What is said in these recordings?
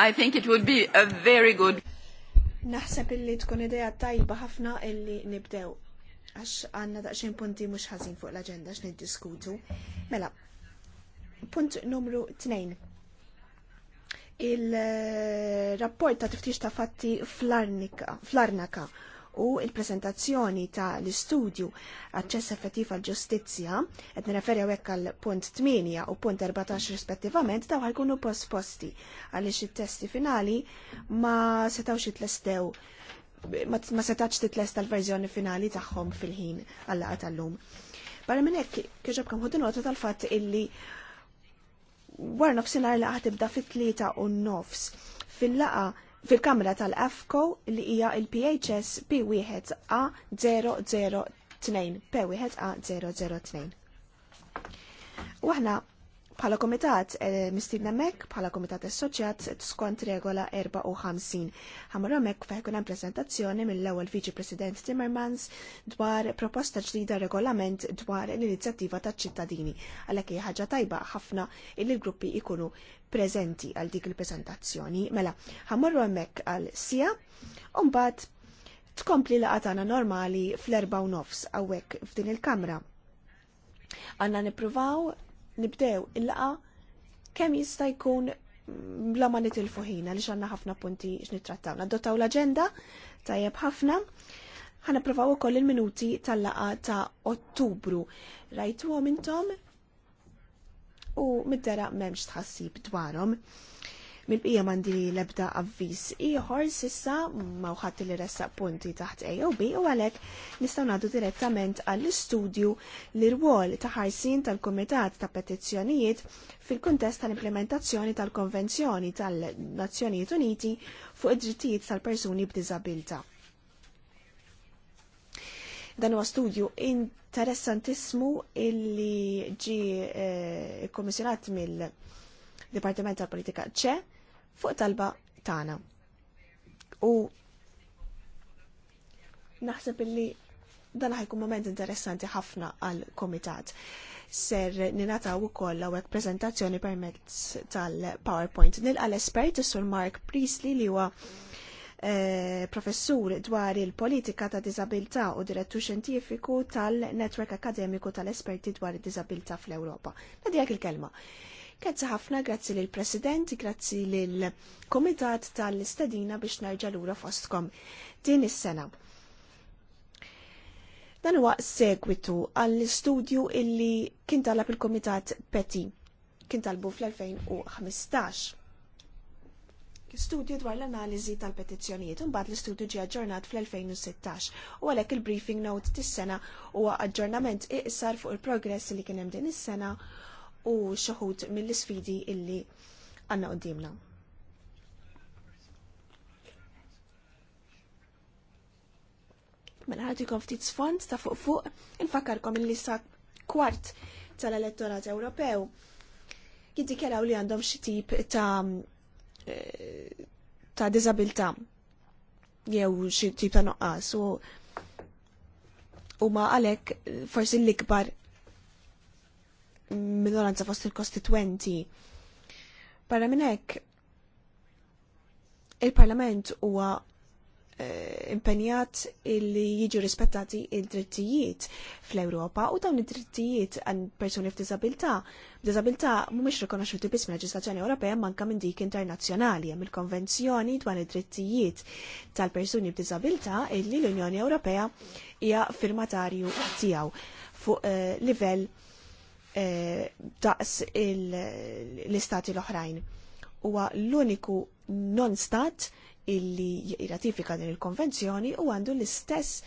I think it would be a very good. Naħseb illi tkun ideja tajba ħafna illi nibdew. Għax għanna daqxin punti mux ħazin fuq l-agenda x'nid diskutu. Mela, punt numru 2. Il-rapport eh, ta' tiftix ta' fatti fl-arnaka u il-presentazzjoni ta' l-istudju aċċess effettiv għal ġustizzja, qed nirreferi hawnhekk għal punt 8 u punt 14 rispettivament daw ħajkunu posposti għaliex it-testi finali ma setawx jitlestew ma setax titlesta l-verżjoni finali tagħhom fil-ħin laqa tal-lum. Barra minn hekk kieġob kemm ħodu nota tal-fatt illi war nofsinhar laqgħa tibda fit-tlieta u nofs. Fil-laqa fil-Kamra tal-AFCO li hija il-PHS P1A002 P1A002. Waħna Pala komitat eh, mistidna mek, bħala komitat assoċjat skont regola 54. Ħamra mek fejkun hemm prezentazzjoni mill-ewwel Viċi President Timmermans dwar proposta ġdida regolament dwar l-inizjattiva taċ-ċittadini. Għalhekk hija ħaġa tajba ħafna il l-gruppi ikunu preżenti għal dik il-prezentazzjoni. Mela, ħamorru hemmhekk għal sija u mbagħad tkompli laqatana normali fl-erba' u nofs hawnhekk f'din il-kamra. Għanna nipruvaw nibdew il-laqa kemm jista' jkun bla ma nitilfu ħina li xanna ħafna punti x'nittrattaw. Nadottaw l-aġenda tajjeb ħafna. Ħana provaw ukoll il-minuti tal-laqa ta' Ottubru. għom intom u mid-dera m'hemmx tħassib dwarhom. Mil-bija mandi lebda avvis iħor sissa mawħat li ressa punti taħt A u B u għalek nistaw naddu direttament għall-istudju l rwol ta' tal-Komitat ta' Petizzjonijiet fil-kontest tal-implementazzjoni tal-Konvenzjoni tal-Nazzjonijiet Uniti fuq id-drittijiet tal-persuni b'diżabilità dan huwa studju interessantissimu illi ġi eh, kommissjonat mill-Dipartiment tal-Politika ċe fuq talba tagħna. U naħseb illi dan ħajkun moment interessanti ħafna għal komitat. Ser ninata u koll għawek prezentazzjoni permezz tal-PowerPoint. Nilqa l-espert sur Mark Priestley li huwa eh, professur dwar il-politika ta' disabilità u direttur xentifiku tal-Network Akademiku tal-Esperti dwar id-Disabilità fl-Ewropa. Nadijak il-kelma. Grazzi ħafna, grazzi lil president grazzi lil komitat tal-istadina biex nerġa' lura fostkom din is-sena. Dan huwa segwitu għall-istudju illi kien talab il-komitat Peti kien talbu fl-2015. Studju dwar l-analiżi tal-petizzjonijiet imbagħad l-istudju ġie aġġornat fl-2016 u għalhekk il-briefing note tis-sena huwa aġġornament iqsar fuq il-progress li kien hemm din is-sena u xoħut mill isfidi illi għanna qoddimna. Mela ħatikom ftit sfond ta' fuq fuq, infakarkom illi sa' kwart tal-elettorat Ewropew jiddikjaraw li għandhom xi tip ta' eh, ta' diżabilità jew xi tip ta' noqqas u huma għalhekk forsi l-ikbar minoranza fost il-kostituenti. Barra minn hekk, il-Parlament huwa eh, impenjat illi jiġu rispettati il-drittijiet fl-Ewropa u dawn id-drittijiet għan persuni f'disabilità. Disabilità mhumiex rikonoxxuti biss mill-leġislazzjoni Ewropea manka minn dik internazzjonali hemm il-Konvenzjoni dwar id-drittijiet tal-persuni b'disabilità illi l-Unjoni Ewropea hija firmatarju tiegħu fuq eh, livell Eh, daqs l-istati l-oħrajn. Huwa l-uniku non-stat illi jirratifika din il-konvenzjoni u għandu l-istess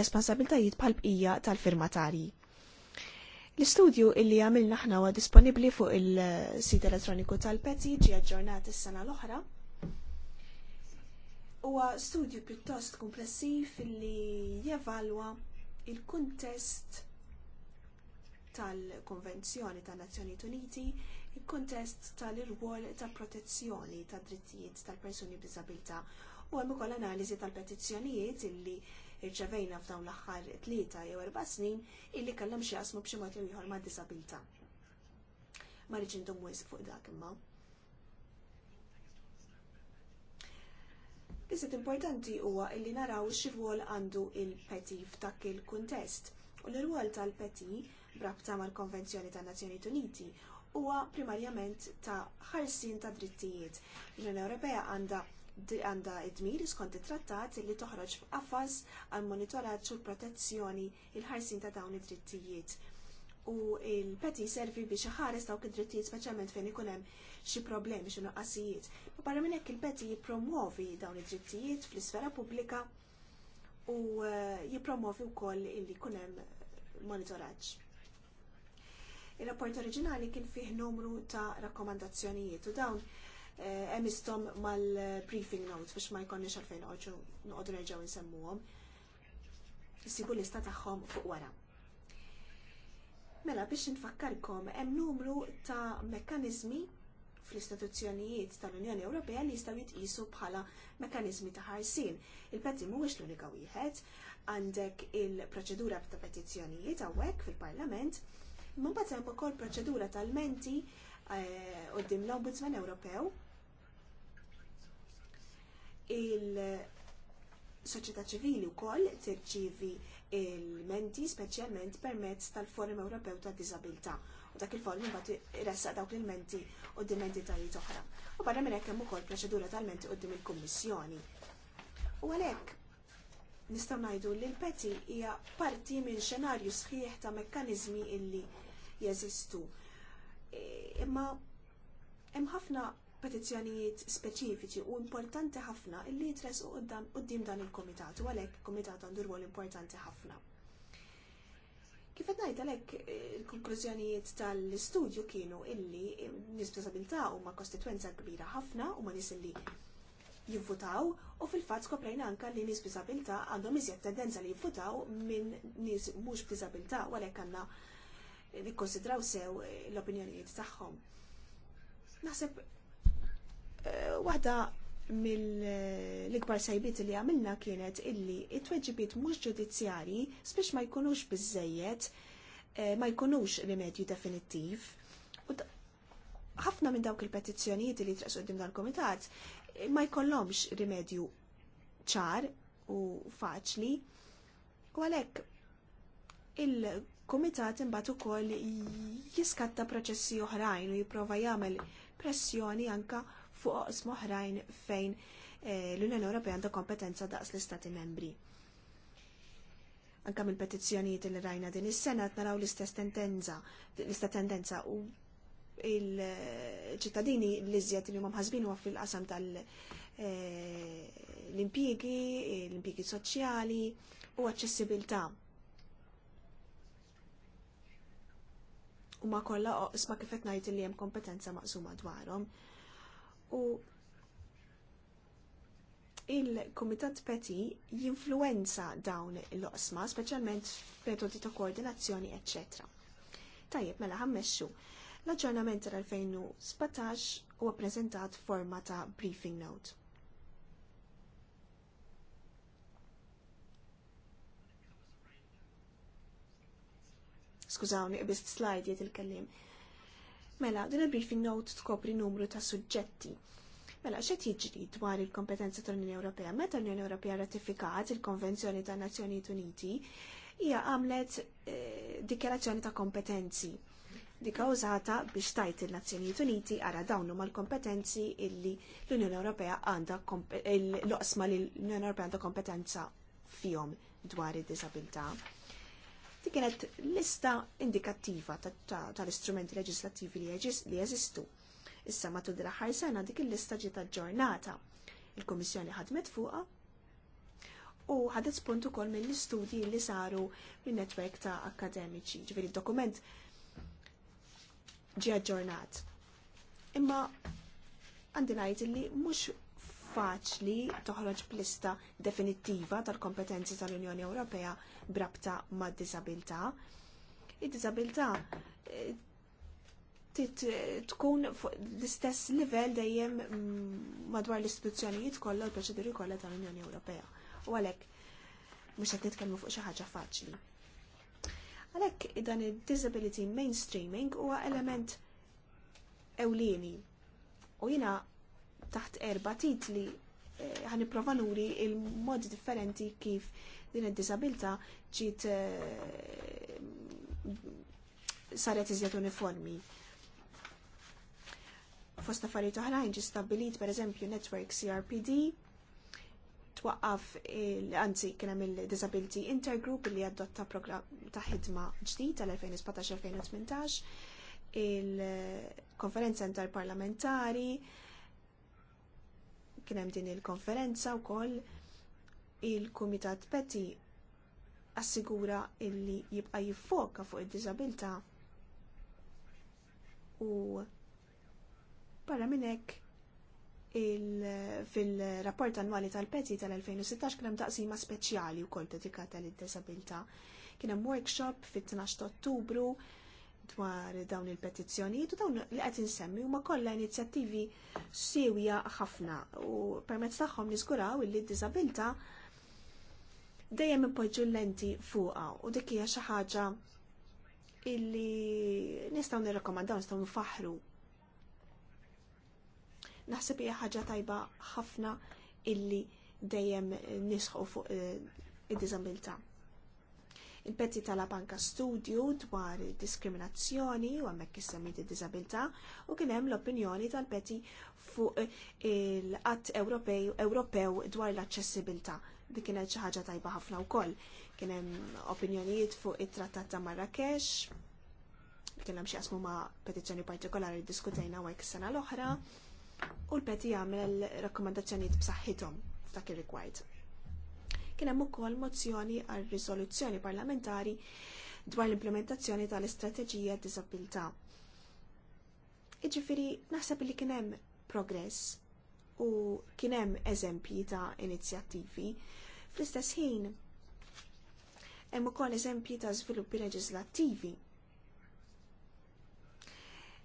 responsabiltajiet pal bqija tal-firmatari. L-istudju illi għamilna naħna huwa disponibbli fuq il-sit elettroniku tal-Peti ġi aġġornat is-sena l-oħra. Huwa studju pjuttost komplessiv illi jevalwa il-kuntest tal-Konvenzjoni tan Nazzjonijiet Uniti il-kontest tal-irwol ta' protezzjoni tad drittijiet tal-persuni b'Disabilità. u hemm ukoll analiżi tal-petizzjonijiet illi irċevejna f'dawn l-aħħar tlieta jew erba' snin illi kellhom xi jasmu b'xi mod ieħor ma' disabilità. Ma rridx intom wisq fuq dak imma. Iżet importanti huwa illi naraw x'irwol għandu il-peti f'dak il-kuntest. U l irwol tal-peti brabta mal-Konvenzjoni tan Nazzjonijiet Uniti huwa primarjament ta' ħarsin ta' drittijiet. L-Unjoni Ewropea għandha għanda id-dmir skont it-trattat li toħroġ f'qafas għal monitoraġġ u protezzjoni il-ħarsin ta' dawn id-drittijiet. U il-peti servi biex ħares dawk id-drittijiet speċjalment fejn ikun hemm xi problemi xi nuqqasijiet. U barra minn hekk il-peti jippromuovi dawn id-drittijiet fl-isfera pubblika u eh, jippromuovi wkoll illi jkun hemm monitoraġġ. Il-rapport oriġinali kien fih numru ta' rakkomandazzjonijiet u dawn eh, emistom mal-briefing notes biex ma jkonniex għalfejn noqogħdu nerġgħu nsemmuhom. l lista tagħhom fuq wara. Mela biex nfakkarkom hemm numru ta' mekkaniżmi fl-istituzzjonijiet tal-Unjoni Ewropea li jistgħu jitqisu bħala mekkaniżmi ta' ħarsien. Il-petti mhuwiex l-unika wieħed, għandek il-proċedura ta' petizzjonijiet hawnhekk fil-Parlament Mbagħad hemm ukoll proċedura tal-menti eh, qudiem l-Ombudsman Ewropew. Il-soċjetà ċivili wkoll tirċievi il-menti speċjalment permezz tal-Forum Ewropew tad Disabilità dak il forum imbagħad iressaq dawk il-menti u entitajiet oħra. U barra minn hekk hemm ukoll proċedura tal-menti qudiem il-Kummissjoni. U għalhekk nistgħu ngħidu li l-peti hija parti minn xenarju sħiħ ta' mekkaniżmi illi jeżistu. E, imma hemm ħafna petizzjonijiet speċifiċi u importanti ħafna illi jitres u qoddim dan il-komitat u għalhekk il-komitat għandu rwol importanti ħafna. Kif qed ngħid għalhekk e, il-konklużjonijiet tal-istudju kienu illi nies huma kostitwenza kbira ħafna u ma nies illi jivvutaw u fil-fatt skoprejna anke li nies b'disabilità għandhom iżjed tendenza li jivvutaw minn nies mhux b'disabilità u għalhekk għandna nikkonsidraw sew eh, l-opinjonijiet tagħhom. Naħseb eh, waħda mill-ikbar sajbiet li għamilna kienet illi it-tweġibiet mhux ġudizzjarji spiex ma jkunux biżejjed, eh, ma jkunux rimedju definittiv. ħafna minn dawk il-petizzjonijiet li traqsu qdim dal-komitat ma jkollhomx rimedju ċar u faċli. U għalhekk il kumitat imbagħad ukoll jiskatta proċessi oħrajn u jipprova jagħmel pressjoni anka fuq oqsma oħrajn fejn eh, l-Unjoni Ewropea għandha kompetenza daqs l-Istati membri. Anka mill-petizzjonijiet li rajna din is-sena qed naraw l-istess tendenza, l-istess tendenza u il-ċittadini l iżjed li huma mħasbin huwa fil-qasam tal-impjiegi, eh, l-impjiegi soċjali u aċċessibilità. u ma kolla oqsma kifet najt li jem kompetenza maqsuma dwarom. U il-Komitat Peti jinfluenza dawn l-oqsma, specialment metodi ta' koordinazzjoni, ecc. Tajjeb, mela ħammexxu. L-aġġornament tal-2017 huwa preżentat forma ta' briefing note. Skużawni, qbist slajd jiet il-kellim. Mela, din il-briefing note tkopri numru ta' suġġetti. Mela, xed jiġri dwar il-kompetenza tal-Unjoni Ewropea? Meta l-Unjoni Ewropea ratifikat il-Konvenzjoni tan Nazzjonijiet Uniti, hija għamlet eh, dikjarazzjoni ta' kompetenzi. Dika użata biex tajt il-Nazzjonijiet Uniti għara dawnu mal-kompetenzi illi l-Unjoni Ewropea għandha l-oqsma li l-Unjoni Ewropea għandha kompetenza fihom dwar id disabilta Di kienet lista indikattiva tal-istrumenti leġislattivi li jeżistu. Issa matul dil ħar sena dik il-lista ġiet aġġornata. Il-Kummissjoni ħadmet fuqha u ħadet spunt ukoll mill-istudji li saru min-netwerk ta' akademiċi. Ġifieri dokument ġie aġġornat. Imma għandi ngħid li mhux faċli toħroġ b'lista definittiva tal-kompetenzi tal-Unjoni Ewropea brabta ma' disabilità. Id-disabilità eh, tkun fuq l-istess livell dejjem mm, madwar l-istituzzjonijiet kollha u l-proċeduri kollha tal-Unjoni Ewropea. U għalhekk mhux qed nitkellmu fuq xi ħaġa faċli. Għalhekk dan id-disability mainstreaming huwa element ewlieni. U jiena taħt erba' titli eh, ħaniprova nuri il-modi differenti kif din id-disabilità ġiet eh, saret iżjed uniformi. Fost affarijiet oħrajn ġi stabbilit pereżempju network CRPD twaqqaf anzi kien hemm il-Disability Intergroup li adotta programm ta' ħidma ġdid tal-2017-2018 il-konferenza interparlamentari kien hemm din il-konferenza wkoll il-Kumitat Peti assigura illi jibqa jiffoka fuq id-diżabilità u barra minn hekk fil-rapport annwali tal-peti tal-2016 kien hemm taqsima speċjali wkoll dedikata lid-diżabilità. Kien hemm workshop fit-12 Ottubru dwar dawn il-petizzjonijiet u dawn li qed insemmi huma kollha inizjattivi sewja ħafna u permezz tagħhom niżguraw illi d-diżabilità dejjem ipoġġu l-lenti fuqha u dik hija xi ħaġa illi nistgħu nirrakkomandaw nistgħu nfaħru. Naħseb hija ħaġa tajba ħafna illi dejjem nisħu fuq eh, id-diżabilità. Il-pezzi tal-Banka Studju dwar diskriminazzjoni u għamek semmiet id-disabilità u kien hemm l-opinjoni tal-pezzi fuq eh, il-qatt Ewropew dwar l-aċċessibilità di kienet xi ħaġa tajba ħafna u Kien hemm opinjonijiet fuq it-Trattat ta' Marrakesh, kien hemm xi ma' petizzjoni partikolari diskutejna hawnhekk is-sena l-oħra, u l-peti jagħmel rakkomandazzjonijiet b'saħħithom ta' ir-rigward. Kien hemm ukoll mozzjoni għal riżoluzzjoni parlamentari dwar l-implementazzjoni tal-istrateġija disabilità. Iġifiri, naħseb li kien hemm progress u kien hemm eżempji ta' inizjattivi. Fl-istess ħin hemm ukoll eżempji ta' żviluppi leġislattivi.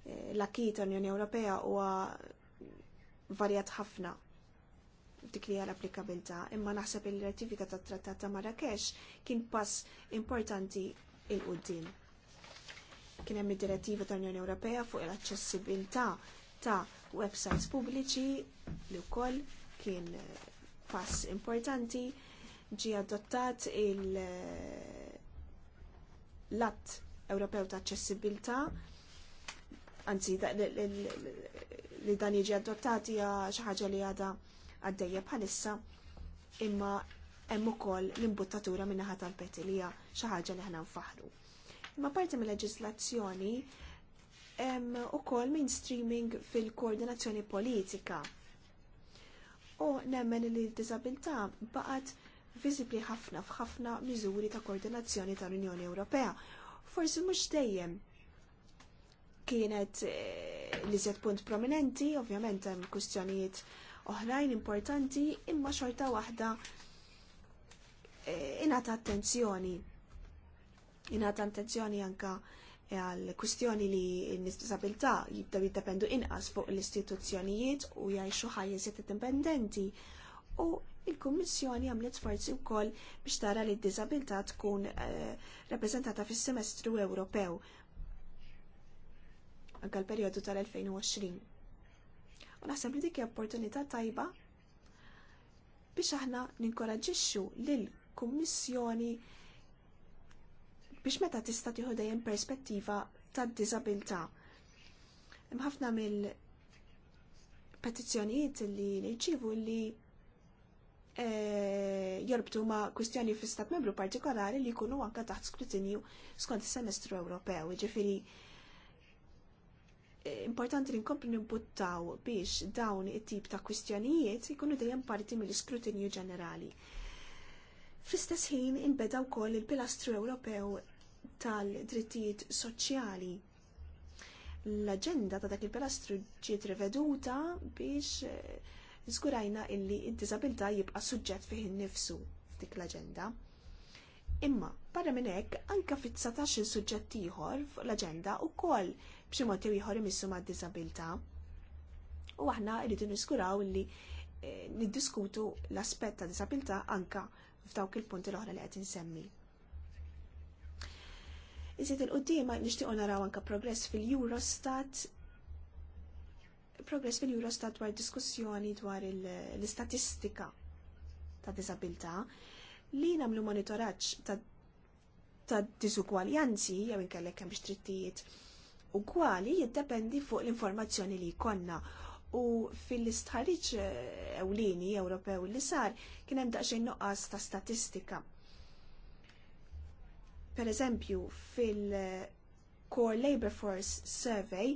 Eh, L-akki ta' Unjoni Ewropea huwa varjat ħafna dik li l-applikabilità, imma naħseb il-ratifika tat trattat ta' Marrakesh kien pass importanti il-qudiem. Kien hemm id-direttiva tal-Unjoni Ewropea fuq l-aċċessibilità ta' websites pubbliċi li wkoll kien pass importanti ġie adottat il eh, l-att Ewropew ta' aċċessibilità anzi li dan jiġi adottat hija xi ħaġa li għadha għaddejja bħalissa imma hemm ukoll l-imbuttatura min-naħa tal-peti li hija xi ħaġa li ħna nfaħru. Imma parti mill-leġislazzjoni hemm ukoll mainstreaming fil-koordinazzjoni politika. U nemmen li l disabilità baqgħet viżibbli ħafna f'ħafna miżuri ta' koordinazzjoni tal-Unjoni Ewropea. Forsi mhux dejjem kienet eh, li set punt prominenti, ovvjament hemm kwistjonijiet oħrajn importanti, imma xorta waħda eh, ingħata attenzjoni. Ingħata attenzjoni anke għal kustjoni li n-nis disabilità jibdew jiddependu inqas fuq l-istituzzjonijiet u jgħixu ħajjiżiet indipendenti. U il-Kummissjoni għamlet sforzi wkoll biex tara li d-disabilità tkun eh, rappreżentata fis-semestru Ewropew anke l tal-2020. U naħseb li dik hija opportunità tajba biex aħna ninkoraġixxu lill kummissjoni biex meta tista' tieħu dejjem perspettiva tad-diżabilità. Hemm ħafna mill petizzjonijiet li nirċivu li e, jorbtu ma kwistjoni fi stat membru partikolari li jkunu anka taħt skrutinju skont is-semestru Ewropew, ġifieri eh, importanti li nkomplu nimbuttaw biex dawn it-tip ta' kwistjonijiet ikunu dejjem parti mill-iskrutinju ġenerali. Fl-istess ħin inbeda wkoll il-pilastru Ewropew tal-drittijiet soċjali. L-aġenda ta' dak il-pilastru ġiet riveduta biex eh, żgurajna illi id-disabilità jibqa' suġġett fih innifsu f'dik l-aġenda. Imma barra minn hekk anke fit-19 il suġġett ieħor fuq l-aġenda wkoll b'xi mod ieħor imissu mad-disabilità. U aħna rridu niskuraw illi eh, niddiskutu l-aspett ta' disabilità anke f'dawk il-punti l-oħra li qed insemmi. Iżid il-qoddima nixtiequ naraw anke progress fil-Eurostat progress fil-Eurostat dwar diskussjoni dwar l-istatistika ta' disabilità li nagħmlu monitoraġġ ta' ta' diżugwaljanzi jew inkellek hemm trittijiet ugwali jiddependi fuq l-informazzjoni li jkollna. U fil-istħarriġ eh, ewlieni Ewropew li sar kien hemm daqsxejn noqqas ta' statistika. Per eżempju, fil-Core Labor Force Survey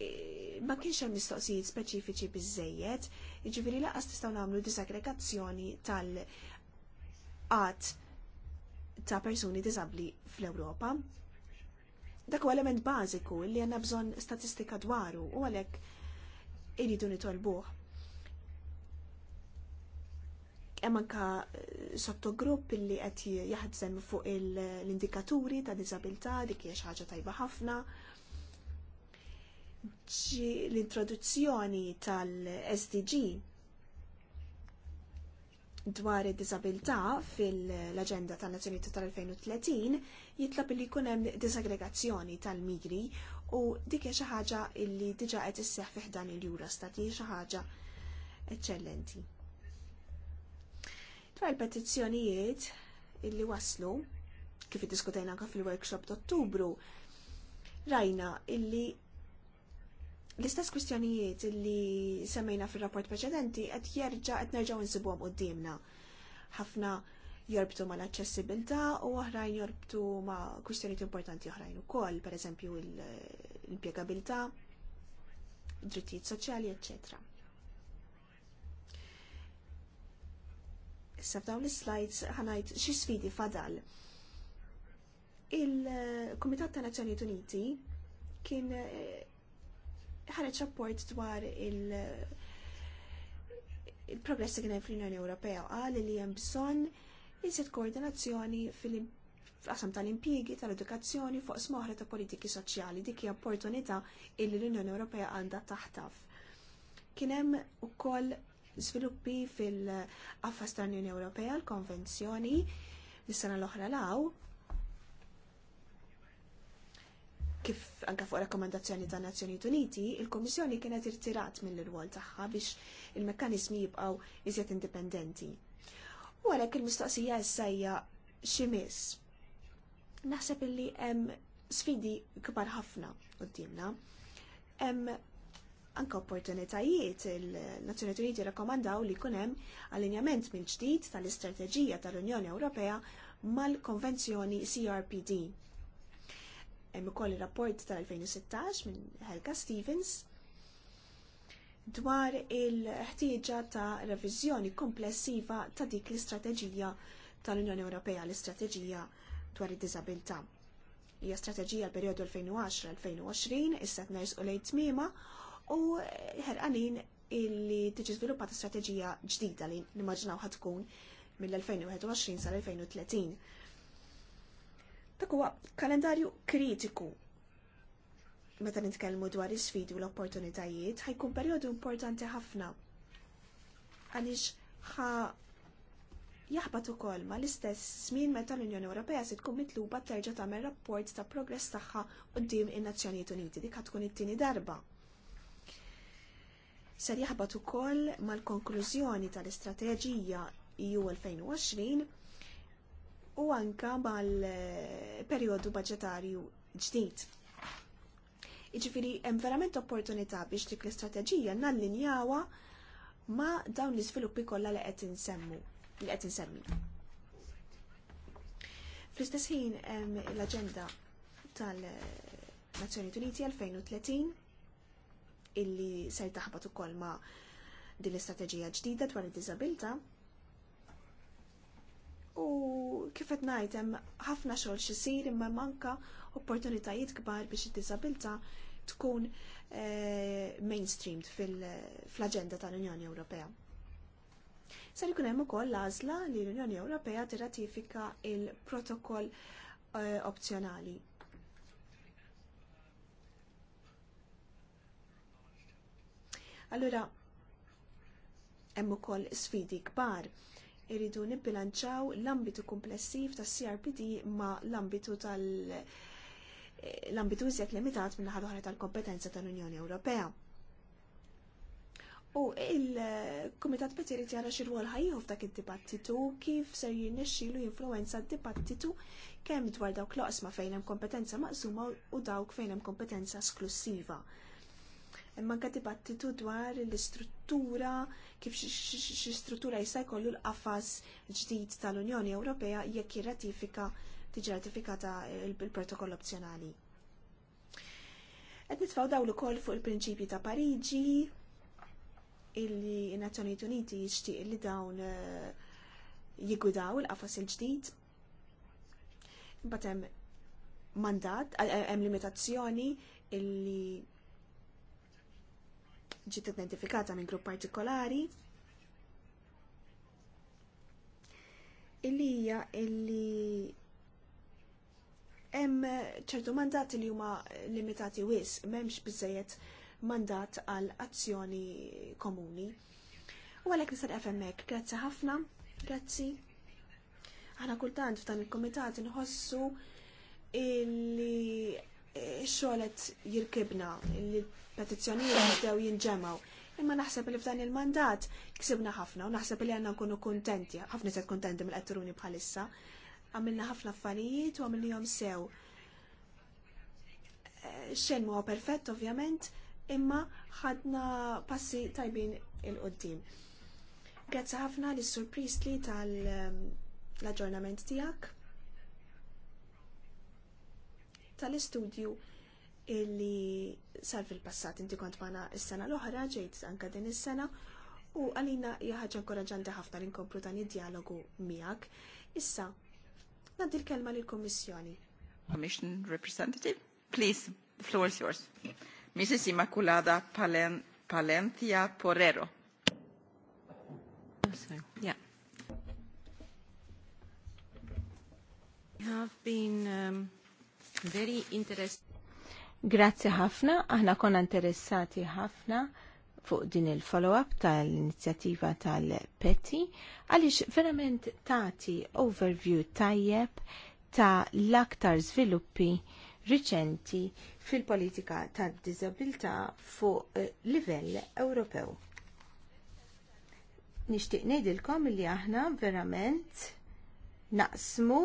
e, ma kienx hemm mistoqsijiet speċifiċi biżejjed, jiġifieri laqas tistgħu nagħmlu disaggregazzjoni tal-qatt ta' persuni diżabbli fl-Ewropa. Dak huwa element bażiku li għandna bżonn statistika dwaru u għalhekk iridu nitolbuh hemm anke eh, sottogrupp li qed jaħdem fuq l-indikaturi ta' diżabilità dik hija xi ħaġa tajba ħafna. L-introduzzjoni tal-SDG dwar id-disabilità fil-Aġenda tan nazzjonijiet tal-2030 jitlab li jkun hemm disaggregazzjoni tal-migri u dik hija xi ħaġa li diġà qed isseħħ fih dan il-Eurostat hija xi ħaġa eċċellenti. Fra l petizzjonijiet illi waslu, kif diskutajna anke fil-workshop ta' Ottubru, rajna illi l-istess kwistjonijiet illi semmejna fil-rapport preċedenti qed jerġa' qed nerġgħu insibuhom qudiemna. Ħafna jorbtu ma l-aċċessibilità u oħrajn jorbtu ma kwistjonijiet importanti oħrajn ukoll, pereżempju l-impjegabilità, drittijiet soċjali, eċċetera. Issa f'dawn l-slides ħanajt xi sfidi fadal. Il-Kumitat ta' Nazzjonijiet Uniti kien eh, ħareġ rapport dwar il- il-progress li kien hemm fl-Unjoni Ewropea qal li hemm bżonn insiet koordinazzjoni fil qasam tal-impjiegi, tal-edukazzjoni fuq smoħra ta' politiki soċjali dik hija opportunità illi l-Unjoni Ewropea għandha taħtaf. Kien hemm ukoll żviluppi fil affas tal-Unjoni Ewropea l-Konvenzjoni mis-sena l-oħra law kif anka fuq rakkomandazzjoni ta' Nazzjonijiet Uniti, il-Kommissjoni kienet irtirat mill-irwol tagħha biex il-mekkanizmi jibqgħu iżjed indipendenti. U għalhekk il-mistoqsija issa hija xi miss. Naħseb illi hemm sfidi kbar ħafna qudiemna. Hemm anka opportunitajiet il-Nazzjonijiet Uniti rakkomandaw li jkun hemm allinjament mill ġdid tal-istrateġija tal-Unjoni Ewropea mal-Konvenzjoni CRPD. Hemm ukoll ir-rapport tal-2016 minn Helga Stevens dwar il-ħtieġa ta' reviżjoni komplessiva ta' dik l-istrateġija tal-Unjoni Ewropea l-istrateġija dwar id-diżabilità. Hija strateġija l-perjodu 2010-2020 issa tnejs u lejn tmiema u ħerqanin illi tiġi sviluppata strateġija ġdida li nimmaġinaw ħatkun mill-2021 sal-2030. Dak huwa kalendarju kritiku meta nitkellmu dwar is-sfidi u l-opportunitajiet ħajkun perjodu importanti ħafna għaliex ħa jaħbat ukoll ma l-istess żmien meta l-Unjoni Ewropea se tkun mitluba terġa' tagħmel rapport ta' progress tagħha quddiem in-Nazzjonijiet Uniti dik ħatkun tkun it-tieni darba ser jaħbad ukoll mal-konklużjoni tal-istrateġija EU 2020 u anka mal-perjodu budġetarju ġdid. Iġifiri, hemm verament opportunità biex dik l-istrateġija nallinjawa ma dawn l-iżviluppi kollha li qed insemmu li qed insemmi. Fl-istess ħin l-aġenda tal-Nazzjoni Uniti 2030 illi ser taħbat ukoll ma' din l-istrateġija ġdida dwar id-diżabilità. U kif qed ngħid hemm ħafna xogħol xisir imma manka opportunitajiet kbar biex id-diżabilità tkun eh, mainstreamed fil-aġenda tal-Unjoni Ewropea. Ser ikun hemm ukoll l-għażla li l-Unjoni Ewropea tirratifika il-protokoll eh, opzjonali Allura, hemm ukoll sfidi kbar. Iridu nibbilanċaw l-ambitu komplessiv tas CRPD ma l-ambitu tal- eh, l-ambitu iżjed limitat minna ħad tal-kompetenza tal-Unjoni Ewropea. U il-Kumitat Petiri tjara xi rwol ħajjieħu f'dak il dibattitu kif ser jirnexxielu jinfluwenza d-dibattitu kemm dwar dawk l-oqsma fejn hemm kompetenza maqsuma u dawk fejn hemm kompetenza esklusiva imma anke dibattitu dwar l-istruttura kif xi struttura jista' jkollu l-qafas ġdid tal-Unjoni Ewropea jekk jirratifika tiġi ratifikata l protokoll opzjonali. Qed nitfgħu dawn ukoll fuq il-prinċipji ta' Pariġi illi n-Nazzjonijiet Uniti jixtieq li dawn eh, jigwidaw il-qafas il-ġdid. Imbagħad hemm mandat, eh, eh, hemm limitazzjoni illi ġiet identifikata minn grupp partikolari illi hija illi hemm ċertu mandati li huma limitati wis, m'hemmx biżejjed mandat għal azzjoni komuni. U għalhekk nisar hemmhekk, grazzi ħafna, grazzi. Aħna kultant f'dan il-komitat inħossu illi eh, xolet jirkibna, illi petizzjonijiet bdew jinġemaw. Imma naħseb li f'dan il-mandat ksibna ħafna u naħseb li għanna nkunu kontenti, ħafna set kontenti mill-qatturuni bħalissa. Għamilna ħafna affarijiet u jom sew. Eh, xejn huwa perfett ovvjament, imma ħadna passi tajbin il-qoddim. Grazzi ħafna li surpriz li tal-aġġornament ehm, tijak tal-istudju illi sar fil-passat inti kont magħna s-sena l-oħra ġejt anka din is-sena u għalina jaħġa inkoraġanti ħafna li nkomplu dan id-dialogu miegħek. Issa, nagħti l-kelma lill-Kummissjoni. Commission Representative, please, the floor is yours. Mrs. Immaculada Palen Palencia Porrero. Oh, yeah. have been um, very interested. Grazzi ħafna, aħna konna interessati ħafna fuq din il-follow-up tal-inizjattiva tal-PETI, għaliex verament tagħti overview tajjeb ta' l-aktar sviluppi riċenti fil-politika tad diżabilità fuq eh, livell Ewropew. Nixtieq ngħidilkom li aħna verament naqsmu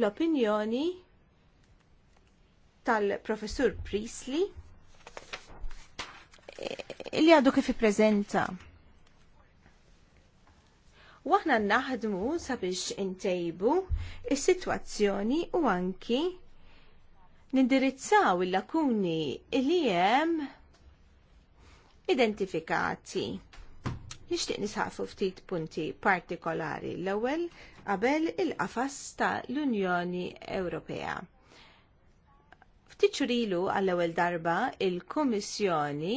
l-opinjoni tal-professur Priestley eh, li għadu kif ippreżenta. Waħna naħdmu sabiex intejbu is-sitwazzjoni u anki nindirizzaw il-lakuni li hemm identifikati. Nixtieq nisħafu ftit punti partikolari l-ewwel qabel il-qafas tal unjoni Ewropea Ftit għall-ewwel darba il-Kummissjoni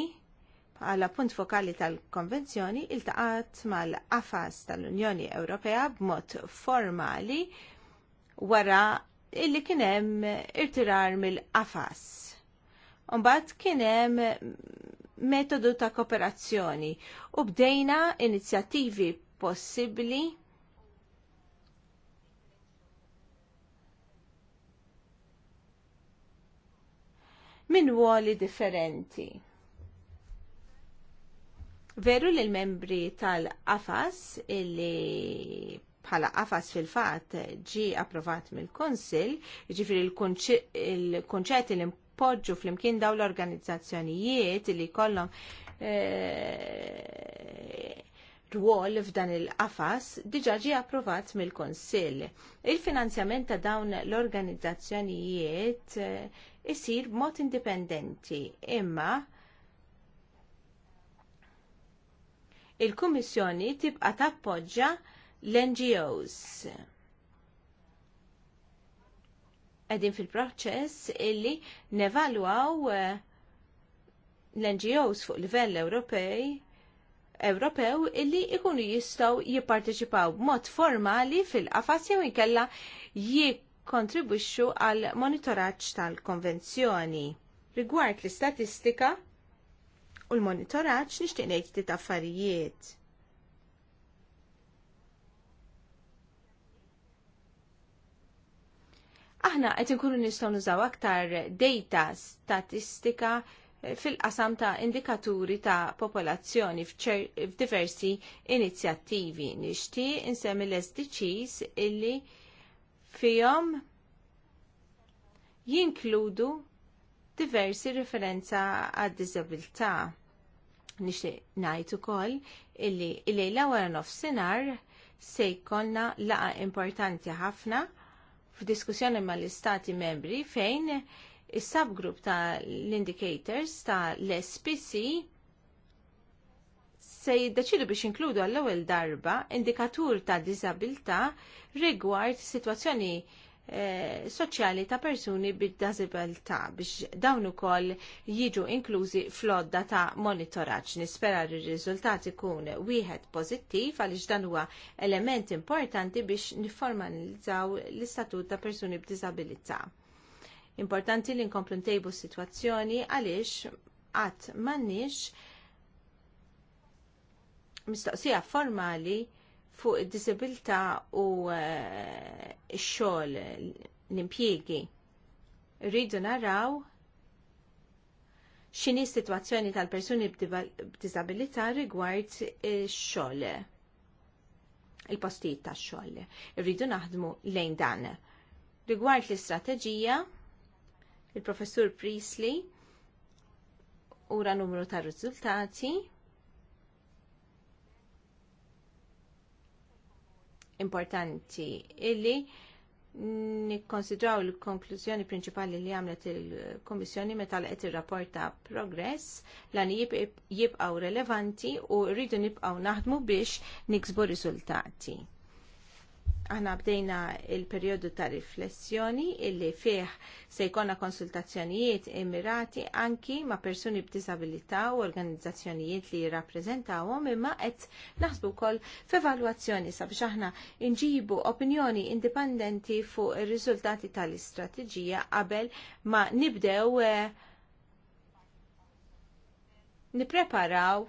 bħala punt fokali tal-Konvenzjoni iltaqat mal-qafas tal-Unjoni Ewropea b'mod formali wara illi kien hemm irtirar mill-qafas. Umbat kien hemm metodu ta' kooperazzjoni u bdejna inizjattivi possibbli minn ruoli differenti. Veru li l-membri tal-AFAS illi bħala Afas fil-fat ġi approvat mill-Konsil, ġifiri il-konċet li mpoġġu fl-imkien daw l-organizzazzjonijiet li kollhom eh, dwol f'dan il-qafas diġa ġie approvat mill-Konsill. Il-finanzjament ta' dawn l-organizzazzjonijiet eh, isir b'mod indipendenti imma il-Kummissjoni tibqa' tappoġġja l-NGOs. Qegħdin fil-proċess illi nevalwaw eh, l-NGOs fuq livell Ewropej Ewropew illi ikunu jistgħu jipparteċipaw b'mod formali fil-qafas jew inkella jikkontribwixxu għal monitoraġġ tal-konvenzjoni. Rigward l-istatistika u l-monitoraġġ nixtieq ngħid ftit affarijiet. aħna qed inkunu nistgħu nużaw aktar data statistika fil-qasam ta' indikaturi ta' popolazzjoni f'diversi inizjattivi. Nixtieq insemmi l-SDGs illi fihom jinkludu diversi referenza għad diżabilità Nixtieq ngħid ukoll illi illejla wara nofsinhar se jkollna laqgħa importanti ħafna f'diskussjoni mal-istati membri fejn Is-subgroup ta' l-indicators ta' l-SPC se jiddeċidu biex inkludu għall-ewwel darba indikatur ta' diżabilità rigward sitwazzjoni eh, soċjali ta' persuni bid-disabilità biex dawn ukoll jiġu inklużi flodda ta' monitoraġġ. Nispera li r-riżultat ikun wieħed pożittiv għaliex dan huwa element importanti biex nifformalizzaw l-istatut ta' persuni b'diżabilità. Importanti li nkomplu ntejbu s-sitwazzjoni għaliex qatt m'għandniex mistoqsija formali fuq id-disabilità u eh, x-xogħol l-impjiegi. Rridu naraw x'inhi s-sitwazzjoni tal-persuni b'diżabilità rigward ix-xogħol il-postijiet tax-xogħol. Irridu naħdmu lejn dan. Rigward l-istrateġija, il-professur Priestley ura numru ta' riżultati importanti illi nikkonsidraw il-konklużjoni prinċipali li għamlet il-Komissjoni meta laqet ir-rapport ta' progress lan jibqgħu relevanti u rridu nibqgħu naħdmu biex niksbu riżultati aħna bdejna il-periodu ta' riflessjoni illi fih se jkollna konsultazzjonijiet immirati anki ma' persuni b'disabilità u organizzazzjonijiet li jirrappreżentawhom imma qed naħsbu wkoll f'evalwazzjoni sabiex aħna inġibu opinjoni indipendenti fuq ir-riżultati tal-istrateġija qabel ma nibdew eh, nippreparaw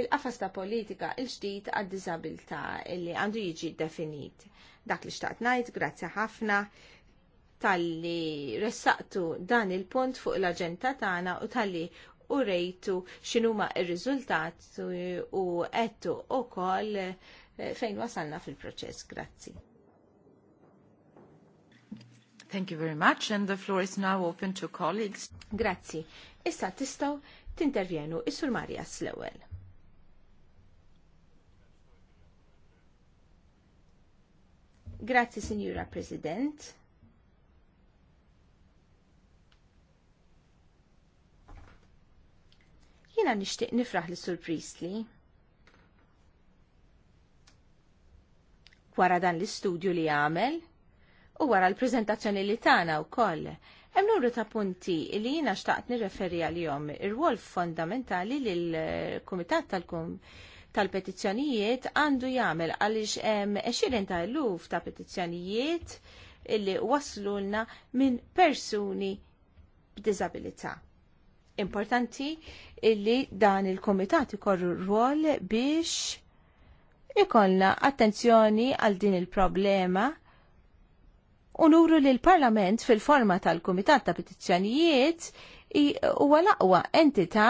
il-qafas ta' politika il-ġdid għad diżabilità li għandu jiġi definit. Dak li xtaqt ngħid, grazzi ħafna tal-li ressaqtu dan il-punt fuq l aġenta tagħna u tal-li u rejtu x'inhuma r-riżultat u għettu wkoll eh, fejn wasalna fil-proċess. Grazzi. Thank you very much and the floor is now open to colleagues. Grazzi. Issa tistgħu tintervjenu is-Sur Marja l Grazzi, Signora President. Jena nishtiq nifraħ li Sur Priestley. Wara dan l-istudju li għamel u wara l-prezentazzjoni li tana u koll. Hemm numru ta' punti li jiena xtaqt nirreferi għalihom ir-rwol fondamentali lill kumitat tal-kum tal-petizzjonijiet għandu jagħmel għaliex hemm 20,000 ta' eluf ta' petizzjonijiet illi waslulna minn persuni b'diżabilità. Importanti illi dan il-komitat ikorru rwol biex ikollna attenzjoni għal din il-problema u nuru li l-Parlament fil-forma tal-Kumitat ta' Petizzjonijiet huwa laqwa entità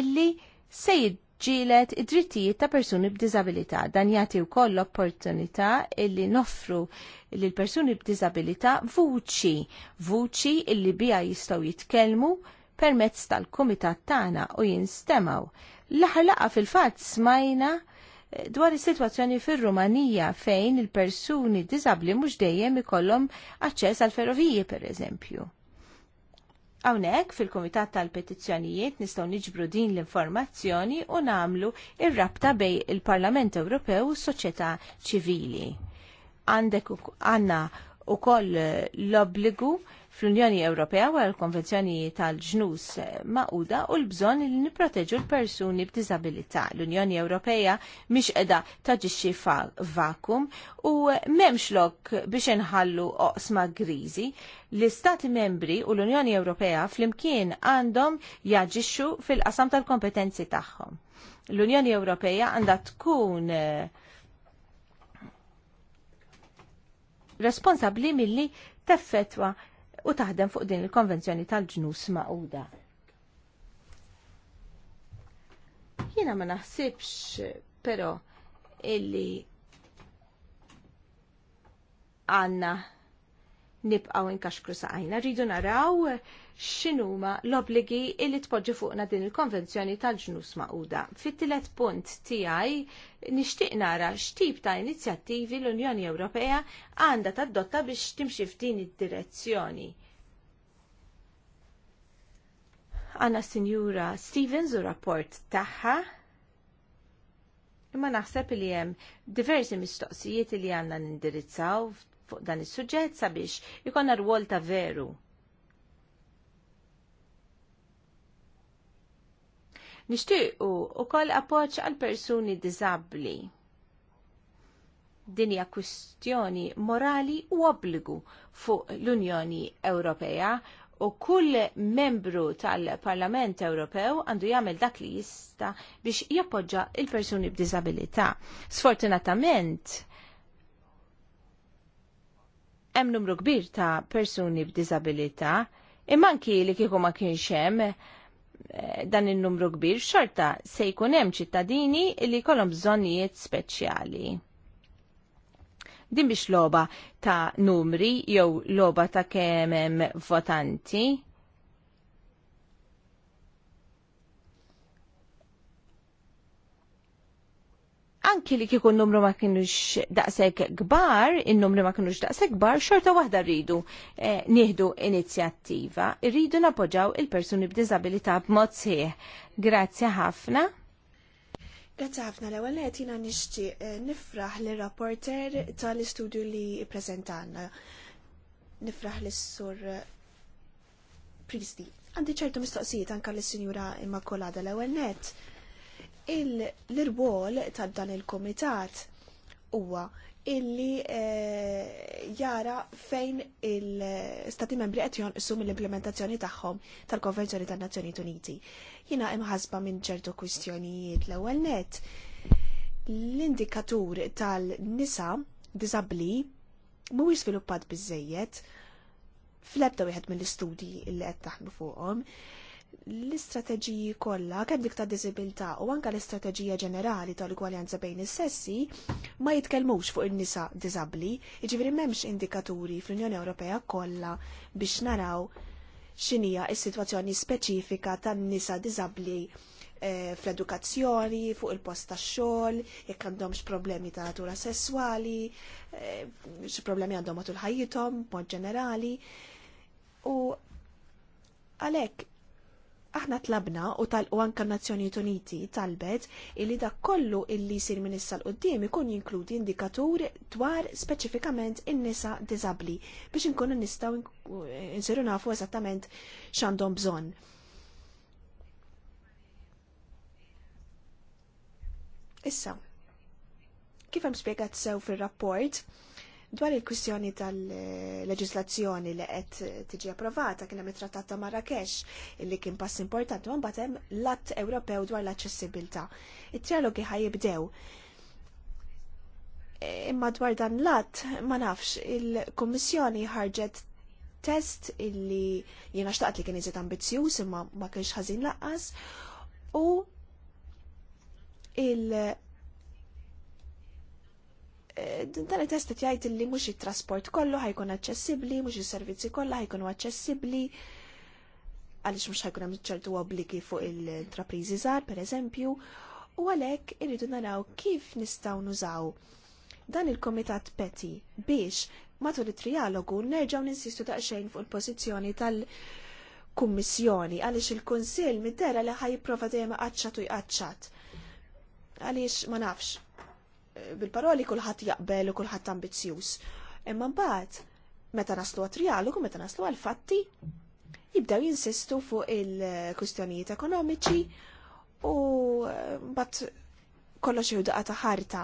illi se ġilet id-drittijiet ta' persuni b'diżabilità. Dan jagħti wkoll l-opportunità illi noffru lil persuni b'diżabilità vuċi, vuċi illi biha jistgħu jitkellmu permezz tal-kumitat tagħna u jinstemaw. L-aħħar laqa fil-fatt smajna eh, dwar is-sitwazzjoni fir-Rumanija fejn il-persuni diżabbli mhux dejjem ikollhom aċċess għal ferroviji pereżempju. Hawnhekk fil-Kumitat tal-Petizzjonijiet nistgħu niġbru din l-informazzjoni u nagħmlu ir-rabta bej il-Parlament Ewropew u s-soċjetà ċivili. Għandek għandna ukoll l-obbligu fl-Unjoni Ewropea wara l-Konvenzjoni tal-ġnus maquda u l-bżonn li nipproteġu l-persuni b'diżabilità. L-Unjoni Ewropea mhix qiegħda taġixxi vakum u m'hemmx lok biex inħallu oqsma griżi. L-Istati membri u l-Unjoni Ewropea flimkien għandhom jaġixxu fil-qasam tal-kompetenzi tagħhom. L-Unjoni Ewropea għandha tkun eh, responsabbli milli teffetwa u taħdem fuq din il-konvenzjoni tal-ġnus maquda. Jiena ma naħsibx però illi għanna nibqaw inkaxkru saqajna. Rridu naraw x'inhuma l-obligi li tpoġġi fuqna din il-konvenzjoni tal-ġnus maquda. Fit-tielet punt tiegħi nixtieq nara x'tip ta' inizjattivi l-Unjoni Ewropea għandha tadotta biex timxi f'din id-direzzjoni. Għanna Sinjura Stevens u rapport tagħha imma naħseb li hemm diversi mistoqsijiet li għandna nindirizzaw fuq dan is-suġġett sabiex ikonna rwol ta' veru Nixtiequ ukoll appoġġ għal persuni diżabbli. Din hija kwistjoni morali u obbligu fuq l-Unjoni Ewropea u kull membru tal-Parlament Ewropew għandu jagħmel dak li jista' biex jappoġġa il-persuni b'diżabilità. Sfortunatament, hemm numru kbir ta' persuni b'diżabilità imma anki li kieku ma kienx hemm dan il-numru kbir, xorta se jkun hemm ċittadini li kolom bżonnijiet speċjali. Din biex loba ta' numri jew loba ta' kemm votanti anki li kieku n-numru ma kienux daqseg gbar, il numru ma kienux daqseg gbar, xorta wahda rridu eh, nieħdu inizjattiva, rridu napoġaw il-persuni b'dizabilità b'mod sieħ. Grazzi ħafna. Grazzi ħafna l-ewwel li jiena nixtieq eh, nifraħ li rapporter tal-istudju li prezentanna. Nifraħ s sur eh, Prizdi. Għandi ċertu mistoqsijiet anka lis-Sinjura Immakolada l-ewwel net l-irwol ta' dan il-komitat huwa illi eh, jara fejn il-stati membri qed jonqsu mill-implementazzjoni tagħhom tal-Konvenzjoni tan-Nazzjonijiet Uniti. Jiena hemm ħasba minn ċertu kwistjonijiet l-ewwel net. L-indikatur tal-nisa diżabbli mhuwiex sviluppat biżejjed fl-ebda wieħed mill-istudji li qed taħdmu fuqhom l-istrateġiji kollha kemm dik ta' diżibilità u anke l-istrateġija ġenerali tal-gwaljanza bejn is-sessi ma jitkellmux fuq in-nisa diżabbli, jiġifieri m'hemmx indikaturi fl-Unjoni Ewropea kollha biex naraw x'inhija s-sitwazzjoni speċifika tan-nisa diżabbli eh, fl-edukazzjoni, fuq il-post ta' xogħol, jekk għandhomx problemi ta' natura sessuali, eh, xi problemi għandhom matul ħajjithom, mod ġenerali. U għalhekk Aħna tlabna u tal-u anka Nazzjonijiet Uniti talbet illi dak kollu illi jsir minn issa l-qoddim ikun jinkludi indikatur dwar speċifikament in-nisa diżabbli biex inkunu nistgħu insiru nafu eżattament x'għandhom bżonn. Issa, kif hemm spjegat sew fir-rapport, Dwar il-kwistjoni tal-leġislazzjoni li qed tiġi approvata kien hemm it-Trattat ta' Marrakesh illi kien pass importanti u mbagħad hemm l-Att Ewropew dwar l-aċċessibilità. It-trialogi ħajibdew. E, imma dwar dan l-att ma nafx il-Kummissjoni ħarġet test illi jiena xtaqt li kien iżid ambizzjuż imma ma kienx ħażin laqqas u il- Eh, dan it-test jgħid li mhux it-trasport kollu ħajkun aċċessibbli, mhux il servizzi kollha ħajkunu aċċessibbli għaliex mhux ħajkun hemm ċertu obbligi fuq il zar, per pereżempju, u għalhekk irridu naraw kif nistgħu nużaw dan il-Komitat Peti biex matul it-trialogu nerġgħu ninsistu daqsxejn fuq il-pożizzjoni tal- kummissjoni għaliex il-Kunsill dera li ħaj jipprova dejjem għacċat u jqaċċat. Għaliex ma nafx, bil-paroli kulħadd jaqbel u kulħadd ambizzjuż. Imma mbagħad meta naslu għat u meta naslu għal-fatti, jibdew jinsistu fuq il-kwistjonijiet ekonomiċi u eh, mbagħad kollox jewdaqa ta' ħarta.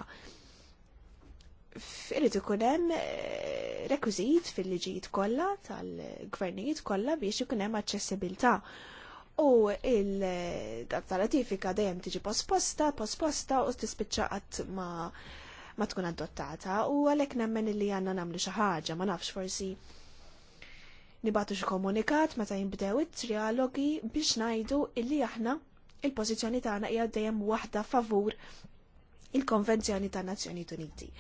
Irid ikun hemm eh, rekwiżit fil-liġijiet kollha tal-gvernijiet kollha biex ikun hemm aċċessibilità. U il-ratifika dejjem tiġi posposta, posposta u tispiċċa qatt ma ma tkun adottata u għalhekk nemmen li għandna nagħmlu xi ħaġa, ma nafx forsi nibatu xi komunikat meta jinbdew it-trialogi biex ngħidu illi aħna il-pożizzjoni tagħna hija dejjem waħda favur il-Konvenzjoni tan Nazzjonijiet Uniti.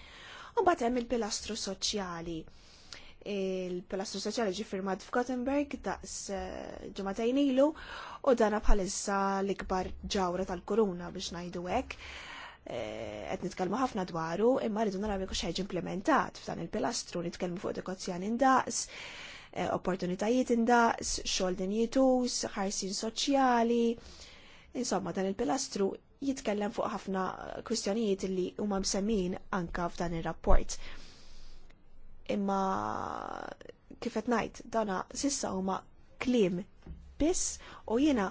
U bat hemm il-pilastru soċjali il-Pilastru Soċjali ġi firmat f'Gothenburg daqs eh, ġematajn ilu u dana bħalissa l-ikbar ġawra tal korona biex najdu hekk. Eh, qed nitkellmu ħafna dwaru, imma rridu naraw jekk xejn implementat f'dan il-pilastru, nitkellmu fuq dekozzjan indaqs, eh, opportunitajiet indaqs, xogħol din jitus, ħarsin soċjali. Insomma, dan il-pilastru jitkellem fuq ħafna kwistjonijiet li huma msemmin anka f'dan ir-rapport imma kif qed ngħid dana sissa huma kliem biss u jiena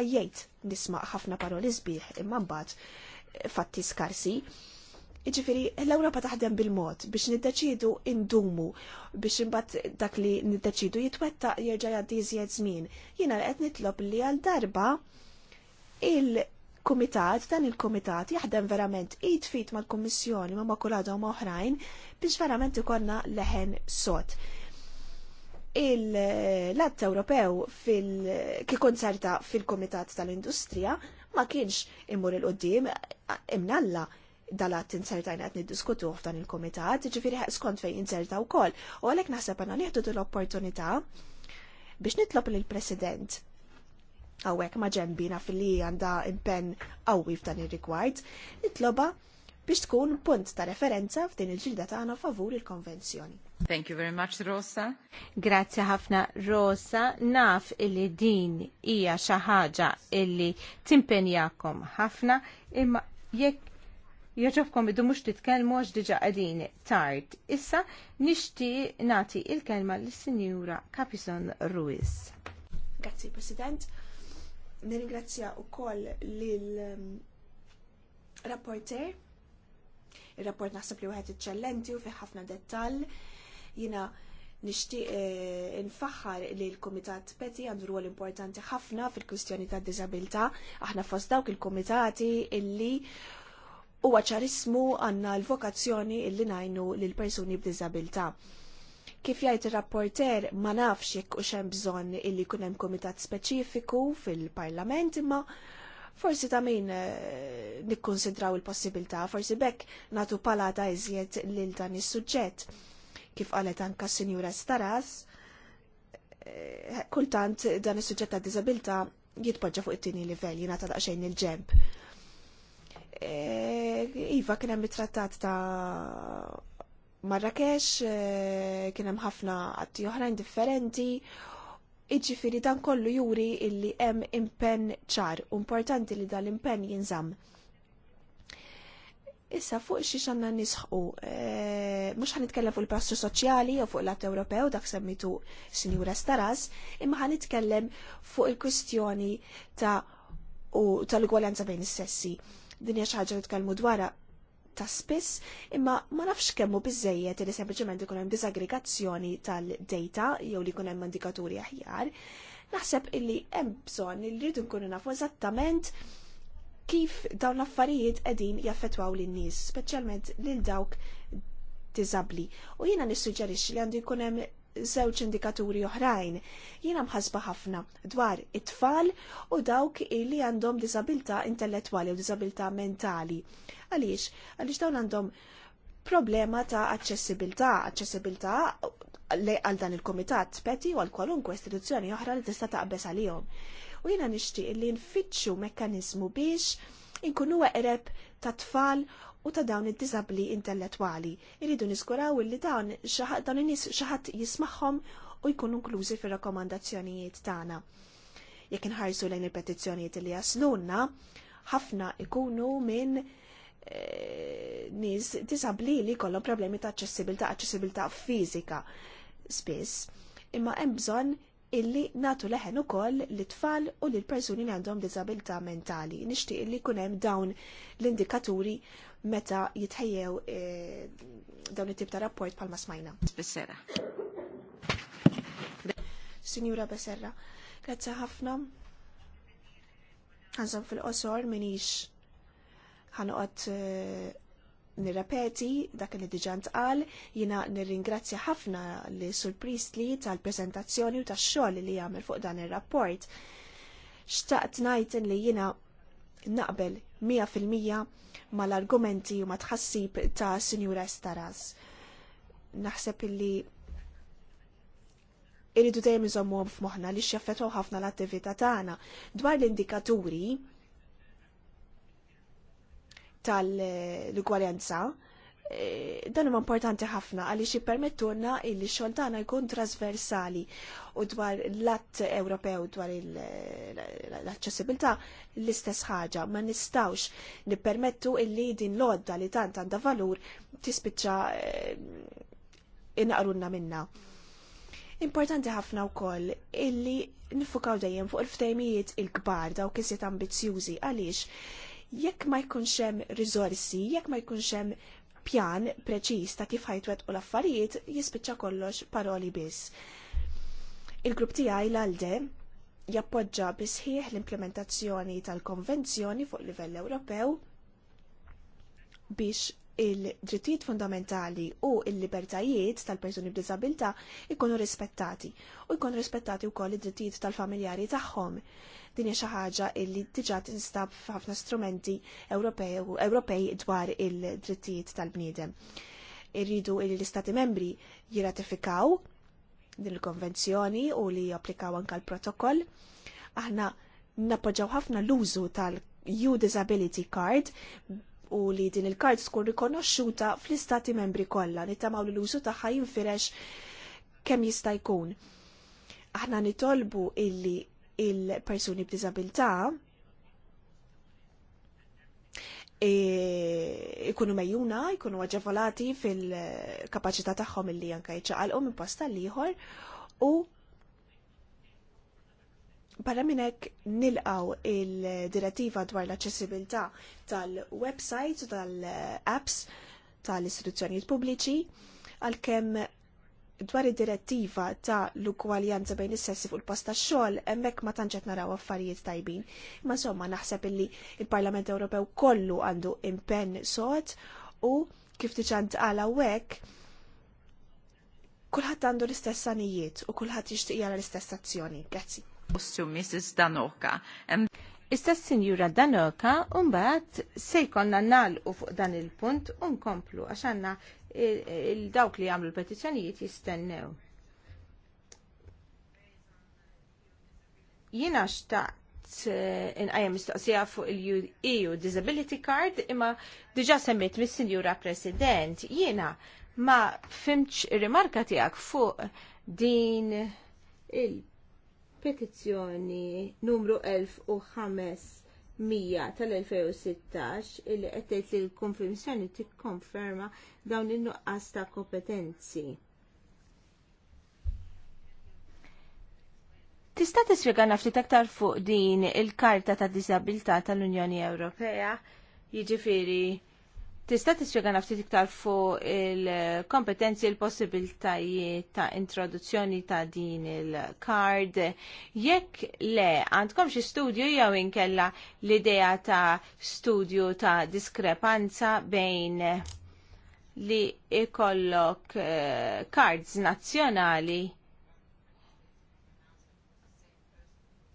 għajjejt nisma' ħafna paroli sbieħ imma mbagħad eh, fatti skarsi. Iġifiri, l-Ewropa taħdem bil-mod biex niddeċidu indumu biex imbagħad dak li niddeċidu jitwetta jerġa' jgħaddi żjed żmien. Jiena qed nitlob li għal darba il- kumitat, dan il-kumitat jaħdem verament id fit mal-Kommissjoni ma' makulada ma' oħrajn biex verament ikonna leħen sot. Il-latt Ewropew fil-kikonserta fil-Kumitat tal-Industrija ma kienx imur il-qoddim imnalla dalat insertajna jnet niddiskutu f'dan il-komitat, ġifiri skont fej inserta u kol, u għalek naħseb għanna nieħdu l-opportunità biex nitlob l-President għawek ma ġembina fil-li għanda impen għawi f'dan il-rigward, nitloba biex tkun punt ta' referenza f'din il-ġilda tagħna favur il-konvenzjoni. Thank you very much, Rosa. Grazzi ħafna, Rosa. Naf illi din hija xi ħaġa illi timpenjakom ħafna, imma jekk jaġobkom idu mux titkelmu għax diġa għadin tard. Issa nishti nati il-kelma l-Sinjura Capison Ruiz. Grazie, President. Nirringrazzja wkoll lil ehm, rapporter. Il-rapport naħseb li wieħed iċċellenti u fih ħafna dettall. Jiena nixtieq eh, infaħħar li l-Kumitat Peti għandu rwol importanti ħafna fil-kwistjoni ta' diżabilità Aħna fost dawk il-kumitati illi huwa ċarismu għandna l-vokazzjoni illi ngħinu lil persuni b'diżabilità. Kif jgħid ir-rapporter ma nafx jekk u hemm bżonn illi jkun hemm kumitat speċifiku fil-Parlament imma forsi ta' min eh, nikkonsidraw il-possibilità, forsi bekk natu palata iżjed lil dan is-suġġett. Kif qalet anka Sinjura Staras, eh, kultant dan is-suġġett ta' diżabilità jitpoġġa fuq it-tieni livell, ta' daqsxejn il-ġemp. Eh, iva kien hemm it-trattat ta' Marrakesh eh, kien hemm ħafna qatti oħrajn differenti Iġifieri dan kollu juri illi hemm impenn ċar, importanti li dan l-impenn jinżamm. Issa fuq xi xanna nisħu, eh, mhux ħanitkellem fuq il passu soċjali jew fuq l-att Ewropew dak semmitu Sinjura Staras, imma ħanitkellem fuq il-kwistjoni ta' u tal-ugwaljanza bejn is-sessi. Dinja xi ħaġa nitkellmu dwarha ta' spiss, imma ma nafx kemmu biżejjed li sempliċement ikun hemm disaggregazzjoni tal-data jew li jkun hemm indikaturi aħjar. Naħseb illi hemm bżonn li rridu nkunu nafu eżattament kif dawn l-affarijiet qegħdin jaffettwaw lin-nies, speċjalment lil dawk diżabbli. U jiena nissuġġerixxi li għandu jkun hemm żewġ indikaturi oħrajn. Jiena mħasba ħafna dwar it-tfal u dawk illi għandhom disabilità intellettwali u disabilità mentali. Għaliex, għaliex dawn għandhom problema ta' aċċessibilità, aċċessibilità għal dan il-komitat peti u għal kwalunkwe istituzzjoni oħra li tista' taqbes għalihom. U jiena nixtieq li nfittxu mekkaniżmu biex inkunu eqreb ta' tfal u ta' dawn id-disabli intellettwali. Iridu niskuraw li dawn dawn in-nies xi ħadd u jkunu inklużi fir-rakkomandazzjonijiet tagħna. Jekk inħarsu lejn il-petizzjonijiet li jaslunna, ħafna ikunu minn eh, nies disabli li jkollhom problemi ta' aċċessibilità, aċċessibilità fiżika spiss. Imma hemm bżonn illi natu leħen ukoll li tfal u l persuni li għandhom disabilità mentali. Nixtieq illi jkun hemm dawn l-indikaturi meta jitħejjew eh, dawn it-tip ta' rapport palma smajna. Besserra. Signora Besserra, grazzi ħafna. Għanżom fil-qosor minix ħanqot eh, nirrepeti dak li diġà ntqal, jiena nirringrazzja ħafna li Sur Priestli tal-preżentazzjoni u tax-xogħol li jagħmel fuq dan ir-rapport. Xtaqt ngħid li jiena naqbel 100% mal-argumenti u ma tħassib ta' Sinjura Staras. Naħseb illi irridu dejjem iżommuhom f'moħħna li xjaffetwaw ħafna l-attività tagħna dwar l-indikaturi tal-gwaljanza. Eh, dan huwa importanti ħafna għaliex jippermettuna illi xogħol tagħna jkun trasversali u dwar l-att Ewropew dwar l-aċċessibilità l-istess ħaġa. Ma nistgħux nippermettu illi din l-għodda li tant għandha valur tispiċċa eh, inaqrunna minna. Importanti ħafna wkoll illi nifukaw dejjem fuq il-ftejmijiet il-kbar daw kisiet ambizjużi għaliex Jekk ma jkunx hemm riżorsi, jekk ma jkunx hemm pjan preċiż ta' kif ħajtwet u l-affarijiet, jispiċċa kollox paroli biss. Il-grupp tiegħi l-Alde jappoġġa bisħieħ l-implementazzjoni tal-konvenzjoni fuq livell Ewropew biex il-drittijiet fundamentali u il-libertajiet tal-persuni b'disabilità ikonu rispettati u jkunu rispettati wkoll id-drittijiet tal-familjari tagħhom din xi ħaġa li diġà tinstab f'ħafna strumenti Ewropej dwar il-drittijiet tal-bniedem. Irridu li l-Istati membri jirratifikaw din il-konvenzjoni u li japplikaw anke l-protokoll. Aħna nappoġġaw ħafna l-użu tal-U Disability Card u li din il-kard tkun rikonoxxuta fl-istati membri kollha nittamaw li l-użu tagħha jinfirex kemm jista' jkun. Aħna nitolbu illi il-persuni b'diżabilità e ikunu mejjuna, ikunu għagġavolati fil-kapacità tagħhom illi anka jċaqalqu minn posta liħor u barra minnek nilqaw il-direttiva dwar l-accessibilità tal-websites u tal-apps tal-istituzzjonijiet pubbliċi għal-kem dwar id-direttiva ta' l ukwaljanza bejn is-sessi fuq il-posta xogħol hemmhekk ma tantx naraw affarijiet tajbin. Ma somma naħseb illi il-Parlament Ewropew kollu għandu impenn sod u kif tiċant għal hawnhekk kulħadd għandu l-istess anijiet u kulħadd jixtieq jara l-istess azzjoni. Grazzi. Mrs. Danoka. Istess Sinjura Danoka, mbagħad se jkollna nagħlqu fuq dan il-punt u nkomplu għax għandna il-dawk li għamlu l-petizzjonijiet jistennew. Jina xtaqt eh, inqajem mistoqsija fuq il-EU e Disability Card imma diġa semmit mis-Sinjura President. Jiena ma fimċ rimarka tiegħek fuq din il-petizzjoni numru 1005 100 tal-2016 illi qed tgħid li l-konfirmazzjoni tikkonferma dawn in-nuqqas ta' kompetenzi. Tista' tispjegana ftit aktar fuq din il-Karta tad Disabilità tal-Unjoni Ewropea, jiġifieri Tista' tispjega ftit iktar fuq il-kompetenzi l-possibiltajiet ta' introduzzjoni ta' din il-kard. Jekk le, għandkom xi studju jew inkella l-idea ta' studju ta' diskrepanza bejn li ikollok eh, cards nazzjonali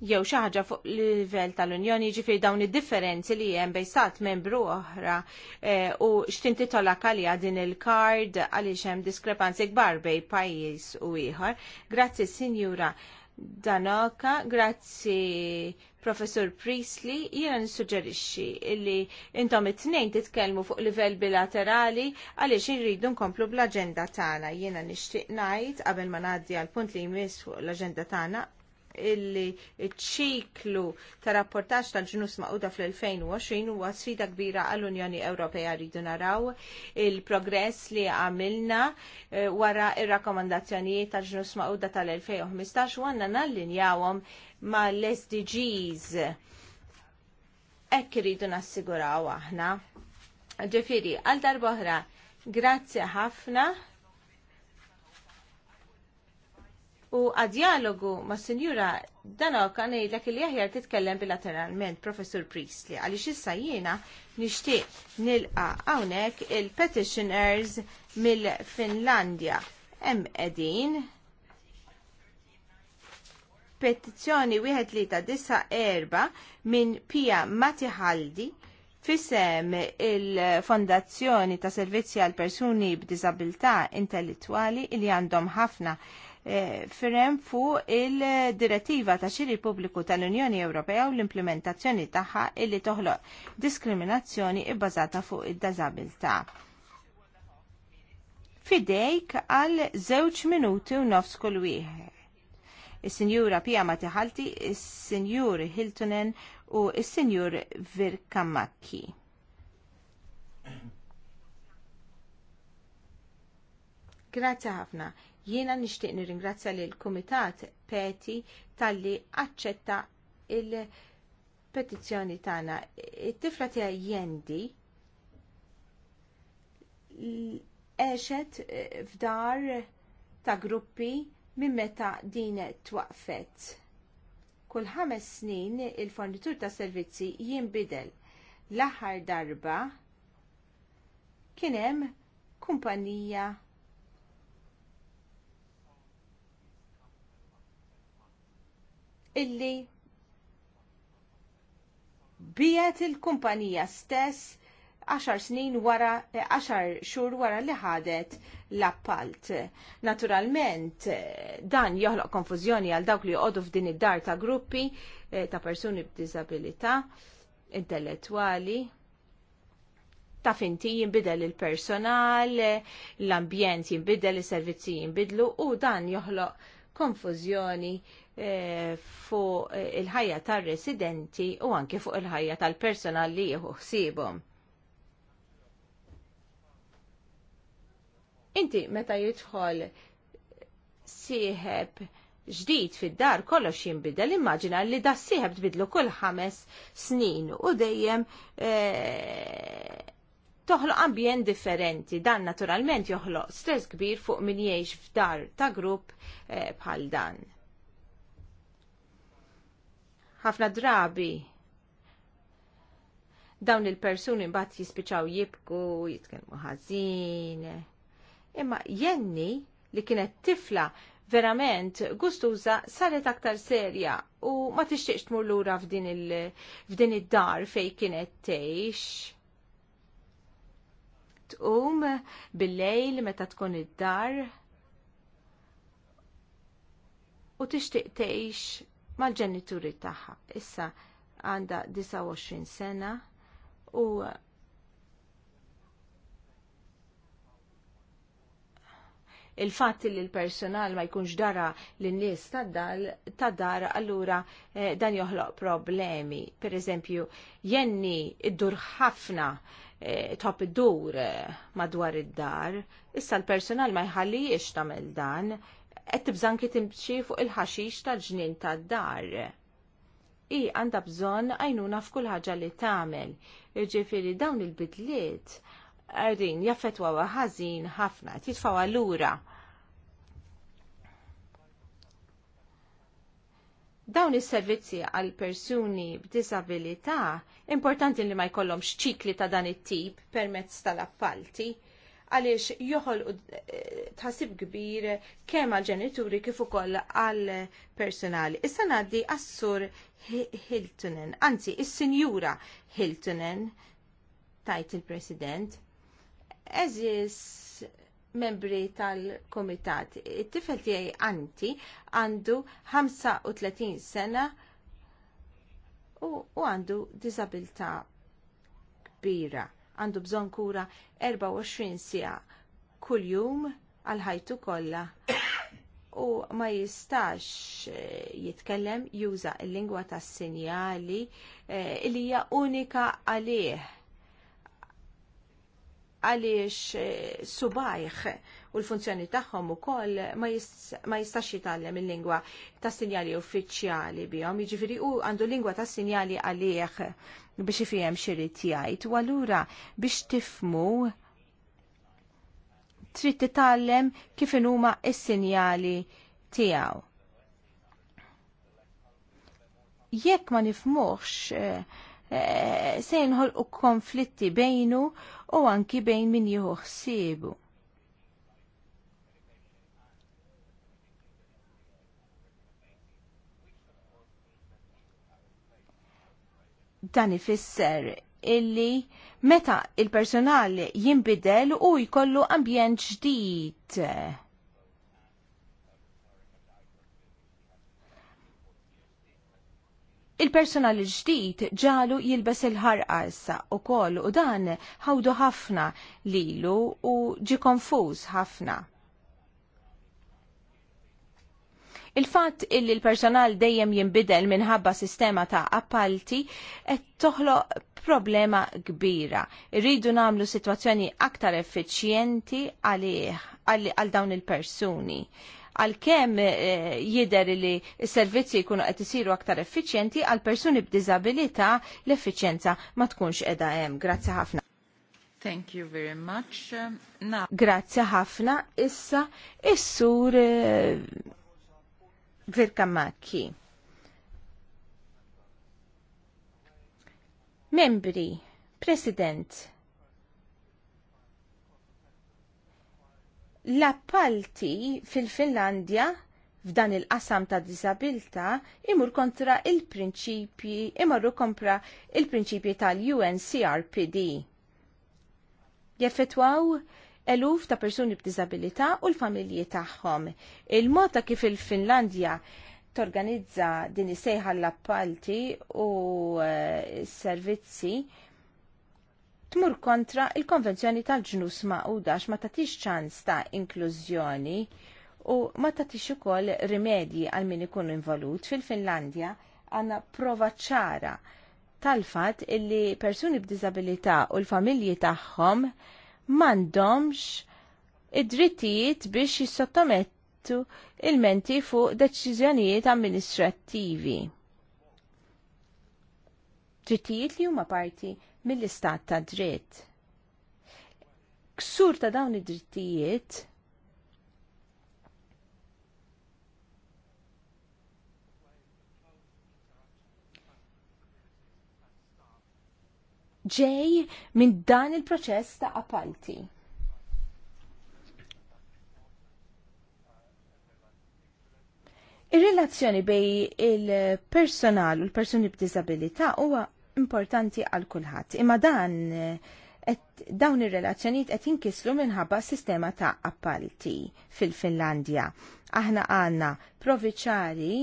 jew xi ħaġa fuq livell tal-Unjoni jiġifieri dawn id-differenzi li hemm bejn stat membru oħra e, u x'tintitolak għalija din il-kard għaliex hemm diskrepanzi kbar bejn pajjiż u ieħor. Grazzi Sinjura Danoka, grazzi Professor Priestley, jiena nissuġġerixxi li intom it-tnejn titkellmu fuq livell bilaterali għaliex irridu nkomplu bl-aġenda tagħna. Jiena nixtieq ngħid qabel ma ngħaddi għall punt li jmiss fuq l-aġenda tagħna illi ċiklu ta' rapportaġġ tal-ġnus maquda fl-2020 huwa sfida kbira għall-Unjoni Ewropea rridu naraw il-progress li għamilna eh, wara ir-rakkomandazzjonijiet tal-ġnus maquda tal-2015 u għandna nallinjawhom mal-SDGs. Ekk rridu nassiguraw aħna. Ġifieri, għal darba oħra, grazzi ħafna U għad-dialogu ma' sinjura kan għanejlek li aħjar titkellem bilateralment, Professor Priestley, għaliex issa jiena nixtieq nilqa hawnhekk il-petitioners mill-Finlandja. Hemm qegħdin petizzjoni wieħed li ta' disa erba minn Pia Matihaldi fisem il-Fondazzjoni ta' Servizzi għal Persuni b'Diżabilità Intellettwali li għandhom ħafna Eh, firem fuq il-direttiva ta' xiri pubbliku tal-Unjoni Ewropea u l-implementazzjoni tagħha illi toħloq diskriminazzjoni ibbażata fuq id-dażabilità. Fidejk għal żewġ minuti u nofs kull wieħed. Is-Sinjura Pia Matiħalti, is-Sinjur Hiltonen u is-Sinjur Virkamakki. Grazie ħafna. Jiena nixtieq nirringrazzja lill kumitat Peti talli aċċetta l petizzjoni tagħna. It-tifla tiegħi jendi eċet eh, f'dar ta' gruppi minn meta din twaqfet. Kull ħames snin il-fornitur ta' servizzi jinbidel. L-aħħar darba kien hemm kumpanija illi bijet il-kumpanija stess 10 snin wara, 10 eh, xhur wara li ħadet l-appalt. Naturalment, eh, dan joħloq konfużjoni għal dawk li jqogħdu f'din id-dar ta' gruppi eh, ta' persuni b'diżabilità intellettwali ta' finti jinbidel il-personal, l-ambjent jinbidel, is servizzi jinbidlu u dan joħloq konfużjoni Eh, fuq eh, il-ħajja tar-residenti u anke fuq il-ħajja tal-personal li jieħu ħsiebhom. Inti meta jidħol sieħeb ġdid fid-dar kollox jinbidel, immaġina li da sieħeb tbidlu kull ħames snin u dejjem eh, toħloq ambjent differenti. Dan naturalment joħloq stress kbir fuq min jgħix f'dar ta' grupp bħal dan ħafna drabi dawn il-persuni mbagħad jispiċaw jibku, jitkellmu ħażin. Imma Jenny li kienet tifla verament gustuża saret aktar serja u ma tixtieqx tmur lura f'din id-dar fej kienet tgħix. Tqum bil-lejl meta tkun id-dar u tixtieq tgħix mal-ġenituri tagħha. Issa għandha 29 sena u il-fatt li l-personal ma jkunx dara l-nies tad dar allura eh, dan joħloq problemi. Per eżempju, jenni id-dur ħafna eh, top id-dur eh, madwar id-dar, issa l-personal ma jħallix tagħmel dan, qed tibżanki timxi fuq il-ħaxix tal-ġnien tad-dar. I għandha bżonn għajnuna f'kull ħaġa li tagħmel. Jiġifieri dawn il-bidliet għarin jaffetwa ħażin ħafna, titfaw allura. Dawn is-servizzi għal persuni b'disabilità importanti li ma jkollhomx ċikli ta' dan it-tip permezz tal-appalti għaliex joħolqu eh, tħassib kbir kemm għal ġenituri kif ukoll għall personali. Issa ngħaddi għas-sur Hiltonen, anzi is-Sinjura Hiltonen tajt il-President. Eżis membri tal-komitat. It-tifel tiegħi anti għandu 35 sena u, għandu disabilta kbira għandu bżonn kura 24 sija kuljum għal ħajtu kollha. U ma jistax eh, jitkellem juża l-lingwa tas sinjali eh, li hija unika għalih għaliex eh, subajħ u l-funzjoni tagħhom ukoll ma jistax jitallem il-lingwa ta' sinjali uffiċjali bihom, jġifiri u għandu lingwa ta' sinjali għalih biex ifijem xirrit jajt. U allura biex tifmu trid titgħallem kif huma s-sinjali tiegħu. Jekk ma nifmuħx eh, eh, se jinħolqu konflitti bejnu u anki bejn min jieħu ħsiebu. dan ifisser illi meta il-personal jimbidel u jkollu ambjent ġdid. Il-personal ġdid ġalu jilbes il ħarqas u koll u dan ħawdu ħafna lilu u ġi konfuż ħafna. Il-fatt illi l-personal dejjem jinbidel minħabba sistema ta' appalti qed toħlo problema kbira. Irridu namlu situazzjoni aktar effiċjenti għal dawn il-persuni. Għal kem eh, jider li s-servizzi jkunu qed isiru aktar effiċjenti għal persuni b'diżabilità l-effiċjenza ma tkunx qiegħda hemm. Grazzi ħafna. Thank you very much. Grazzi ħafna. Issa is-sur eh, Virkamakki. Membri, President, l-appalti fil-Finlandja f'dan il-qasam ta' disabilta imur kontra il-prinċipji, imorru kontra il-prinċipji tal-UNCRPD. Jeffetwaw eluf ta' persuni b'disabilità u l-familji tagħhom. Il-mod ta' kif il-Finlandja torganizza din is-sejħa l-appalti u eh, s-servizzi tmur kontra il-konvenzjoni tal-ġnus ma' ma tatix ċans ta' inklużjoni u ma tatix ukoll rimedji għal min ikun involut fil-Finlandja għanna prova ċara tal-fat illi persuni b'disabilità u l-familji tagħhom m'għandhomx id-drittijiet biex jissottomettu il-menti fuq deċiżjonijiet amministrattivi. Drittijiet li huma parti mill-istat ta' dritt. Ksur ta' dawn id-drittijiet ġej minn dan il-proċess ta' appalti. Ir-relazzjoni bej il-personal u l-persuni b'disabilità huwa importanti għal kulħadd, imma dan et, dawn ir-relazzjonijiet qed jinkislu minħabba sistema ta' appalti fil-Finlandja. Aħna għandna proviċari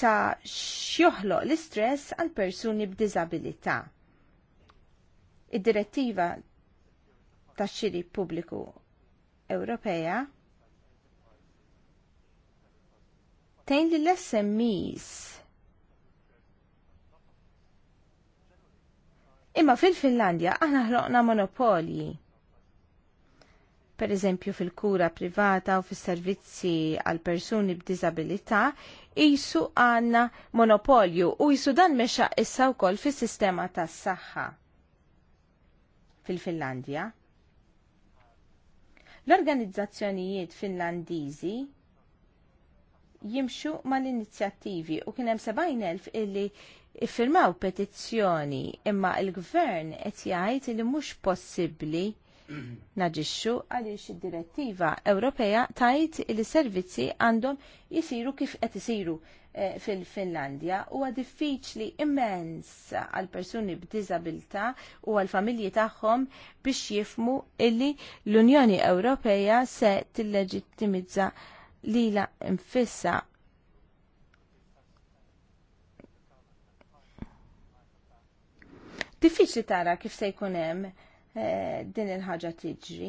ta' xjoħloq l-istress għal persuni b'diżabilità. Id-direttiva ta' xiri pubbliku Ewropea tejn li l-SMEs Imma fil-Finlandja aħna ħloqna monopolji per eżempju fil-kura privata u fis-servizzi għal persuni b'diżabilità, jisu għandna monopolju u jisu dan meċa issa wkoll fis-sistema tas-saħħa fil-Finlandja. L-organizzazzjonijiet Finlandiżi jimxu mal-inizjattivi u kien hemm 70,000 illi iffirmaw petizzjoni imma il-gvern qed jgħid li mhux possibbli naġixxu għaliex id-direttiva Ewropea tajt il servizzi għandhom jisiru kif qed isiru eh, fil-Finlandja huwa diffiċli immens għal persuni b'diżabilità u għal familji tagħhom biex jifmu illi l-Unjoni Ewropea se tilleġittimizza lila infissa Diffiċli tara kif se jkun hemm Eh, din il-ħaġa tiġri.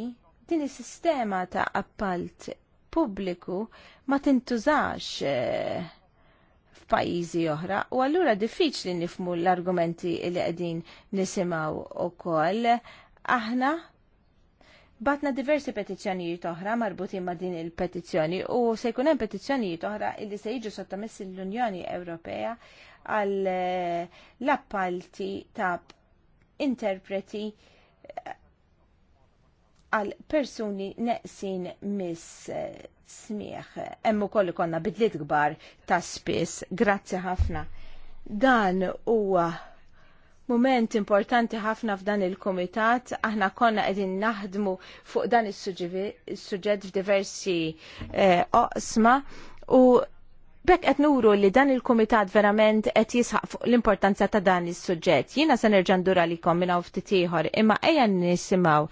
Din is-sistema ta' appalt pubbliku ma tintużax eh, f'pajjiżi oħra u allura diffiċli nifmu l-argumenti li qegħdin nisimgħu ukoll. Aħna batna diversi petizzjonijiet oħra marbutin ma' din il-petizzjoni u se jkun hemm petizzjonijiet oħra illi se jiġu sottomessi l-Unjoni Ewropea għall eh, l-appalti ta' interpreti għal persuni neqsin miss eh, smieħ. Emmu kolli konna bidliet gbar ta' spis. Grazzi ħafna. Dan huwa moment importanti ħafna f'dan il-komitat. Aħna konna qegħdin naħdmu fuq dan is-suġġett f'diversi eh, oqsma u Bek qed nuru li dan il-kumitat verament qed jisħaq fuq l-importanza ta' dan is-suġġett. Jiena se nerġa' ndur għalikom minn hawn ftit ieħor, imma ejja nisimgħu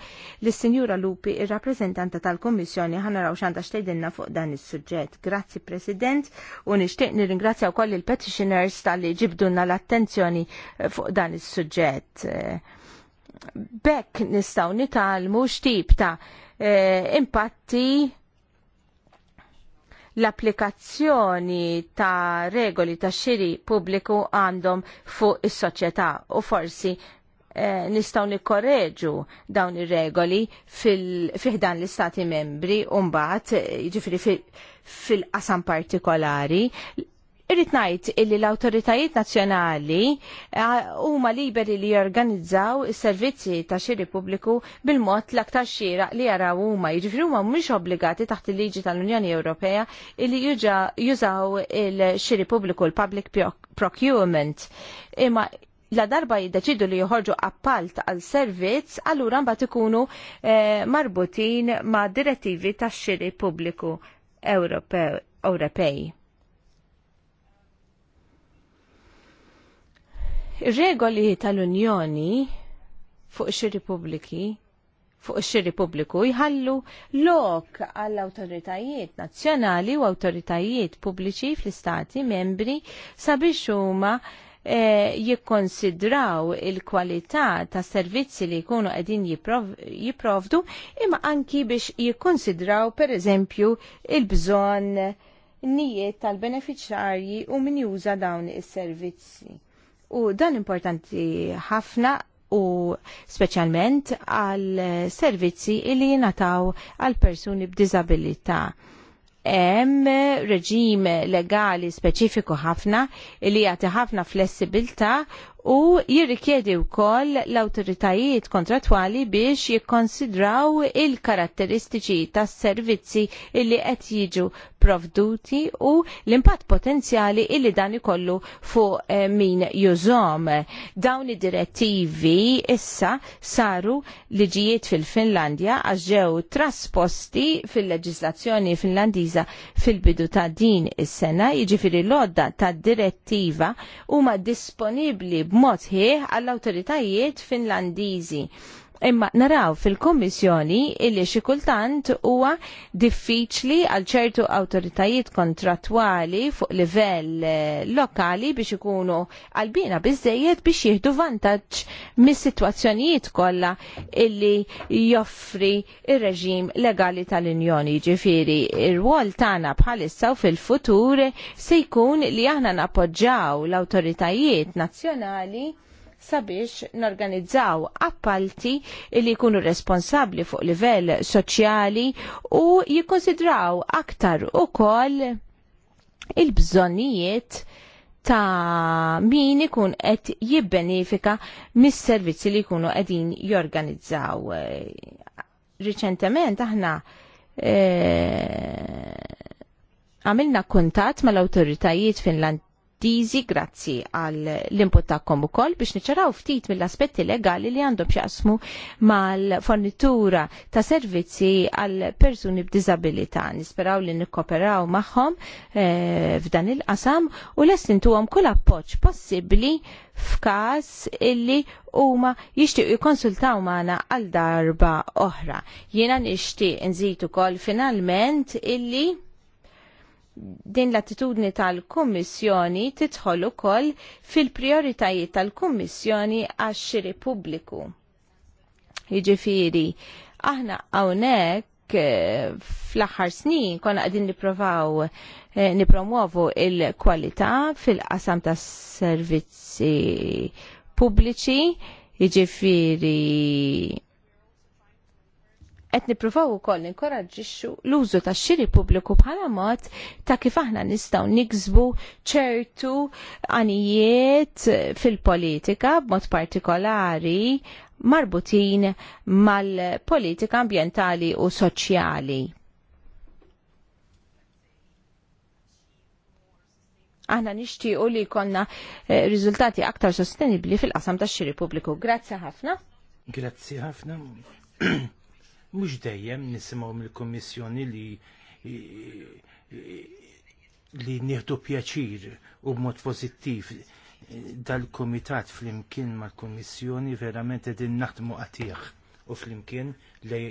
s sinjura Lupi ir-rappreżentanta tal-Kummissjoni ħa naraw x'għandha xtejdinna fuq dan is-suġġett. Grazzi President u nixtieq nirringrazzja wkoll il-petitioners tal-li ġibdulna l-attenzjoni eh, fuq dan is-suġġett. Eh, bekk nistgħu nitalmu x'tip ta' eh, impatti l-applikazzjoni ta' regoli ta' xiri pubbliku għandhom fuq is-soċjetà u forsi eh, nistaw nikkorreġu dawn ir-regoli fiħdan l-istati membri u mbagħad eh, jiġifieri fil-qasam partikolari Irrit ngħid illi l-awtoritajiet nazzjonali eh, huma liberi li jorganizzaw is-servizzi ta' xiri pubbliku bil-mod l-aktar xira li jaraw huma jiġifieri huma mhumiex obbligati taħt il-liġi tal-Unjoni Ewropea illi jużaw il-xiri pubbliku l-public procurement. Imma la darba jiddeċidu li joħorġu appalt għal servizz, allura mbagħad ikunu eh, marbutin ma' direttivi tax-xiri pubbliku Ewropej. regoli tal-Unjoni fuq xiri pubbliki fuq ix-xiri jħallu lok għall awtoritajiet nazzjonali u awtoritajiet pubbliċi fl-istati membri sabiex huma E, jikkonsidraw il-kwalità ta' servizzi li jkunu qegħdin jipprovdu imma anki biex jikkonsidraw per eżempju il-bżonn nijiet tal-beneficjarji u min juża dawn is-servizzi u dan importanti ħafna u speċjalment għal servizzi li jinataw għal persuni b'dizabilità. Hemm reġim legali speċifiku ħafna li jagħti ħafna flessibilità u jirrikjedi wkoll l-awtoritajiet kontratwali biex jikkonsidraw il-karatteristiċi tas-servizzi illi qed jiġu provduti u l-impatt potenzjali illi dan ikollu fuq eh, min jużom. Dawn id-direttivi issa saru liġijiet fil-Finlandja għax ġew trasposti fil-leġislazzjoni finlandiża fil-bidu ta' din is-sena, jiġifieri l-odda tad direttiva huma disponibbli b'mod ħieħ għall-awtoritajiet Finlandiżi imma naraw fil-Kommissjoni illi xi kultant huwa diffiċli għal ċertu awtoritajiet kontrattwali fuq livell eh, lokali biex ikunu għalbina biżejjed biex jieħdu vantaġġ mis-sitwazzjonijiet kollha illi joffri ir-reġim legali tal-Unjoni. Ġifieri ir-rwol tagħna bħalissa u fil-futur se jkun li aħna nappoġġaw l-awtoritajiet nazzjonali sabiex norganizzaw appalti li jkunu responsabli fuq livell soċjali u jikkonsidraw aktar ukoll il-bżonnijiet ta' min ikun qed jibbenefika mis-servizzi li jkunu qegħdin jorganizzaw. Riċentement aħna eh, għamilna e, kuntatt mal-awtoritajiet Finland Svediżi, grazzi għal l-input tagħkom ukoll biex niċċaraw ftit mill-aspetti legali li għandhom x'jaqsmu mal-fornitura ta' servizzi għal persuni b'diżabilità. Nisperaw li nikkoperaw magħhom eh, f'dan il-qasam u lestintuhom kull appoġġ possibbli f'każ illi huma jixtiequ jikkonsultaw magħna għal darba oħra. Jiena nixtieq inżid ukoll finalment illi din l-attitudni tal-Kummissjoni titħol ukoll fil-prioritajiet tal-Kummissjoni għax-xiri pubbliku. Jiġifieri, aħna hawnhekk eh, fl-aħħar snin konna qegħdin nipprovaw eh, nipromuovu il-kwalità fil-qasam tas-servizzi pubbliċi, jiġifieri qed nippruvaw ukoll inkoraġġixxu l-użu tax-xiri pubbliku bħala mod ta' kif aħna nistgħu niksbu ċertu għanijiet fil-politika b'mod partikolari marbutin mal-politika ambjentali u soċjali. Aħna nixtiequ li jkollna eh, riżultati aktar sostenibbli fil-qasam tax-xiri pubbliku. Grazzi ħafna. Grazzi ħafna. mhux dejjem nisimgħu mill-Kummissjoni li li nieħdu pjaċir u b'mod pożittiv dal-Kumitat flimkien mal-Kummissjoni verament qegħdin naħdmu qatih u flimkien li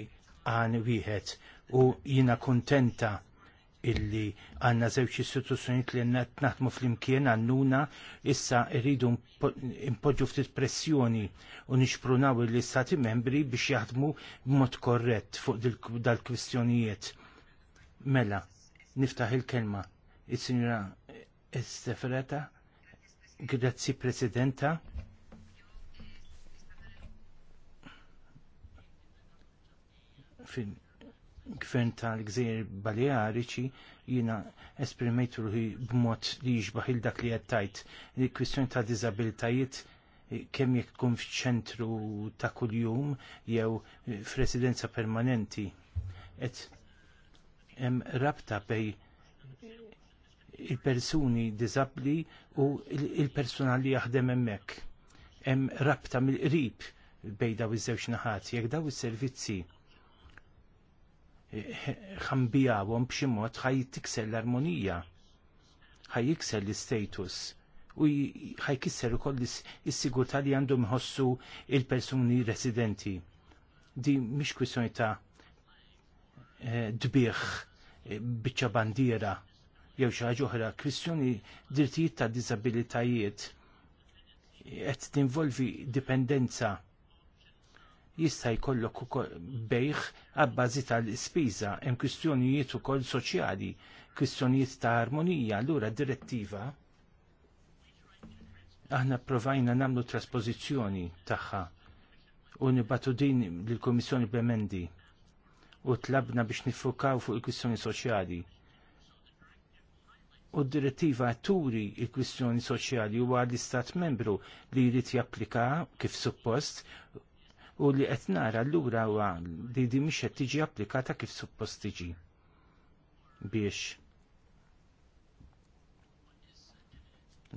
għan wieħed u jina kontenta illi għanna żewġ istituzzjonijiet li għanna naħdmu fl-imkien għannuna issa rridu impoġġu ftit pressjoni u nixprunaw l-istati membri biex jaħdmu b'mod korrett fuq dal-kwistjonijiet. Mela, niftaħ il-kelma. Il-Sinjura Estefereta, grazzi Presidenta. Fin, gvern tal-gżir Baleariċi jina esprimejtu ruħi b'mod li jiġbaħ il dak li għattajt. Il-kwistjoni ta' dizabiltajiet eh, kemm jekk tkun f'ċentru ta' kuljum jew f'residenza permanenti. Et hemm rabta bej il-persuni diżabbli u il-persuna li jaħdem hemmhekk. Hemm rabta mill-qrib bej daw iż-żewġ naħat, jekk daw is-servizzi ħambijawhom b'xi mod ħaj tiksel l-armonija, ħaj jiksel l-status u ħaj kisser ukoll is sigurta li għandhom mħossu il-persuni residenti. Di mhix kwisjoni ta' eh, dbiħ eh, biċċa bandiera jew xi ħaġa oħra, kwistjoni drittijiet ta' diżabilitajiet qed tinvolvi dipendenza jista' jkollok ukoll bejħ għabbażi tal-ispiża hemm kwistjonijiet ukoll soċjali, kwistjonijiet ta' armonija, allura direttiva aħna provajna namlu traspożizzjoni tagħha u nibatu din lill-Kummissjoni b'emendi u tlabna biex nifukaw fuq il-kwistjoni soċjali u d-direttiva turi il-kwistjoni soċjali huwa l-istat membru li jrid japplika kif suppost u li qed nara allura huwa li di mhix qed tiġi applikata kif suppost tiġi biex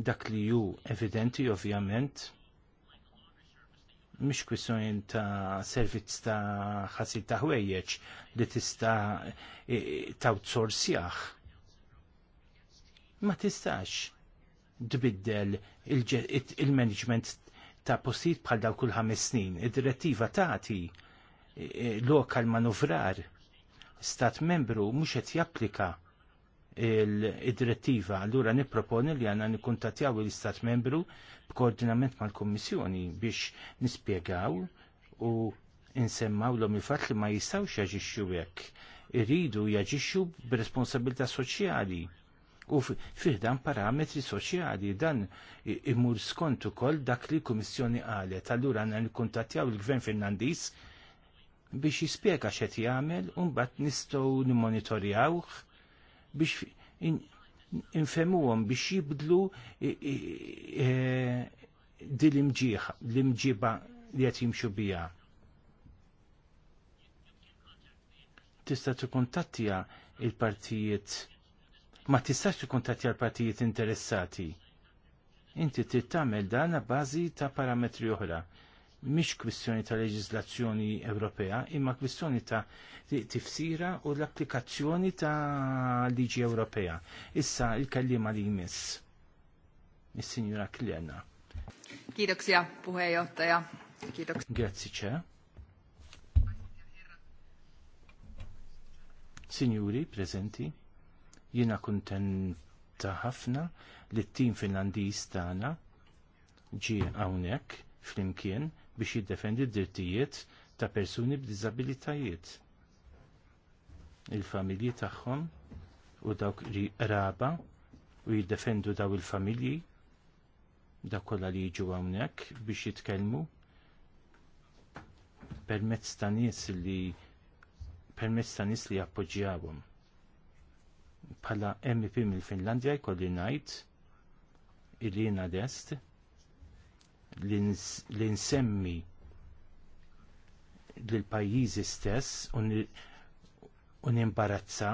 dak li ju evidenti ovvjament mhix kwissjoni ta' servizz ta' ħasil ta' ħwejjeġ li tista' tawtsorsjah. Ma tistax tbiddel il-management ta' postijiet bħal dawk kull ħames snin. Id-direttiva tagħti eh, lokal manuvrar stat membru mhux qed japplika id-direttiva. Allura nipproponi li għandna nikkuntatjaw l-istat membru b'koordinament mal-Kummissjoni biex nispjegaw u insemmaw l-om il-fat li ma jistawx jaġixxu hekk. Iridu jaġixxu b'responsabilità soċjali u fiħdan parametri soċjali dan imur skont ukoll dak li l-Kummissjoni qalet. Allura għandna nikkuntattjaw il-Gvern Fernandis biex jispjega x'qed jagħmel u mbagħad nistgħu nimmonitorjawh biex għom biex jibdlu eh, di l-imġieħ, l-imġiba li qed jimxu biha. Tista' tikkuntattja il-partijiet ma tistax tikkuntatti l għal partijiet interessati. Inti trid tagħmel dan bażi ta' parametri oħra. Mhix kwistjoni ta' leġiżlazzjoni Ewropea, imma kwistjoni ta' tifsira u l-applikazzjoni ta' liġi Ewropea. Issa il-kellima li jmiss. Is-Sinjura Klena. Kidoksja, puheenjohtaja. Grazzi, ċe. Signori, presenti. Jiena kuntenta ħafna li t-tim Finlandiz tagħna ġie hawnhekk flimkien biex jiddefendi d-drittijiet ta' persuni b'diżabilitajiet. Il-familji tagħhom u dawk li raba u jiddefendu daw il-familji da kollha li jiġu hawnhekk biex jitkellmu permezz ta' nies li permezz ta' nies li appoġġjawhom bħala MEP mill-Finlandja jkolli ngħid illi jiena dest li nsemmi lill-pajjiżi stess u nimbarazza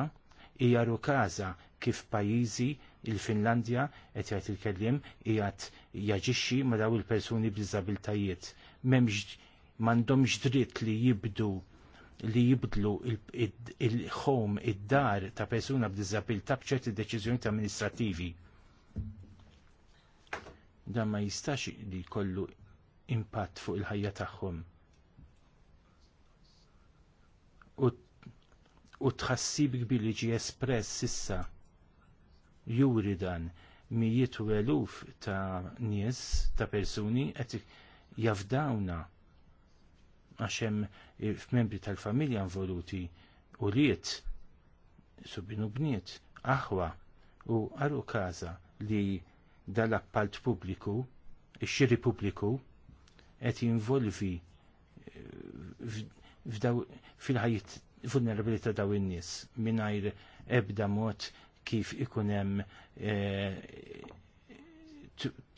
hija każa kif pajjiżi il-Finlandja qed jgħid il-kelliem qiegħed jaġixxi ma' daw il-persuni b'diżabiltajiet. M'hemmx m'għandhomx dritt li jibdu li jibdlu il-ħom, il id-dar ta' persuna b'diżabilità b'ċerti deċiżjoni amministrativi. Dan ma jistax li jkollu impatt fuq il-ħajja tagħhom. U tħassib kbir li ġie espress issa juri dan mijiet u eluf ta' nies, ta' persuni, qed jafdawna għax hemm eh, membri tal-familja involuti u liet subinu bniet aħwa u għaru kaza li dal-appalt pubbliku, ix-xiri pubbliku, qed jinvolvi eh, fil ħajt vulnerabilita daw in-nies mingħajr ebda mod kif ikunem hemm eh,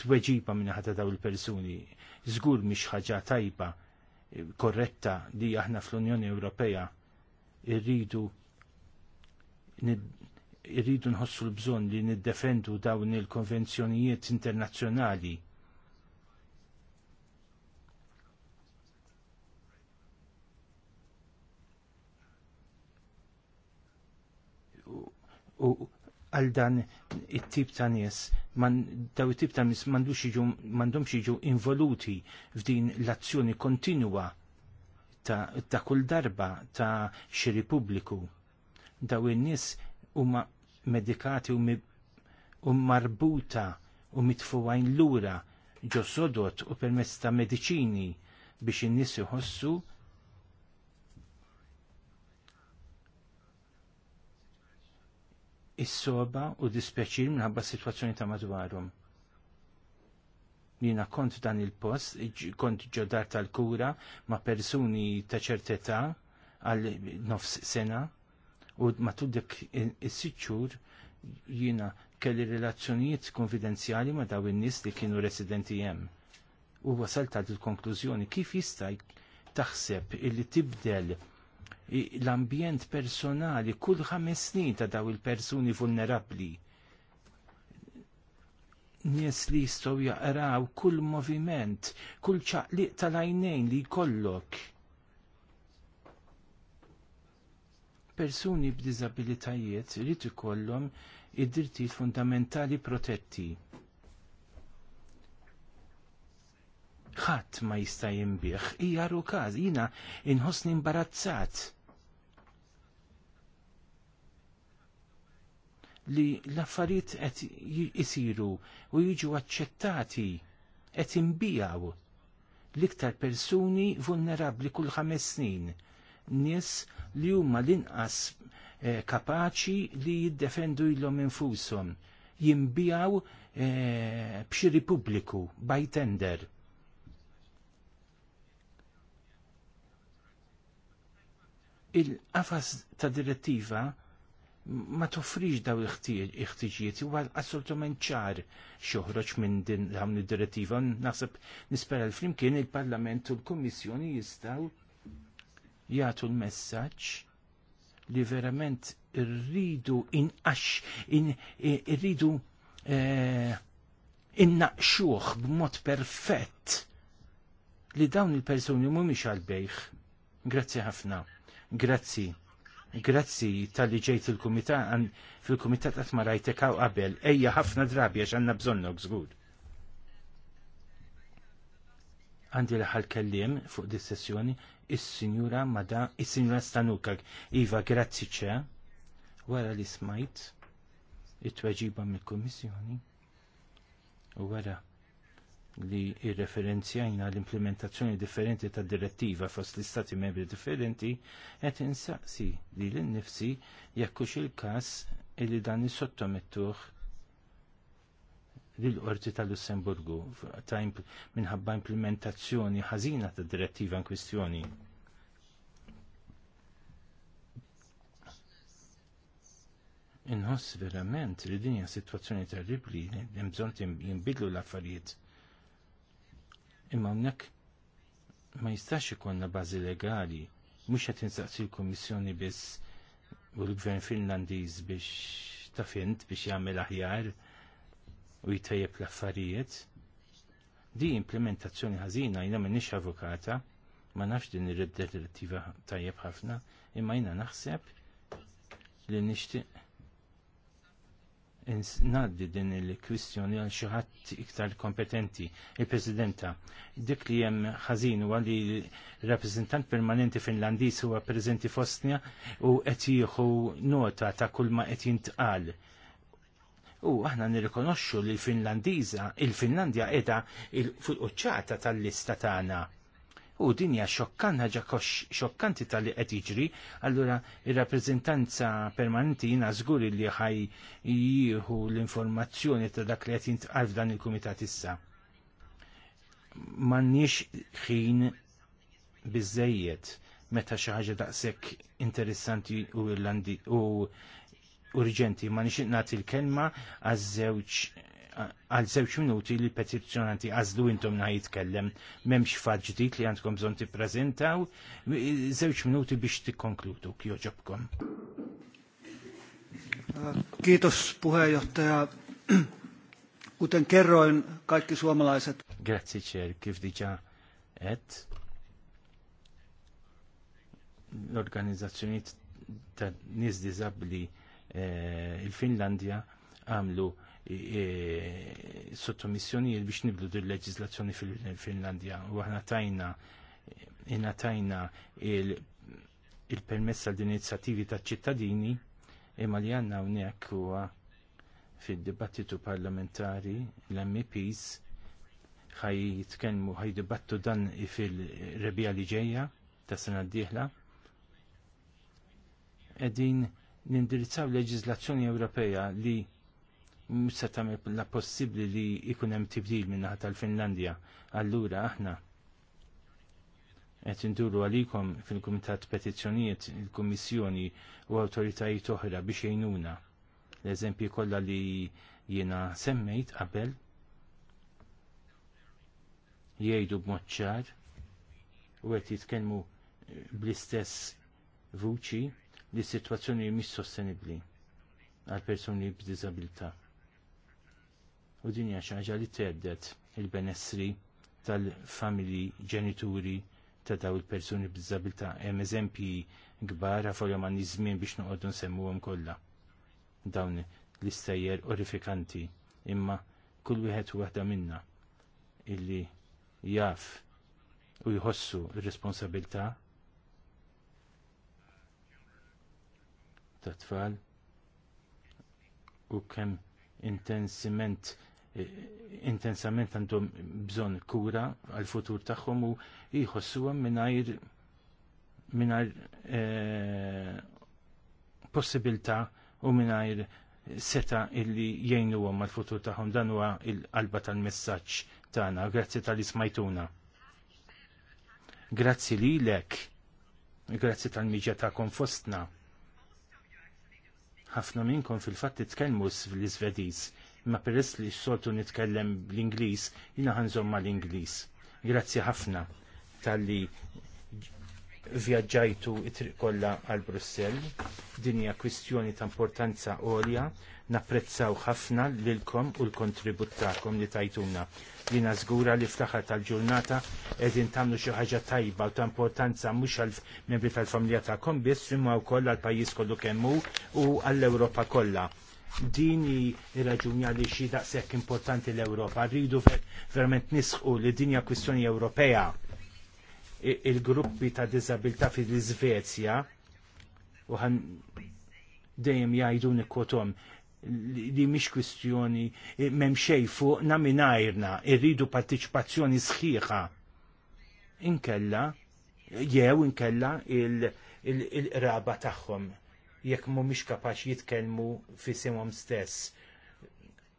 tweġiba minn ħata daw il-persuni. Żgur mhix ħaġa tajba korretta li aħna fl-Unjoni Ewropea irridu irridu nħossu l-bżon li niddefendu dawn il-konvenzjonijiet internazzjonali u għal dan it-tip ta' nies man daw tip ta' mis mandux iġu mandhomx iġu involuti f'din l-azzjoni kontinua ta', ta kull darba ta' xi Repubbliku. Daw in-nies huma medikati u marbuta u mitfuwajn lura ġo sodot u permezz ta' medicini biex in-nies iħossu is-soba u dispjaċir minħabba s-sitwazzjoni ta' madwarhom. Jina kont dan il-post, kont ġodar tal-kura ma' persuni ta' ċertetà għal nofs sena u matul dik is-sitxur jina kelli relazzjonijiet konfidenzjali ma' daw in-nies li kienu residenti hemm. U wasalt għad il-konklużjoni kif jista' taħseb illi tibdel l-ambjent personali kull ħames snin ta' daw il-persuni vulnerabbli. Nies li jistgħu jaqraw kull moviment, kull ċaqliq tal-għajnejn li jkollok. Persuni b'diżabilitajiet rid ikollhom id-drittijiet fundamentali protetti ħadd ma jista' jinbih. Hija rukaż, jiena inħossni imbarazzat. Li l-affarijiet qed isiru u jiġu aċċettati qed imbijaw l-iktar persuni vulnerabbli kull ħames snin. Nies li huma l-inqas eh, kapaċi li jiddefendu ilhom infushom jinbijaw e, b'xi Repubbliku bajtender il-qafas ta' direttiva ma toffriġ daw il-ħtiġijiet u għal assolutament ċar xoħroċ minn din dawn id-direttiva. Naħseb nispera l-flimkien il-Parlament u l-Kommissjoni jistaw jgħatu l-messaġġ li verament rridu inqax, rridu eh, innaqxuħ b'mod perfett li dawn il-personi mhumiex għal-bejħ. Grazzi ħafna. Grazzi. Grazzi tal-li ġejt il-kumitat, fil-kumitat għat marajtek għaw qabel, ejja ħafna drabi għax għanna bżonnok zgur. Għandi l-ħal kellim fuq dis sessjoni is-sinjura mada, is-sinjura Stanukag. Iva, grazzi ċe, wara li smajt it-tweġiba mill-komissjoni u wara li irreferenzjajna l-implementazzjoni differenti tad direttiva fost l-istati membri differenti qed insaqsi li l-nifsi jekkux il-kas li dan sottomettuh lill qorti tal-Lussemburgu ta' minħabba implementazzjoni ħażina tad direttiva in kwistjoni. inħoss verament li dinja situazzjoni terribli, hemm bżonn jinbidlu l-affarijiet imma mnek ma jistax ikonna bażi legali mhux qed insaqsi l kommissjoni biss u l-Gvern Finlandiż biex tafint biex jagħmel aħjar u jitejjeb l-affarijiet. Di implementazzjoni ħażina minn nix avukata, ma nafx din ir-direttiva tajjeb ħafna, imma jiena naħseb li nixtieq naddi din il-kwistjoni għal xi ħadd iktar kompetenti, il-Presidenta. Dik li hemm ħażin huwa li rappreżentant permanenti Finlandiż huwa preżenti fostnia u qed jieħu nota ta' kull ma qed jintqal. U aħna nirrikonoxxu li l-Finlandiża, il-Finlandja qiegħda fuq quċċata tal-lista tagħna. Ta U dinja xokkan ħaġa xokkanti tal-li qed jiġri, allura ir-rappreżentanza permanenti jina żgur li ħaj jieħu l-informazzjoni ta' dak li qed jintqal f'dan il-kumitat issa. M'għandniex ħin biżejjed meta xi ħaġa daqshekk interessanti u Irlandi u urġenti ma nixtieq nagħti l-kelma għaż-żewġ għal żewġ minuti li petizzjonanti għażlu intom na jitkellem m'hemmx faġġdit li għandkom bżonn tippreżentaw, żewġ minuti biex tikkonkludu kjoġobkom. Kiitos puheenjohtaja. Kuten kerroin, kaikki suomalaiset. Grazie, Chair. Kif diġa et l-organizzazzjoni ta' nis disabli eh, il-Finlandja għamlu sottomissjonijiet biex nibdu din il-leġislazzjoni fil-Finlandja u aħna tajna tajna il-permessa il-permessa il din inizjattivi ta' ċittadini imma li għanna unijak huwa fil-dibattitu parlamentari l-MEPs ħaj jitkellmu ħaj dibattu dan fil-rebija li ġejja ta' sena d-dieħla. Edin nindirizzaw leġizlazzjoni Ewropea li se tagħmel la possibbli li jkun hemm tibdil min-naħa tal-Finlandja. Allura aħna qed induru għalikom fil-Kumitat Petizzjonijiet, il-Kummissjoni u awtoritajiet oħra biex jgħinuna. l eżempju kollha li jiena semmejt qabel jgħidu b'moċċar u qed jitkellmu bl-istess vuċi li s-sitwazzjoni mhix sostenibbli għal persuni b'diżabilità u din hija xi ħaġa li tgħeddet il-benessri tal-familji ġenituri ta' daw il-persuni b'diżabilità hemm eżempji kbar għafolja ma' żmien biex noqogħdu nsemmuhom kollha. Dawn l-istejjer orifikanti imma kull wieħed u waħda minna illi jaf u jħossu r-responsabilità ta' tfal u kemm intensiment intensament għandhom bżonn kura għal futur tagħhom u jħossuhom mingħajr mingħajr eh, possibilità u mingħajr seta illi jgħinuhom għal futur tagħhom dan huwa l-qalba tal-messaġġ tagħna. Grazzi tal ismajtuna Grazzi lilek. Grazzi tal-miġja tagħkom fostna ħafna minnkom fil-fatt titkellmu fl-Iżvediż ma peress li s-soltu nitkellem l inglis jina ħanżom ma l-Inglis. Grazzi ħafna tal-li vjaġġajtu it-triq kollha għal Brussell. Din hija kwistjoni ta' importanza għolja, napprezzaw ħafna lilkom u l-kontribut tagħkom li tajtuna. Jina żgura li fl tal-ġurnata qegħdin tagħmlu xi ħaġa tajba u ta' importanza mhux għal membri tal-familja ta'kom biss imma wkoll għall pajjiż kollu kemm hu u għall-Ewropa kollha dini raġuni għalli xi daqshekk importanti l-Ewropa. Rridu verament nisħu li dinja kwistjoni Ewropea il-gruppi ta' disabilità fil-Svezja u għan dejjem jajdu nikotom li mhix kwistjoni m'hemm fuq na mingħajrna irridu partiċipazzjoni sħiħa. Inkella jew inkella il il tagħhom jekk mhumiex kapaċi jitkellmu fisimhom stess.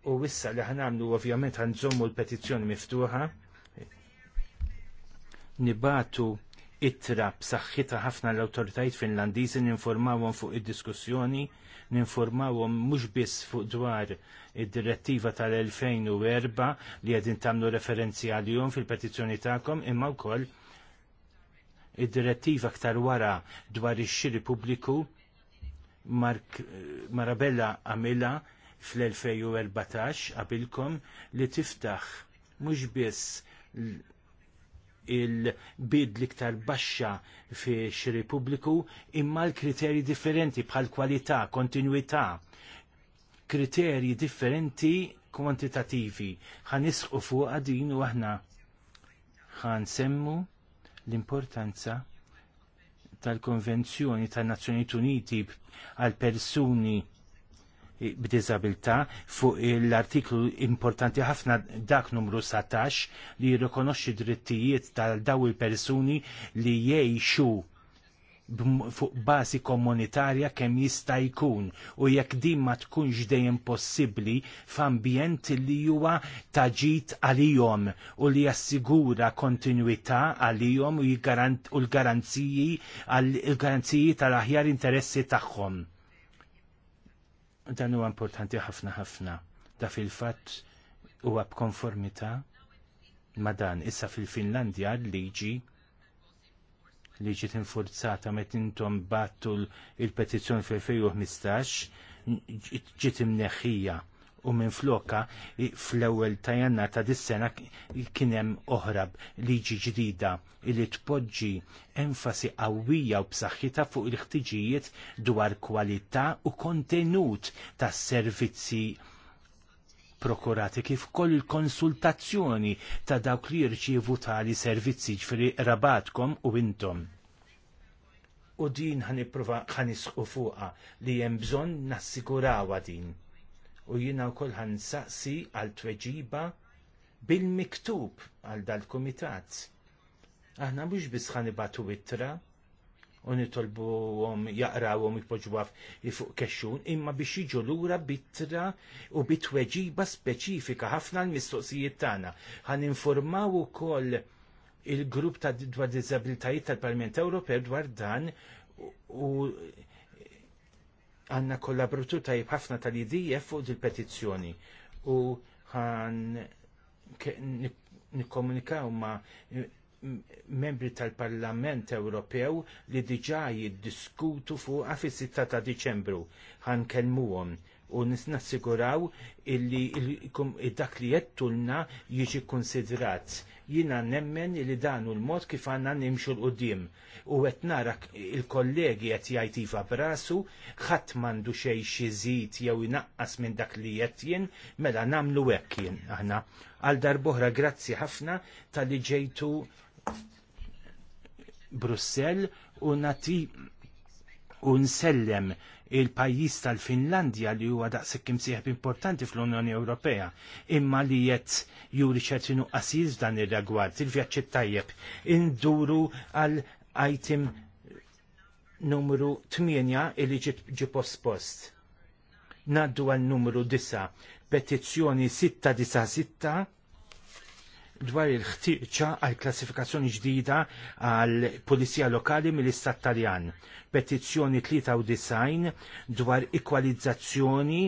U issa li għamlu ovvjament ħanżommu l-petizzjoni miftuħa, nibatu ittra b'saħħitha ħafna l-awtoritajiet Finlandiżi ninformawhom fuq id-diskussjoni, ninformawhom mhux biss fuq dwar id-direttiva tal-2004 li qegħdin tagħmlu referenzi għalihom fil-petizzjoni tagħkom imma wkoll id-direttiva ktar wara dwar ix-xiri pubbliku Mark Marabella għamilha fl-2014 qabilkom li tiftaħ mhux biss il-bid liktar baxxa fi xiri pubbliku imma l-kriterji differenti bħal kwalità, kontinuità, kriterji differenti kwantitativi. nisħu fuq din u aħna Ħa semmu l-importanza tal-Konvenzjoni tan-Nazzjonijiet Uniti għal persuni b'diżabilità fuq l-artiklu importanti ħafna dak numru 17 li jirrikonoxxi drittijiet tal daw il-persuni li jgħixu fuq bażi komunitarja kemm jista' jkun u jekk din ma tkunx dejjem possibbli f'ambjent li huwa taġit għalihom u li jassigura kontinwità għalihom u l-garanziji għall-garanziji tal-aħjar interessi tagħhom. Dan huwa importanti ħafna ħafna. Da fil-fatt huwa b'konformità ma dan issa fil-Finlandja l-liġi li ġiet infurzata met intom battu il-petizzjoni fil-2015 ġiet imneħħija u minn floka fl-ewwel ta' jannar ta' dis-sena kien hemm oħrab liġi ġdida li tpoġġi enfasi qawwija u b'saħħitha fuq il-ħtiġijiet dwar kwalità u kontenut tas-servizzi prokurati kif koll konsultazzjoni ta' dawk li jirċievu tali servizzi ġifri rabatkom u intom. U din ħan ipprova ħan fuqa li hemm bżonn nassigurawha din. U jiena wkoll ħan saqsi għal tweġiba bil-miktub għal dal-kumitat. Aħna mhux biss ħan ibatu ittra, u nitolbu għom jaqrawhom jipoġwaf fuq kesċun, imma biex jiġu lura bitra u bitweġiba speċifika ħafna l-mistoqsijiet tagħna. Ħan informaw ukoll il-grupp ta' dwar dizabilitajiet tal-Parlament Ewropew dwar dan u għanna kollaboratur ta' ħafna tal-IDF fuq il-petizzjoni u ħan nikkomunikaw ma' membri tal-Parlament Ewropew li diġà jiddiskutu fuqha fis-6 ta' Diċembru ħankellmuhom u nassiguraw illi dak li jettulna jiġi konsidrat. Jina nemmen li dan l-mod kif għanna nimxu l-qoddim. U għet nara il-kollegi għet jajtifa brasu, ħat mandu xej xizit jew inaqqas minn dak li jettjen, mela namlu għekjen aħna. Għal darbohra grazzi ħafna tal-li ġejtu Brussell u nati u nsellem il-pajjiż tal-Finlandja li huwa daqshekk imsieħeb importanti fl-Unjoni Ewropea, imma li qed juri ċerti nuqqasiż f'dan ir ragward il-vjaġġi tajjeb. Induru għal item numru 8 li ġi post-post. Naddu għal numru 9, petizzjoni 696 dwar il-ħtieġa għal klassifikazzjoni ġdida għal pulizija lokali mill-Istat Taljan. Petizzjoni 93 dwar ikwalizzazzjoni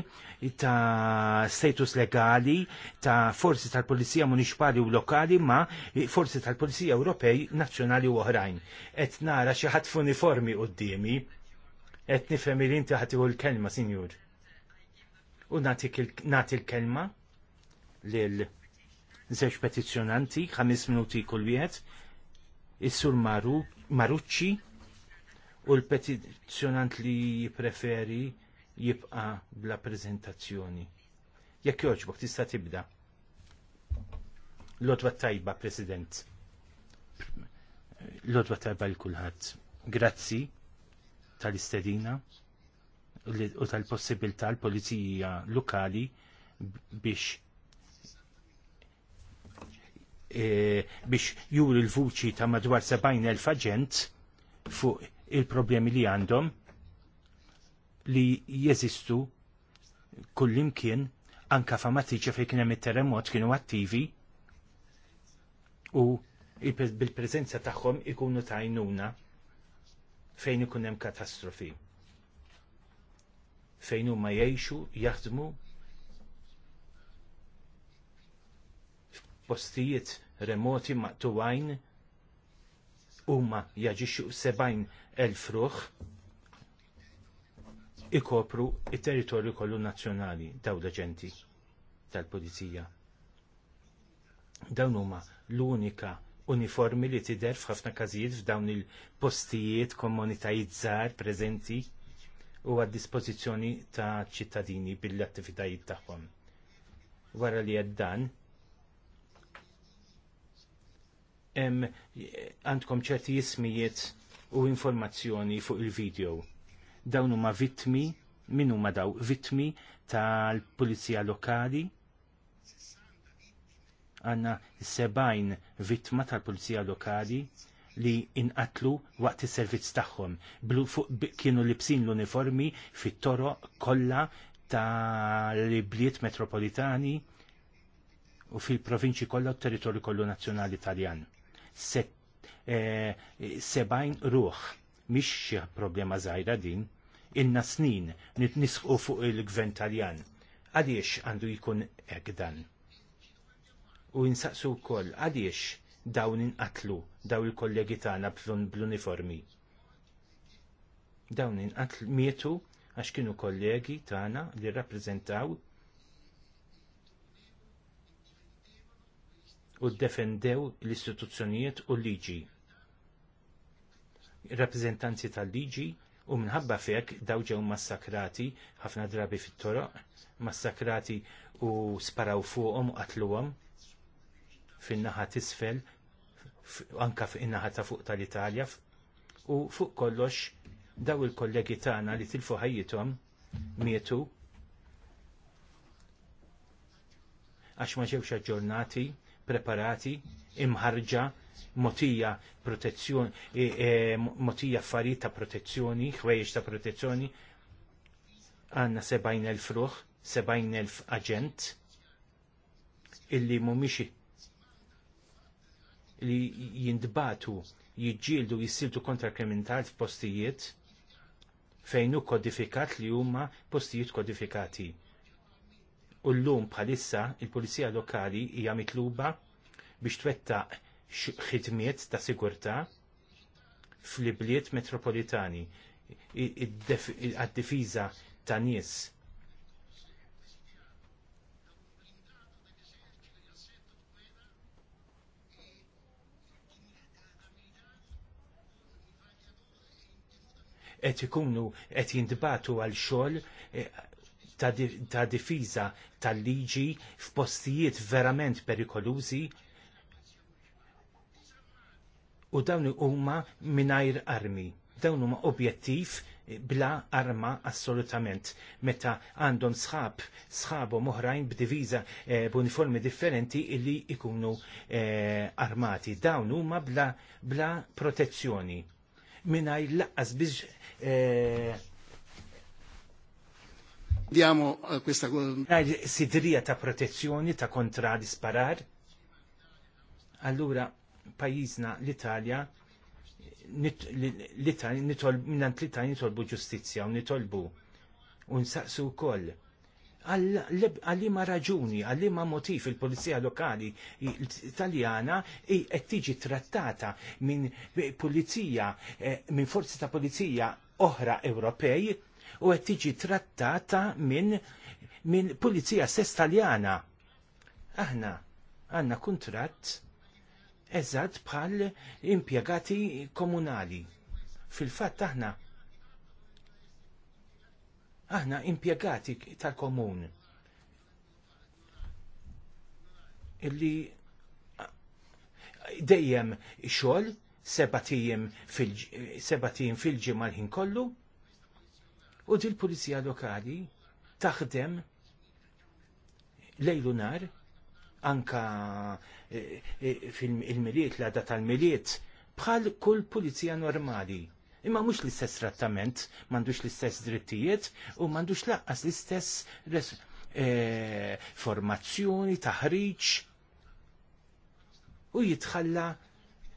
ta' status legali ta' forzi tal-Pulizija Municipali u Lokali ma' forzi tal-Pulizija Ewropej, Nazzjonali u oħrajn. Et nara xi ħadd f'uniformi qudiemi, qed nifhem li inti ħadd l-kelma, Sinjur. U nagħtik il-kelma lil żewġ petizzjonanti, ħames minuti kull wieħed, is-sur Maru, Marucci u l-petizzjonant li jippreferi jibqa bla prezentazzjoni. Jekk jogħġbok tista' tibda. Lodwa tajba, President. Lodwa tajba l-kulħadd. Grazzi tal-istedina u tal-possibilità l-polizija lokali biex Eh, biex juri l-vuċi ta' madwar 70.000 aġent fuq il-problemi li għandhom li jeżistu kullimkien anka famatiċi fejn kien hemm it-terremot kienu attivi u bil-preżenza tagħhom ikunu ta' għajnuna fejn ikun hemm katastrofi. Fejn huma jgħixu, jaħdmu postijiet remoti maqtuwajn huma jaġixxu el fruħ ikopru il-territorju kollu nazzjonali daw l-aġenti tal-Pulizija. Dawn huma l-unika uniformi li tidher f'ħafna każijiet f'dawn il-postijiet komunitajiet żgħar preżenti u għad dispożizzjoni ta' ċittadini bil attivitajiet tagħhom. Wara li għed dan, għandkom ċerti jismijiet u informazzjoni fuq il-video. Dawn huma vittmi, min huma daw vittmi tal-Pulizija Lokali. Għanna sebajn vittma tal-Pulizija Lokali li inqatlu waqt is-servizz tagħhom. Kienu libsin l-uniformi fit toro kollha tal-bliet metropolitani u fil-provinċi kollha u territorju kollu nazzjonali Taljan Eh, sebajn ruħ. Mix problema zaħira din, inna snin nitnisqu fuq il-gvern taljan. Għaliex għandu jkun hekk dan. U jinsaqsu wkoll għaliex dawn inqatlu daw il-kollegi tagħna bl-uniformi. Dawn inqatlu mietu għax kienu kollegi tagħna li rappreżentaw u ddefendew l-istituzzjonijiet u l-liġi. Rappreżentanti tal-liġi u minħabba fek daw ġew massakrati ħafna drabi fit toro massakrati u sparaw fuqhom u qatluhom fin-naħa tisfel anka fin-naħa ta' fuq tal-Italja u fuq kollox daw il-kollegi tagħna li tilfu ħajjithom mietu għax ma ġewx aġġornati preparati, imħarġa, motija protezzjoni, e, e, motija affarijiet ta' protezzjoni, ħwejjeġ ta' protezzjoni, għanna 70.000 ruħ, elf aġent, illi mumiċi li jindbatu, jġildu, jissiltu kontra kriminal f'postijiet fejn hu kodifikat li huma postijiet kodifikati. U llum bħalissa il-Pulizija Lokali hija mitluba biex twettaq ħidmiet ta' sigurtà fl-ibliet metropolitani għad-difiża ta' nies qed ikunu qed jintbatu għal xogħol eh, ta' difiża tal-liġi f'postijiet verament perikolużi u dawn huma mingħajr armi. Dawn huma objettiv bla arma assolutament. Meta għandhom sħab, sħabhom oħrajn b'diviża e, b'uniformi differenti illi ikunu e, eh, armati. Dawn huma bla, bla protezzjoni. Mingħajr laqqas biex e, Diamo eh, questa... Sidrija ta' protezzjoni ta' kontra disparar. Allura, pajizna l-Italja l minnant l-Italja nitolbu ġustizja u nitolbu u nsaqsu koll. ma raġuni, ma motif il-Polizija Lokali Italjana qed tiġi trattata minn Polizija, eh, minn forzi ta' Polizija oħra Ewropej u qed tiġi trattata minn min pulizija sess taljana. Aħna għandna kuntratt eżatt bħal impjegati komunali. Fil-fatt aħna aħna impjegati tal-komun. Illi dejjem xogħol seba' fil-ġimgħa l-ħin kollu, u dil pulizija lokali taħdem lejlu nar anka eh, eh, fil-miliet, l data tal-miliet, bħal kull pulizija normali. Imma mhux l-istess trattament, m'għandux l-istess drittijiet u m'għandux laqqas l-istess eh, formazzjoni, taħriġ u jitħalla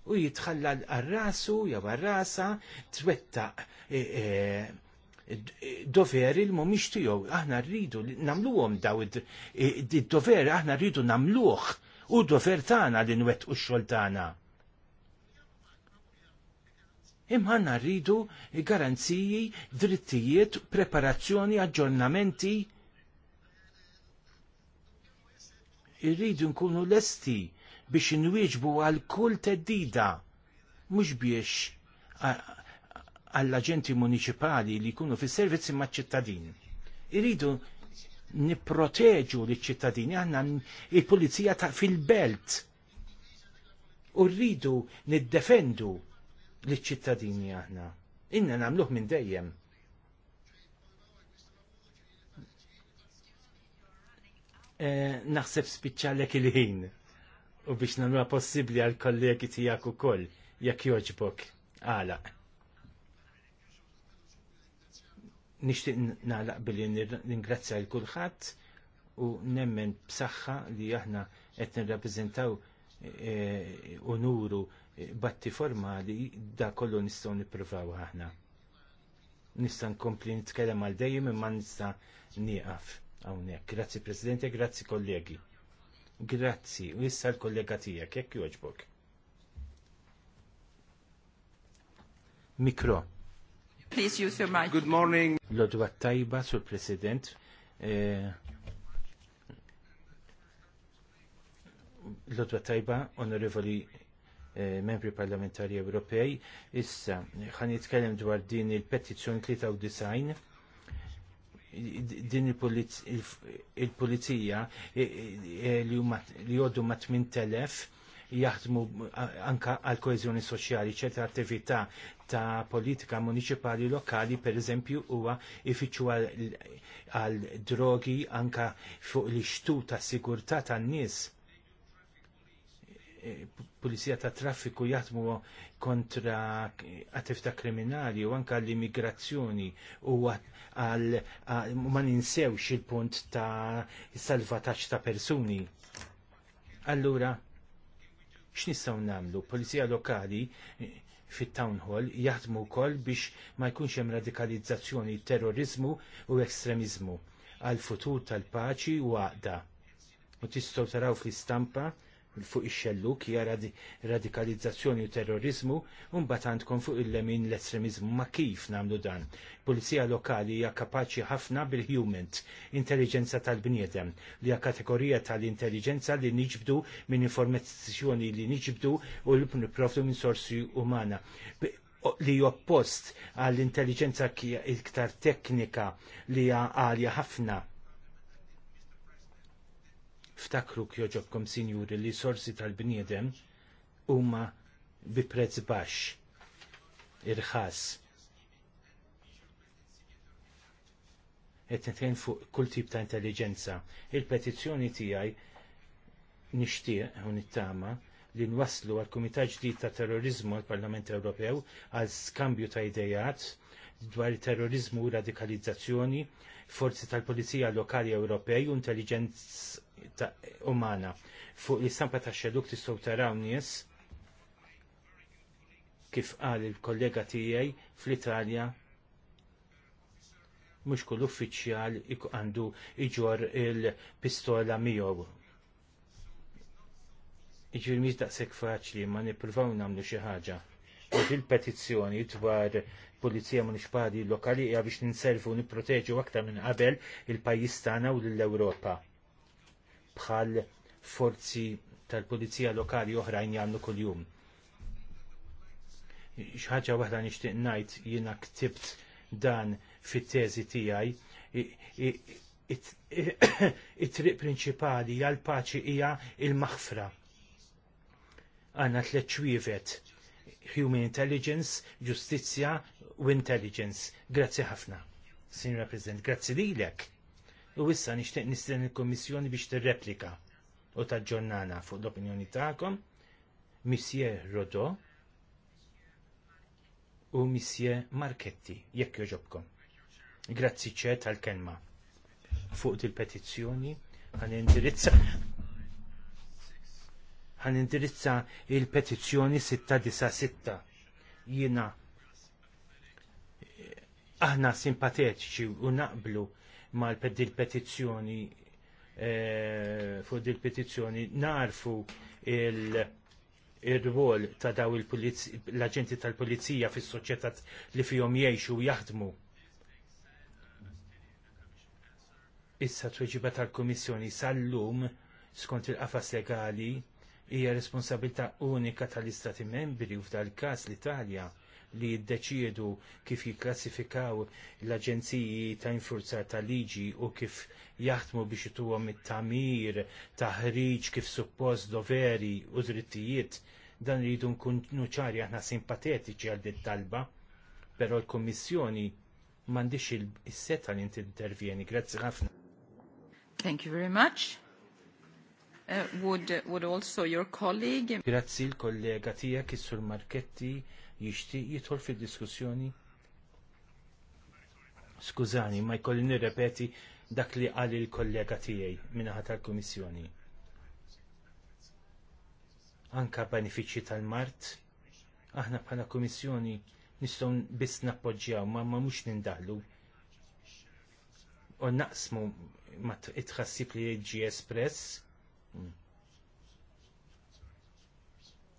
u jitħalla l rasu jew għal rasa twettaq doveri li mhumiex tiegħu. Aħna rridu nagħmluhom daw id-doveri, aħna rridu nagħmluh u dover tagħna li nwettqu x-xogħol tagħna. Imma għanna rridu garanziji, drittijiet, preparazzjoni, aġġornamenti. Irridu nkunu lesti biex inwieġbu għal kull teddida, mhux biex għall-aġenti municipali li jkunu fis servizzi ma' ċittadin. Iridu niproteġu li ċittadini għanna il-pulizija ta' fil-belt. U rridu niddefendu li ċittadini għanna. Inna namluħ minn dejjem. E, Naħseb spiċċalek il-ħin u biex namluħ possibli għal kollegi tijak u koll, jak joġbok. Għala. nixtieq nagħlaq billi ningrazzja l kulħadd u nemmen b'saħħa li aħna qed nirrappreżentaw unuru e, e, batti formali da kollu nistgħu nippruvaw aħna. Nista' nkompli nitkellem għal dejjem imma nista' nieqaf hawnhekk. Grazzi Presidente, grazzi kollegi. Grazzi, u issa l-kollega tiegħek jekk jogħġbok. Mikro. Please use your mic. Good morning. Lodwa tajba sur president. Eh, Lodwa tajba, onorevoli eh, membri parlamentari Ewropej. Issa, ħan jitkellem dwar din il-petizzjoni 93 din il-pulizija eh, li joddu ma' 8000 jaħdmu anka għal koezjoni soċjali, ċerta attività ta' politika municipali lokali, per eżempju, huwa ifittxu għal drogi anka fuq l-ixtu ta' sigurtà tan-nies e, pulizija ta' traffiku jaħdmu kontra attività kriminali u anke l-immigrazzjoni u għal ma ninsewx il-punt ta' salvataġġ ta' persuni. Allura, x'nistgħu nagħmlu? Polizija lokali eh, fit-town hall jaħdmu wkoll biex ma jkunx hemm radikalizzazzjoni terrorizmu u estremiżmu għal futur tal-paċi u għaqda. U tistgħu taraw fl-istampa fuq ix-xelluk hija radikalizzazzjoni u terrorizmu u mbagħad għandkom fuq il-lemin l-estremizmu ma kif nagħmlu dan. Pulizija lokali hija kapaċi ħafna bil-human, intelligenza tal-bniedem, li hija kategorija tal-intelligenza li niġbdu minn informazzjoni li niġbdu u l niprofdu minn sorsi umana li oppost għall-intelligenza iktar teknika li hija għalja ħafna ftakru kjoġobkom sinjuri li sorsi tal-bniedem huma bi prezz baxx irħas. Qed fuq kull tip ta' intelligenza. Il-petizzjoni tiegħi nixtieq u nittama li nwasslu għal Kumitat ġdid ta' Terrorizmu għall Parlament Ewropew għal skambju ta' idejat dwar terrorizmu u radikalizzazzjoni, forzi tal-Polizija Lokali Ewropej u intelligenz umana. Fuq l-istampa ta' xeduk tistgħu taraw nies kif qal il-kollega tiegħi fl-Italja mhux kull uffiċjal għandu iġor il-pistola miegħu. Iġir jiġifieri mhix daqshekk faċli ma nippruvaw nagħmlu xi ħaġa. U fil-petizzjoni dwar pulizija municipali lokali hija biex ninservu nipproteġu aktar minn qabel il-pajjiż tagħna u lill-Ewropa bħal forzi tal-pulizija lokali oħrajn jagħmlu kuljum. Xaħġa waħda nixtieq ngħid jiena ktibt dan fit-teżi tiegħi. It-triq prinċipali għal paċi hija il-maħfra. Għanna tliet ċwievet human intelligence, ġustizzja u intelligence. Grazzi ħafna. Signora President, grazzi lilek u issa nixtieq nisten il-Kommissjoni biex tirreplika u taġġornana fuq l-opinjoni tagħkom Monsieur Rodo u Monsieur Marchetti, jekk joġobkom. Grazzi ċer tal-kelma. Fuq il-petizzjoni għan indirizza għan indirizza il-petizzjoni 696 jina eh, aħna simpatetiċi u naqblu mal-petizzjoni eh, fuq il petizzjoni narfu il-rwol ta' daw l-aġenti tal-polizija fis soċjetà li fihom jgħixu u jaħdmu. Issa tweġiba tal-Komissjoni sal-lum skont il-qafas legali hija responsabilità unika tal-Istati membri u f'dal każ l-Italja li jiddeċiedu kif jikklassifikaw l-aġenziji ta' infurzar ta' liġi u kif jaħdmu biex ituhom it-tamir, taħriġ kif suppost doveri u drittijiet dan rridu nkunu ċari aħna simpatetiċi għal dit talba, però l-Kummissjoni m'għandix il-seta li intervjeni. Grazzi ħafna. Thank you very much. Uh, would, would also your colleague... Grazzi l-kollega tijak, Sur Marketti, jixtieq jidħol fi diskussjoni Skużani, ma jkolli nirrepeti dak li qal il-kollega tiegħi minaħat tal-Kummissjoni. Anka benefiċċji tal-Mart, aħna bħala Kummissjoni nistgħu bis nappoġġjaw ma ma mhux nindaħlu. U naqsmu ma tħassib li jiġi espress.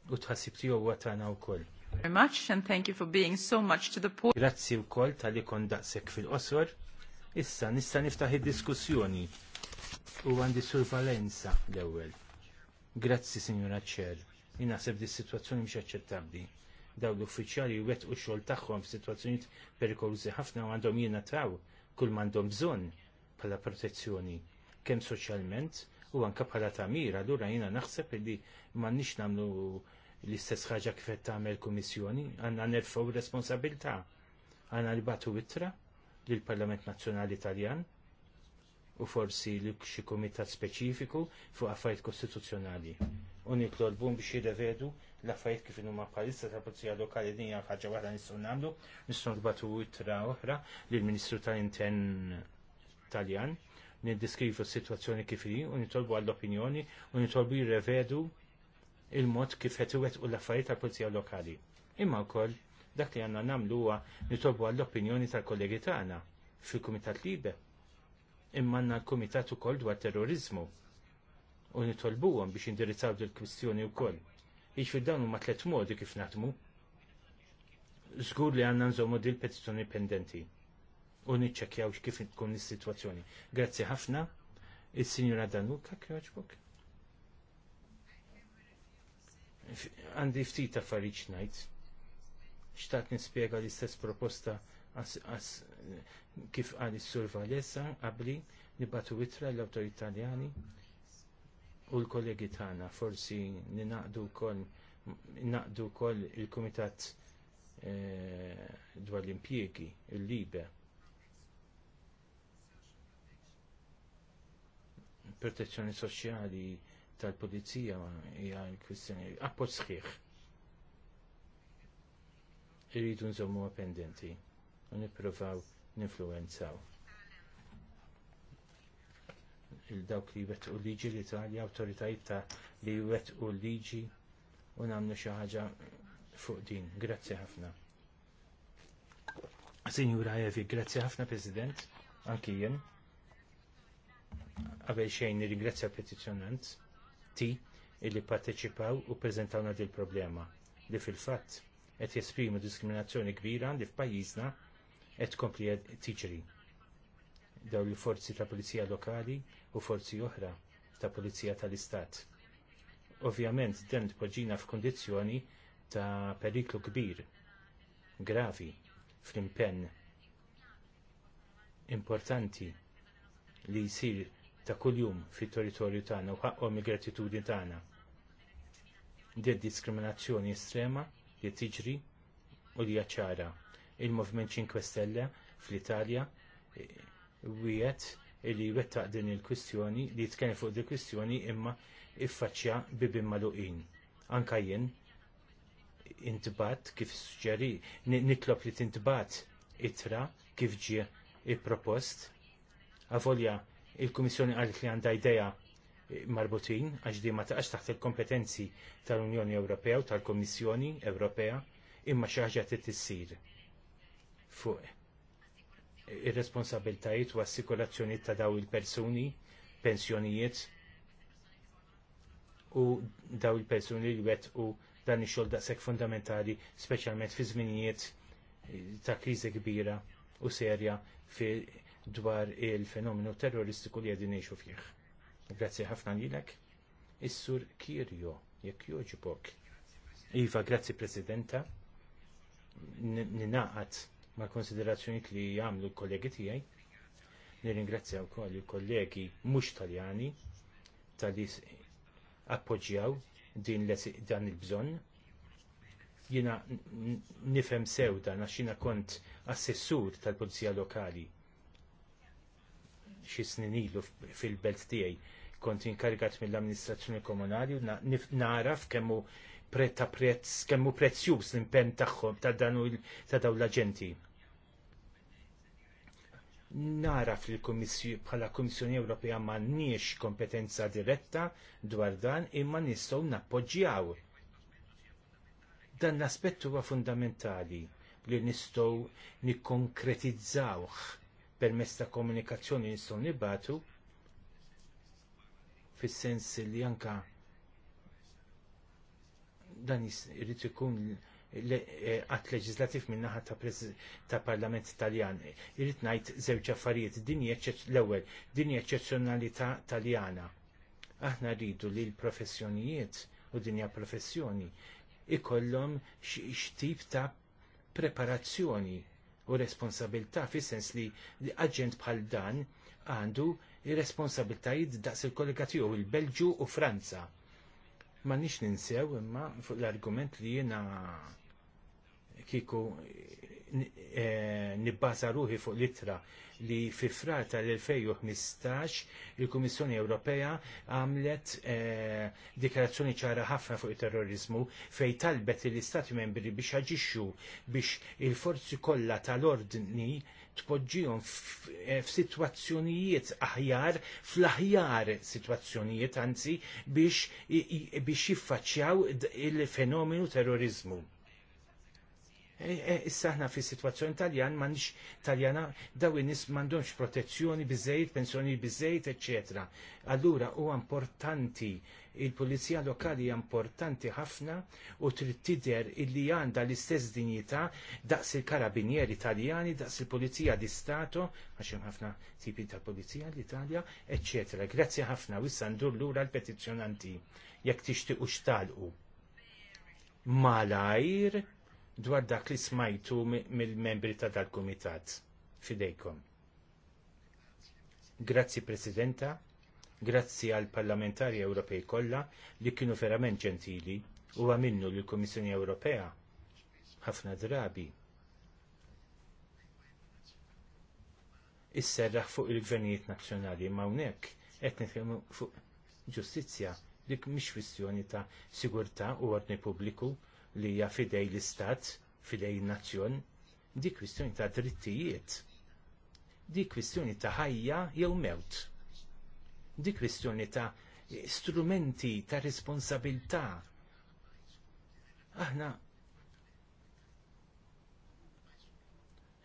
U tħassib tiegħu għatana tagħna wkoll very much and thank you for being so much to the Grazzi wkoll tal daqsek fil-qosor. Issa nista' niftaħ id-diskussjoni u għandi survalenza l-ewwel. Grazzi Signora Ċer. Inaħseb di situazzjoni mhix aċċettabbli. Daw l-uffiċjali wettqu xogħol tagħhom f'sitwazzjonijiet perikolużi ħafna u għandhom jingħataw kull m'għandhom bżonn bħala protezzjoni kemm soċjalment u anke bħala tamir, allura jiena naħseb li m'għandniex nagħmlu l-istess ħaġa kif qed tagħmel kummissjoni, għandna nerfgħu responsabilità. Għandna li bagħtu ittra lill parlament Nazzjonali Taljan u forsi li xi kumitat speċifiku fuq affarijiet kostituzzjonali. U nitlobhom biex jirrevedu l-affarijiet kif huma bħalissa ta' pulizija lokali din hija ħaġa waħda nistgħu nagħmlu, nistgħu nbagħtu ittra oħra lill-Ministru tal-Intern Taljan niddiskrivu s-situazzjoni kif hi u nitolbu għall-opinjoni u nitolbu jirrevedu il-mod kif qed iwettqu l-affarijiet tal-Pulizija Lokali. Imma wkoll dak li għandna nagħmlu huwa nitolbu għall-opinjoni tal-kollegi tagħna fil-Kumitat Libe. Imma għandna l-Kumitat ukoll dwar terrorizmu u nitolbuhom biex indirizzaw dil kwistjoni wkoll. Jiġifier dawn huma tliet modi kif naħdmu. Żgur li għandna nżommu din petizzjoni pendenti u niċċekkjawx kif tkun is-sitwazzjoni. Grazzi ħafna, is-Sinjura Danuka jogħġbok għandi ftit ta' farriċ najt. Xtaqt nispiega l-istess proposta kif għal is għabli qabli batu witra l autor Italjani u l-kollegi tagħna forsi ninaqdu naqdu wkoll il-kumitat eh, dwar l-impjiegi il-libe. Protezzjoni soċjali, tal-Pulizija hija l-kwistjoni appoġġ sħiħ. Irridu nżommu pendenti u nippruvaw ninfluwenzaw. Il-dawk li wet u liġi l-Italja, awtoritajiet ta' li wet u liġi u nagħmlu xi ħaġa fuq din. Grazzi ħafna. Sinjura Evi, grazzi ħafna President, anki jien. Għabel xejn ringrazzja petizzjonant esperti illi pparteċipaw u ppreżentawna din il-problema li fil-fatt qed jesprimu diskriminazzjoni kbira li f'pajjiżna qed tkompli tiġri. Daw il-forzi ta' pulizija lokali u forzi oħra ta' pulizija tal-istat. Ovvjament dan tpoġġina f'kundizzjoni ta' periklu kbir, gravi, fl-impenn importanti li jsir ta' kuljum fit-territorju tagħna u ħaqqhom il-gratitudni tagħna. Di diskriminazzjoni estrema li tiġri u li ċara. Il-Movement 5 Stelle fl-Italja e, wiet li wettaq din il-kwistjoni li jitkellem fuq din il-kwistjoni imma iffaċċja bibin maluqin. Anka jien intbat kif suġġeri, nitlob li tintbat itra kif ġie i-propost. Avolja il-Kummissjoni qalet li għandha idea marbutin għax di ma taqax taħt il-kompetenzi tal-Unjoni Ewropea u tal-Kummissjoni Ewropea imma xi ħaġa tissir issir fuq ir-responsabiltajiet u assikurazzjonijiet ta' daw il-persuni, pensjonijiet u daw il-persuni li u dan ix-xogħol daqshekk fundamentali, speċjalment fi żminijiet ta' kriżi kbira u serja fi dwar il-fenomenu terroristiku li għedin iġu fih. Grazzi ħafna lilek. Is-sur Kirjo, jekk joġibok. Iva, grazzi Presidenta. Ninaqat ma' konsiderazzjoniet li għamlu l-kollegi tiegħi. Nirringrazzja wkoll il-kollegi mhux Taljani tal-li appoġġjaw din dan il-bżonn jina nifem sew dan għax kont assessur tal-Polizija Lokali xi snin ilu fil-belt tiegħi. Kont inkarigat mill-amministrazzjoni komunali u naraf kemmu pretta prezz, kemmu prezzjuż l-impenn tagħhom ta' danu ta' dawn l-aġenti. Naraf li bħala Kummissjoni Ewropea m'għandniex kompetenza diretta dwar dan imma nistgħu nappoġġjaw. Dan l-aspett huwa fundamentali li nistgħu nikkonkretizzawh permezz ta' komunikazzjoni nistgħu nibatu fis-sens li anka dan irid ikun għat eh, leġislativ min-naħa ta' Parlament Taljan. Irrid ngħid żewġ affarijiet, din l-ewwel, din hija eċċezzjonalità Taljana. Aħna rridu li l-professjonijiet u dinja professjoni ikollhom x'tip ta' preparazzjoni u responsabilità fis sens li aġent bħal dan għandu ir-responsabiltajiet daqs il-kollega tiegħu il-Belġu u Franza. Ma nix ninsew imma fuq l-argument li jiena kiku E, nibbaza ruħi fuq litra li fi frar tal-2015 il-Kummissjoni Ewropea għamlet e, dikarazzjoni ċara ħafna fuq il-terrorizmu fej talbet l-Istati membri biex jaġixxu biex il-forzi kollha tal-ordni tpoġġihom e, f'sitwazzjonijiet aħjar, fl-aħjar sitwazzjonijiet anzi biex jiffaċċjaw il-fenomenu terrorizmu E, e, issa ħna fi situazzjoni taljan m'għandix taljana daw in-nies m'għandhomx protezzjoni bizzejt, pensjoni bizzejt, eċetera. Allura huwa importanti il-Pulizija Lokali hija importanti ħafna u trid tidher illi għandha l-istess dinjità daqs il-Karabinieri Taljani, daqs il-Pulizija di Stato, għax hemm ħafna tipi ta' Pulizija l-Italja, eċetera. Grazzi ħafna u issa ndur lura l-petizzjonanti jekk tixtiequ xtalqu. Malajr dwar dak li smajtu mill-membri ta' dal-Kumitat fidejkom. Grazzi Presidenta, grazzi għal parlamentari Ewropej kollha li kienu verament ġentili u għaminnu l-Komissjoni Ewropea ħafna drabi. Isserraħ fuq il-gvernijiet nazzjonali ma' hawnhekk qed nitkellmu fuq ġustizzja dik mhix kwistjoni ta' sigurtà u ordni pubbliku li hija fidej l-istat, fidej n-nazzjon, di kwistjoni ta' drittijiet, di kwistjoni ta' ħajja jew mewt, di kwistjoni ta' strumenti ta' responsabilità. Aħna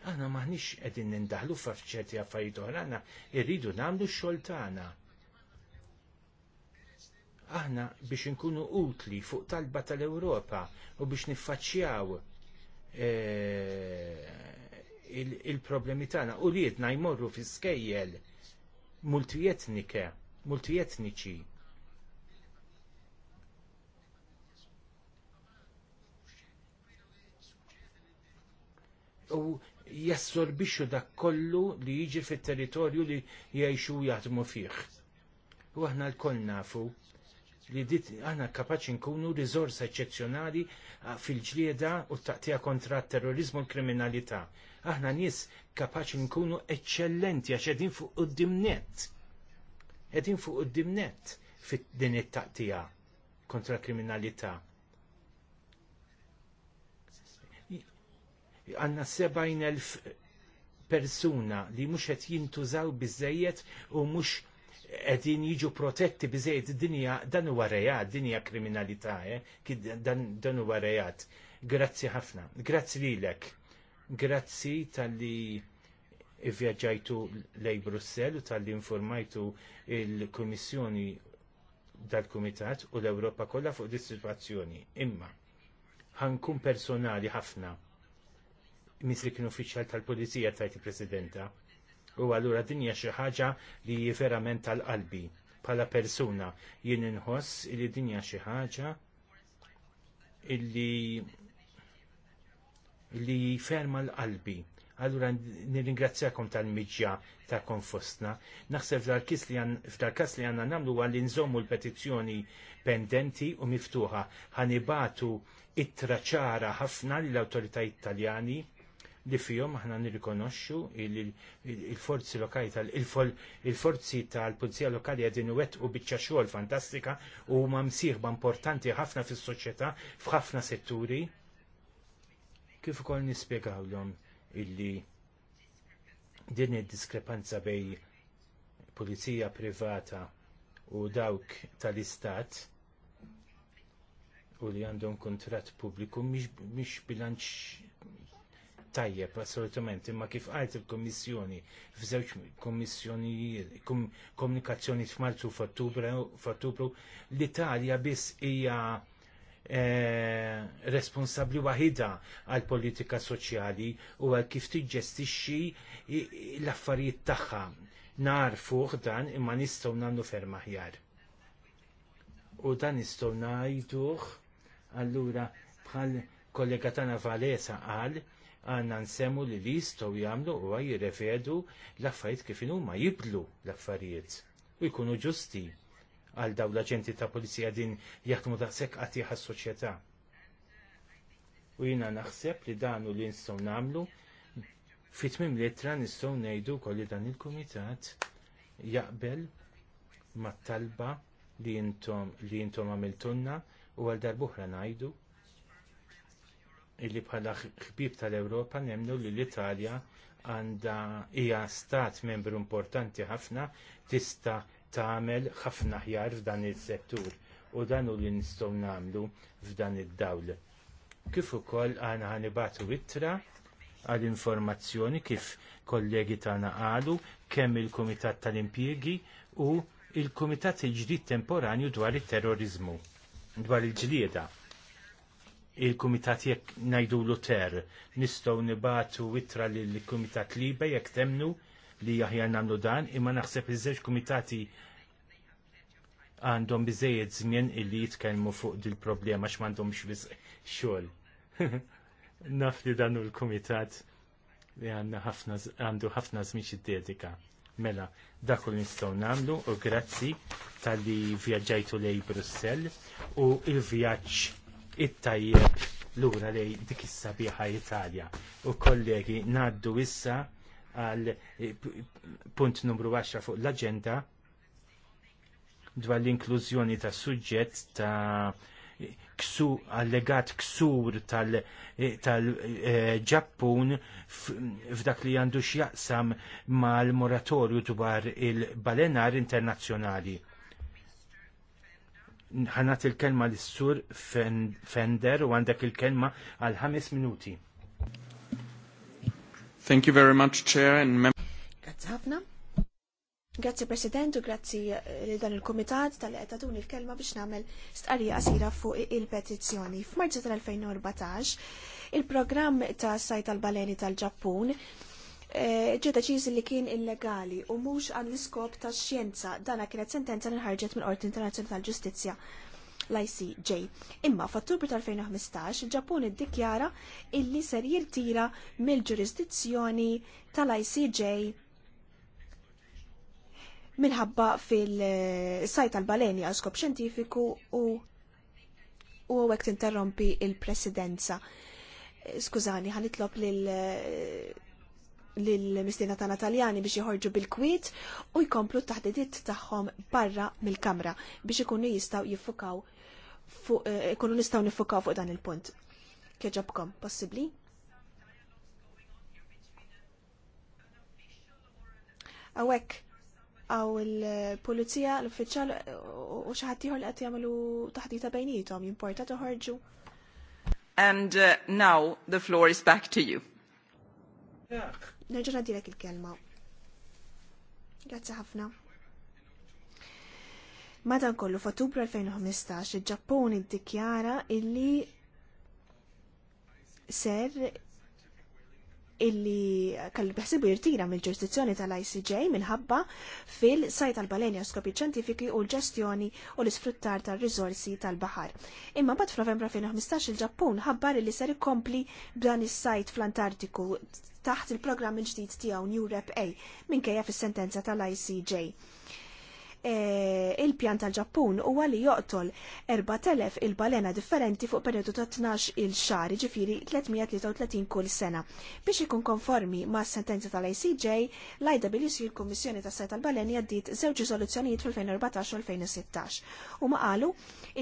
aħna maħniex qegħdin nindaħlu f'ċerti affarijiet aħna irridu nagħmlu x-xogħol tagħna aħna biex inkunu utli fuq talba tal-Ewropa u biex niffaċċjaw eh, il-problemi tagħna u li jmorru fi skejjel multietnike, multietniċi. U jassorbixxu dak kollu li jiġi fit-territorju li jgħixu jaħdmu fih. U aħna l-koll nafu li dit aħna kapaċi nkunu rizorsa eċċezzjonali fil-ġlieda u taqtija kontra t terrorizmu u l-kriminalità. Aħna nies kapaċi nkunu eċċellenti għax qegħdin fuq dimnet. Edin fuq dimnet fit-din it-taqtija kontra kriminalità. Għanna 70.000 persuna li mhux qed jintużaw biżejjed u mhux edin jiġu protetti biżejt dinja dan huwa rejat, dinja kriminalità, eh? dan, dan huwa rejat. Grazzi ħafna, grazzi lilek, grazzi tal-li vjaġġajtu lej Brussel u tal-li informajtu il-Komissjoni dal-Kumitat u l-Ewropa kollha fuq dis-sitwazzjoni. Imma ħankun personali ħafna misri kien uffiċjal tal-Pulizija tajti Presidenta u allura din hija xi ħaġa li verament tal-qalbi bħala persuna jien inħoss li dinja xi ħaġa illi li ferma l-qalbi. Allura nirringrazzjakom tal-miġja ta' konfostna. Naħseb f'dal-kas li għanna namlu għalli nżommu l-petizzjoni pendenti u miftuħa ħanibatu it-traċara ħafna l autorita Taljani li fihom aħna nirrikonoxxu il-forzi lokali tal il-forzi tal-pulizija lokali qegħdin iwettqu biċċa xogħol fantastika u ma msieħba importanti ħafna fis-soċjetà f'ħafna setturi. Kif ukoll nispjegawlhom illi din id-diskrepanza bej pulizija privata u dawk tal-istat u li għandhom kuntratt pubbliku mhix bilanċ tajjeb assolutament, imma kif qalt il-Kommissjoni f'żewġ kommissjonijiet komunikazzjoni f'Marzu f'Ottubru l-Italja biss hija eh, responsabbli waħida għal politika soċjali u għal kif tiġġestixxi l-affarijiet tagħha. Nar fuq dan imma nistgħu nagħmlu ferm aħjar. U dan nistgħu ngħiduh allura bħal kollega tagħna Valesa qal għanna nsemmu li li jistaw jamlu u għaj jirrefedu l-affarijiet kif huma jibdlu l-affarijiet u jkunu ġusti għal daw l-aġenti ta' polizija din jaħdmu daqshekk qatih għas-soċjetà. U jiena naħseb li danu li nistgħu nagħmlu fit-tmim lettra nistgħu ngħidu wkoll li dan il-kumitat jaqbel mat-talba li intom għamiltunna u għal darbuħra ngħidu illi bħala ħbieb tal-Ewropa nemnu li l-Italja hija stat membru importanti ħafna tista tagħmel ħafna ħjar f'dan is-settur u dan hu li nistgħu nagħmlu f'dan id-dawl. Kif ukoll għana ħanibatu ittra għal informazzjoni kif kollegi tagħna qalu kemm il-Kumitat tal-Impjiegi u l kumitat il-Ġdid Temporanju dwar it terrorizmu dwar il ġlieda il-Kumitat jekk najdu ter. Nistgħu nibatu witra lill kumitat liba jekk temnu li jaħjar nagħmlu dan, imma naħseb iż-żewġ kumitati għandhom biżejjed żmien illi jitkellmu fuq dil problema x'm'għandhomx biss xogħol. Naf li dan l-kumitat li għandu ħafna żmien xid-dedika. Mela, dakul nistgħu nagħmlu u grazzi tal-li vjaġġajtu lej Brussell u il-vjaġġ it-tajjeb lura lej dik is-sabiħa Italja. U kollegi ngħaddu issa għal eh, punt numru 10 fuq l-aġenda dwar l-inklużjoni ta' suġġett ta' ksu, allegat ksur tal-Ġappun eh, eh, f'dak li għandu x'jaqsam mal-moratorju dwar il-balenar internazzjonali ħanat il-kelma l-sur Fender u għandek il-kelma għal ħames minuti. Thank you very much, Chair. And Grazie ħafna. Grazie President u grazzi eh, li dan il-Komitat tal għetatuni l-kelma biex namel stqarrija qasira fuq il-petizzjoni. F'Marzu tal-2014, il-programm ta' sajt tal-baleni tal-Ġappun Eh, ġie deċiżi li kien illegali u mhux għall iskop tax xjenza dana kienet sentenza li ħarġet mill Qorti Internazzjonali tal-Ġustizzja l-ICJ. Imma f'Ottubru tal-2015 ġapun iddikjara illi ser jirtira mill-ġurisdizzjoni tal-ICJ minħabba fil-sajt tal għal skop xjentifiku u u għek tinterrompi il-presidenza. Skużani, ħanitlob lil lill-mistina ta' Taljani biex joħorġu bil-kwiet u jkomplu t-taħdidiet tagħhom barra mill-kamra biex ikunu jistgħu jiffukaw eh, ikunu nistgħu nifukaw fuq dan il-punt. Keġobkom, possibbli? Awek, aw il-pulizija, l uffiċal u xaħat jħor li għat taħdita bejnietom, jimporta toħorġu. And uh, now the floor is back to you. Yeah. Nerġa' dilek il-kelma. Grazzi ħafna. Madankollu f'Ottubru 2015 il-Ġappun iddikjara illi ser illi kalli biħsibu jirtira mill-ġurisdizzjoni tal-ICJ minħabba fil-sajt tal-balenja skopi ċentifiki u l-ġestjoni u l-isfruttar tal-rizorsi tal-bahar. Imma bat f'Novembra 2015 il-Ġappun ħabbar illi ser ikompli b'dan is-sajt fl-Antartiku taħt il-programm il-ġdid tiegħu New Rep A minkejja fis-sentenza tal-ICJ. Eh, il-pjan tal-Ġappun huwa li joqtol 4000 il-balena differenti fuq periodu ta' 12 il-xar, ġifiri 333 kull sena. Biex ikun konformi ma' sentenza tal-ICJ, l-IWC il-Kommissjoni ta' Sajt tal-Baleni jaddit żewġ riżoluzzjonijiet fil-2014 u 2016. U ma' qalu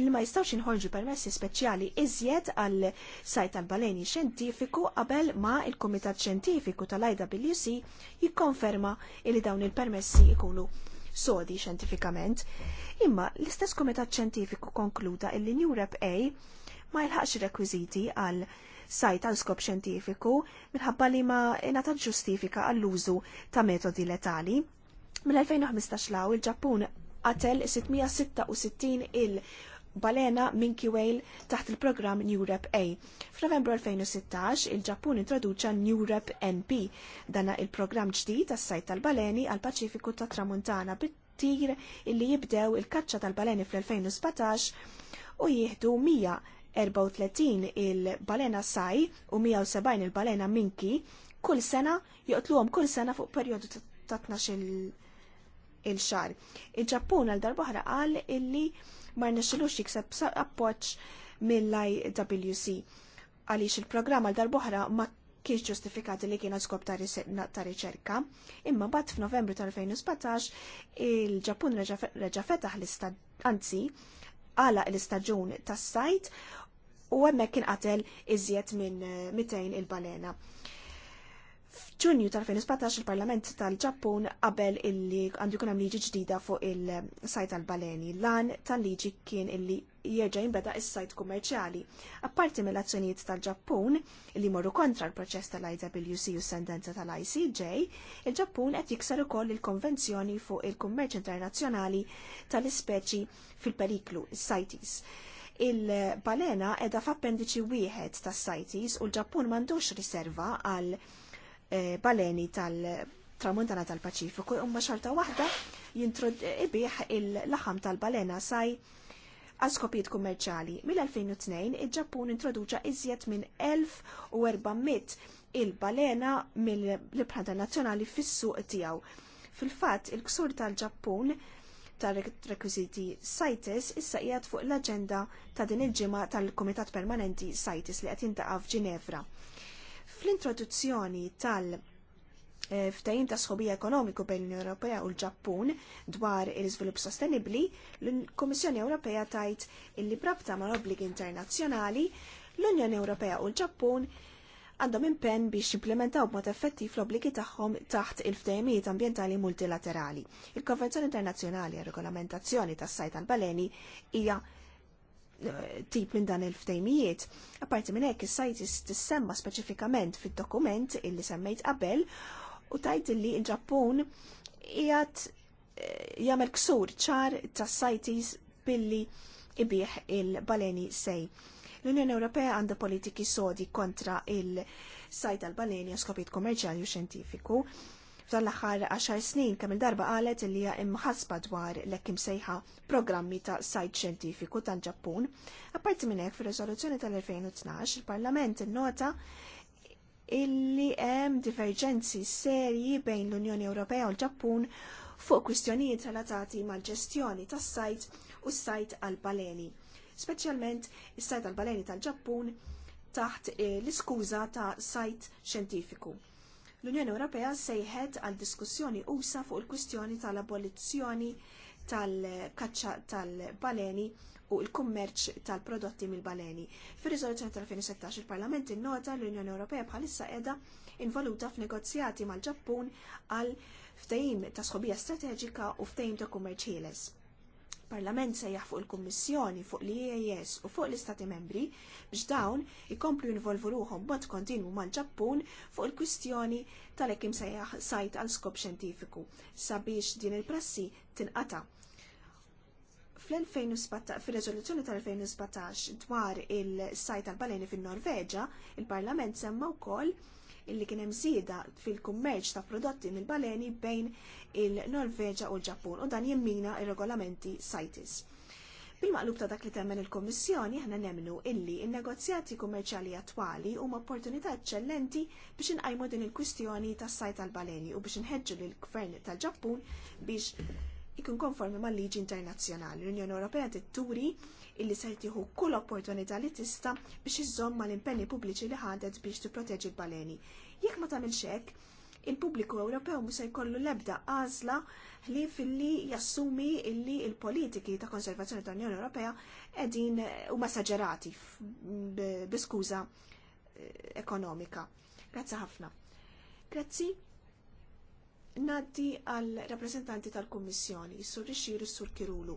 il ma jistawx inħolġu permessi speċjali iżjed għal sajt tal-baleni xjentifiku qabel ma' il-Komitat Xjentifiku tal-IWC jikkonferma li dawn il-permessi ikunu sodi xjentifikament. Imma l-istess Kumitat konkluta konkluda illi New Rep A ma jilħaqx rekwiżiti għal sajt għal skop xjentifiku minħabba li ma jenata ġustifika għall-użu ta' metodi letali. Mill-2015 law il-Ġappun għatel 666 il- balena minki whale taħt il-programm New Rep A. F'Novembru 2016 il-Ġappun introduċa New Rep NP, dana il-programm ġdid tas sajt tal-baleni għal-Paċifiku tat Tramuntana bit-tir illi jibdew il-kaċċa tal-baleni fl-2017 u jieħdu 134 il-balena saj u 170 il-balena minki kull sena joqtluhom kull sena fuq perjodu ta' 12 il-xar. Il-Ġappun għal darbohra qal illi ma rnexxilux jikseb appoġġ mill-IWC għaliex il-programm għal darbohra ma kienx ġustifikati li kien skop ta' riċerka, imma bat f'Novembru tal-2017 il-Ġapun reġa fetaħ l-istad anzi għala l-istaġun tas-sajt u hemmhekk kien qatel iżjed minn 200 eh, il-balena. F'Ġunju tal-2017 il-Parlament tal-Ġappun qabel illi għandu jkun hemm liġi ġdida fuq il-sajt tal-baleni. Lan tal-liġi kien illi jerġa' jinbeda is-sajt kummerċjali. Apparti mill-azzjonijiet tal-Ġappun li morru kontra l-proċess tal-IWC u sentenza tal-ICJ, il-Ġappun qed jiksar ukoll il-Konvenzjoni fuq il-Kummerċ Internazzjonali tal-Ispeċi fil-Periklu, sajtis il-balena edha f'appendiċi wieħed tas-sajtis u l-Ġappun m'għandux riserva għal baleni tal-tramuntana tal-Paċifiku imma xorta waħda jintrod ibiħ il-laħam tal-balena saj għaskopijiet kummerċali. Mill-2002 il-Ġappun introduċa iżjed minn 1400 il-balena mill-Libħanta Nazzjonali fis-suq tiegħu. Fil-fatt, il-ksur tal-Ġappun tar-rekwiżiti CITES issa qiegħed fuq l-aġenda ta' din il-ġimgħa tal-Kumitat Permanenti CITES li qed jintaqa' f'Ġinevra. Fl-introduzzjoni tal- eh, ftajim ta' sħobija ekonomiku bejn l-Unjoni Ewropea u l-Ġappun dwar il-iżvilupp sostenibbli, l-Kummissjoni Ewropea tajt illi brabta ma' obbligi internazzjonali l-Unjoni Ewropea u l-Ġappun għandhom impenn biex implementaw b'mod effettiv l-obbligi tagħhom taħt il-ftehimijiet ambjentali multilaterali. Il-Konvenzjoni Internazzjonali għal Regolamentazzjoni tas-Sajt tal-Baleni hija tip minn dan il-ftejmijiet. Apparti minn hekk is-sajtis tissemma speċifikament fid-dokument illi semmejt qabel u tajt li l-Ġappun qiegħed eh, jagħmel ksur ċar tas-sajtis billi ibieħ il-baleni sej. L-Unjoni Ewropea għandha politiki sodi kontra il-sajt tal baleni għaskopit kommerċjali u xjentifiku tal-aħħar 10 snin kemm il-darba qalet li hija imħasba dwar l ekim sejħa programmi ta' sajt xjentifiku tal-Ġappun. Apparti minn hekk fir-riżoluzzjoni tal-2012 il-Parlament innota illi hemm diverġenzi serji bejn l-Unjoni Ewropea u l-Ġappun fuq kwistjonijiet relatati mal-ġestjoni tas-sajt u s-sajt għal-baleni. Speċjalment is-sajt għal-baleni tal-Ġappun taħt eh, l-iskuża ta' sajt xjentifiku L-Unjoni Ewropea sejħet għal diskussjoni usa fuq il-kwistjoni tal-abolizzjoni tal-kaċċa tal-baleni u l-kummerċ tal-prodotti mill-baleni. Fir-riżoluzzjoni tal-2016 il-Parlament innota l-Unjoni Ewropea bħalissa qiegħda involuta f'negozjati mal-Ġappun għal ftehim ta' sħobija strateġika u ftehim ta' kummerċ ħieles il-Parlament sejjaħ fuq il-Kummissjoni, fuq l-IAS u fuq l-Istati membri biex dawn ikomplu jinvolvu ruhom mod kontinwu mal-Ġappun fuq il-kwistjoni tal-ekim sejjaħ sajt għal skop xjentifiku sabiex din il-prassi tinqata' fl-2017, fil-rezoluzzjoni tal-2017 dwar il-sajt tal-baleni fin norveġa il-Parlament semma wkoll illi kien hemm żieda fil-kummerċ ta' prodotti mill-baleni bejn il-Norveġa u l-Ġappun u dan jemmina ir-regolamenti CITES. Bil-maqlub ta' dak li temmen il-Kommissjoni ħna nemnu illi il-negozjati kummerċali attwali huma opportunità eċċellenti biex inqajmu din il-kwistjoni tas-sajt tal-baleni u biex inħeġġu lill-Gvern tal-Ġappun biex ikun konformi mal-liġi internazzjonali. L-Unjoni Ewropea titturi turi illi se jtieħu kull opportunità li tista biex iżżomm mal-impenni pubbliċi li ħadet biex tipproteġi l-baleni. Jekk ma tagħmilx hekk, il-pubbliku Ewropew mhux se jkollu l-ebda għażla li filli jassumi illi il-politiki ta' konservazzjoni tal-Unjoni Ewropea qegħdin huma saġerati bi skuża eh, ekonomika. Grazzi ħafna. Grazzi. Naddi għal rappresentanti tal-Kommissjoni, Sur Rixir Sur Kirulu.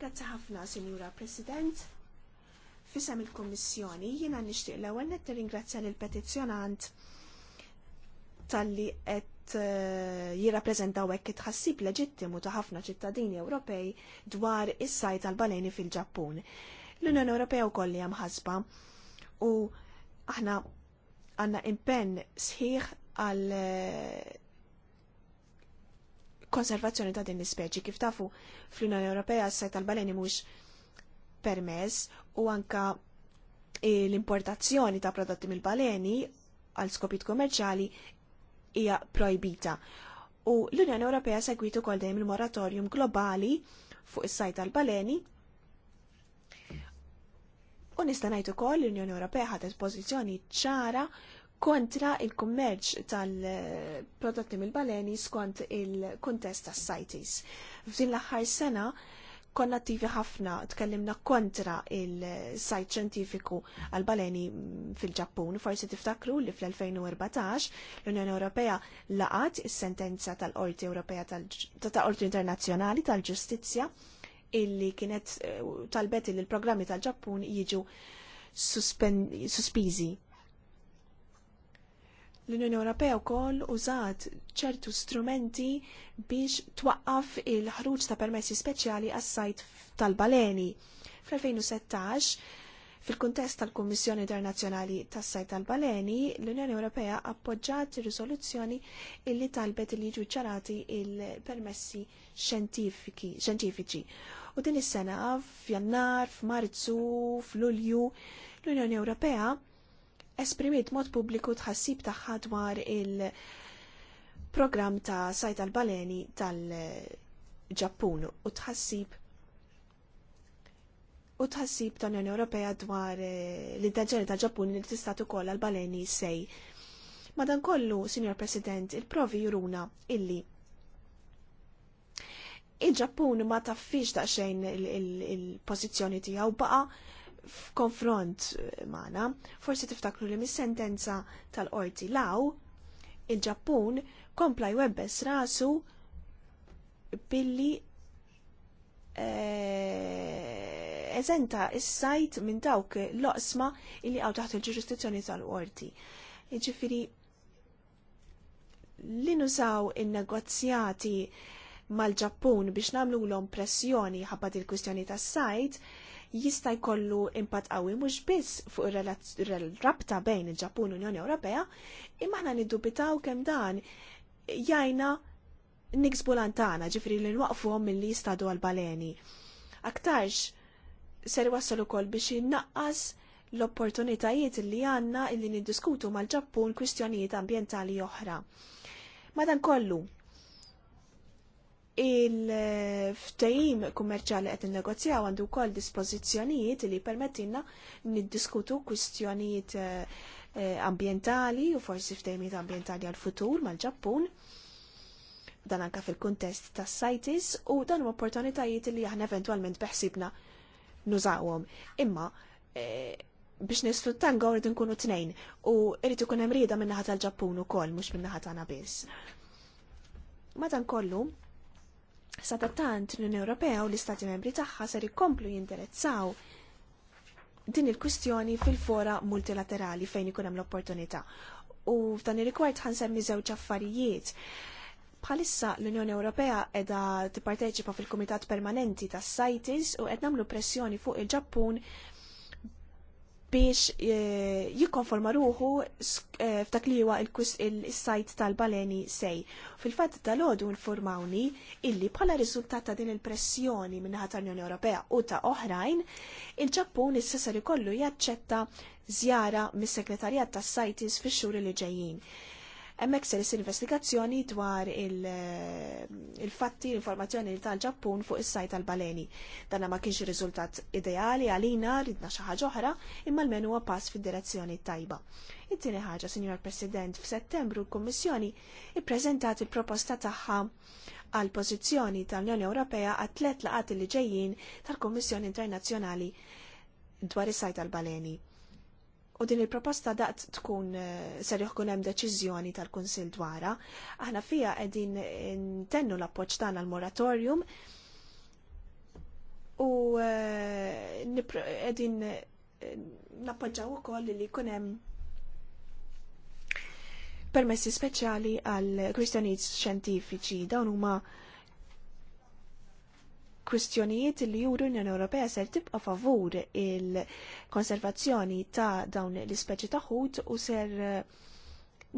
Grazzi ħafna, Signora President. Fisem il-Kommissjoni, jiena nixtieq l-ewwel qed ringrazzjan lill-petizzjonant tal-li qed eh, jirrappreżentaw hekk it-ħassib leġittimu ta' ħafna ċittadini Ewropej dwar is-sajt tal-baleni fil-Ġappun. L-Unjoni Ewropea wkoll hija ħasba. u aħna għandna impenn sħiħ għal eh, konservazzjoni ta' din l-ispeċi. Kif tafu fl-Unjoni Ewropea s-sajt tal-baleni mhux permess u anka e, l-importazzjoni ta' prodotti mill-baleni għal skopit kommerċali hija projbita. U l-Unjoni Ewropea segwit ukoll dejjem il-moratorium globali fuq is-sajt tal-baleni U nista' ngħid ukoll l-Unjoni Ewropea ħadet pożizzjoni ċara kontra il-kummerċ tal-prodotti mill-baleni skont il-kuntest tas sajtis F'din l-aħħar sena konna attivi ħafna tkellimna kontra il-sajt ċentifiku għal-baleni fil-Ġappun. Forsi tiftakru li fl-2014 l-Unjoni Ewropea laqat is-sentenza tal orti Ewropea tal-Qorti Internazzjonali tal-Ġustizzja illi kienet eh, talbet il-programmi tal-Ġappun jiġu suspizi L-Unjoni Ewropea wkoll użat ċertu strumenti biex twaqqaf il-ħruġ ta' permessi speċjali għas-sajt tal-baleni. Fl-2016, fil-kuntest tal-Kummissjoni Internazzjonali tas-Sajt tal-Baleni, l-Unjoni Ewropea appoġġat riżoluzzjoni illi talbet li jiġu ċarati il-permessi xjentifiċi. U din is-sena f'Jannar, f'Marzu, f'Lulju, l-Unjoni Ewropea esprimiet mod pubbliku tħassib tagħha dwar il-programm ta' sajt tal-baleni tal-Ġappun u tħassib u tħassib ta' Unjoni Ewropea dwar eh, l-intenzjoni ta' Ġappun li tista' tukoll għal-baleni sej. Madankollu, Sinjor President, il-provi juruna illi il-Ġappun ma taffix daqsxejn xejn il-pozizjoni tiegħu baqa' f'konfront eh, magħna, forsi tiftakru li mis-sentenza tal-qorti law il-Ġappun kompla jwebbes rasu billi eh, eżenta s sajt minn dawk l-oqsma illi għaw taħt il-ġurisdizzjoni tal-qorti. Iġifiri, li nużaw il-negozjati mal-ġappun biex namlu l-om pressjoni ħabba il-kwistjoni tas-sajt, jista' jkollu impatt qawwi mhux biss fuq ir-rabta bejn il-Ġappun u l-Unjoni Ewropea, imma aħna niddubitaw kemm dan jajna niksbu lantana ġifri li nwaqfuhom milli jistadu għal-baleni. Aktarx ser wassal ukoll biex innaqqas l-opportunitajiet li għanna illi niddiskutu mal-ġappun kwistjonijiet ambientali oħra. Madan kollu, il-ftajim kummerċali qed innegozjaw għandu wkoll dispożizzjonijiet li permettilna niddiskutu kwistjonijiet eh, eh, ambientali u forsi ftejmiet ambientali għal-futur mal-Ġappun dan anka fil-kuntest tas sajtis u dan huma opportunitajiet li aħna eventwalment beħsibna nużawhom. Imma eh, biex nisfruttango rridu nkunu tnejn u rrid ikun hemm rieda min-naħa tal-Ġappun ukoll mhux min-naħa tagħna biss. Madankollu, kollu, Sata tant, l-Unjoni Ewropea u l-Istati Membri tagħha ser ikomplu jinteressaw din il-kwistjoni fil-fora multilaterali fejn ikun hemm l-opportunità. U f'dan ir-rigward ħansemmi żewġ affarijiet. Bħalissa l-Unjoni Ewropea qiegħda tipparteċipa fil-Kumitat Permanenti tas CITES u qed nagħmlu pressjoni fuq il-Ġappun biex eh, jikkonforma ruħu eh, f'dak li huwa il-sajt tal-baleni sej. Fil-fatt tal-ħodu informawni illi bħala riżultat ta' din il-pressjoni minnaħa tal-Unjoni Ewropea u ta' oħrajn, il-Ġappun issa ser ikollu jaċċetta żjara mis segretarjat tas-Sajtis fix-xhur li ġejjin. Hemmhekk se investigazzjoni dwar eh, il-fatti il informazzjoni tal-Ġappun fuq is-sajt tal-baleni. Dan ma kienx riżultat ideali għalina ridna xi ħaġa oħra, imma l-men huwa pass fid-direzzjoni tajba. It-tieni ħaġa, Sinjor President, f'Settembru l-Kummissjoni ippreżentat il-proposta tagħha għal pożizzjoni tal-Unjoni Ewropea għat tliet laqat li ġejjin tal-Kummissjoni Internazzjonali dwar is-sajt tal-baleni. U din il-proposta daqt tkun eh, ser joħkun hemm deċiżjoni tal-Kunsill dwara, Aħna fija qegħdin intennu l-appoġġ tagħna l-moratorium u eh, qegħdin eh, nappoġġaw ukoll li jkun hemm permessi speċjali għal kwistjonijiet xjentifiċi dawn huma kwistjonijiet li juru l-Unjoni Ewropea ser tibqa' favur il-konservazzjoni ta' dawn l-ispeċi ta' ħut u ser eh,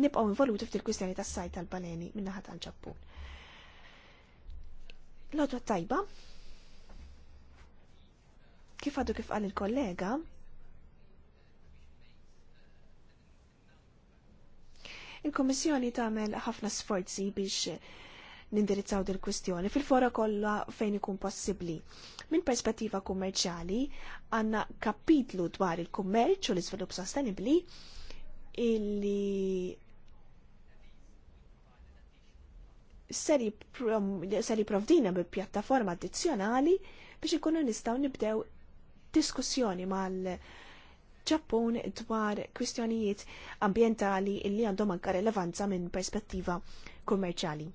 nibqgħu involuti ftit kwistjoni tas-sajt tal-baleni min-naħa tal-Ġappun. l tajba, kif għadu kif qal il-kollega, il komissjoni tagħmel ħafna sforzi biex nindirizzaw dil kwistjoni fil-fora kollha fejn ikun possibbli. Minn perspettiva kummerċjali għandna kapitlu dwar il-kummerċ u l-iżvilupp sostenibbli illi seri provdina bi pjattaforma addizzjonali biex ikunu nistgħu nibdew diskussjoni mal- Ġappun dwar kwistjonijiet ambientali illi għandhom anka relevanza minn perspettiva kummerċali.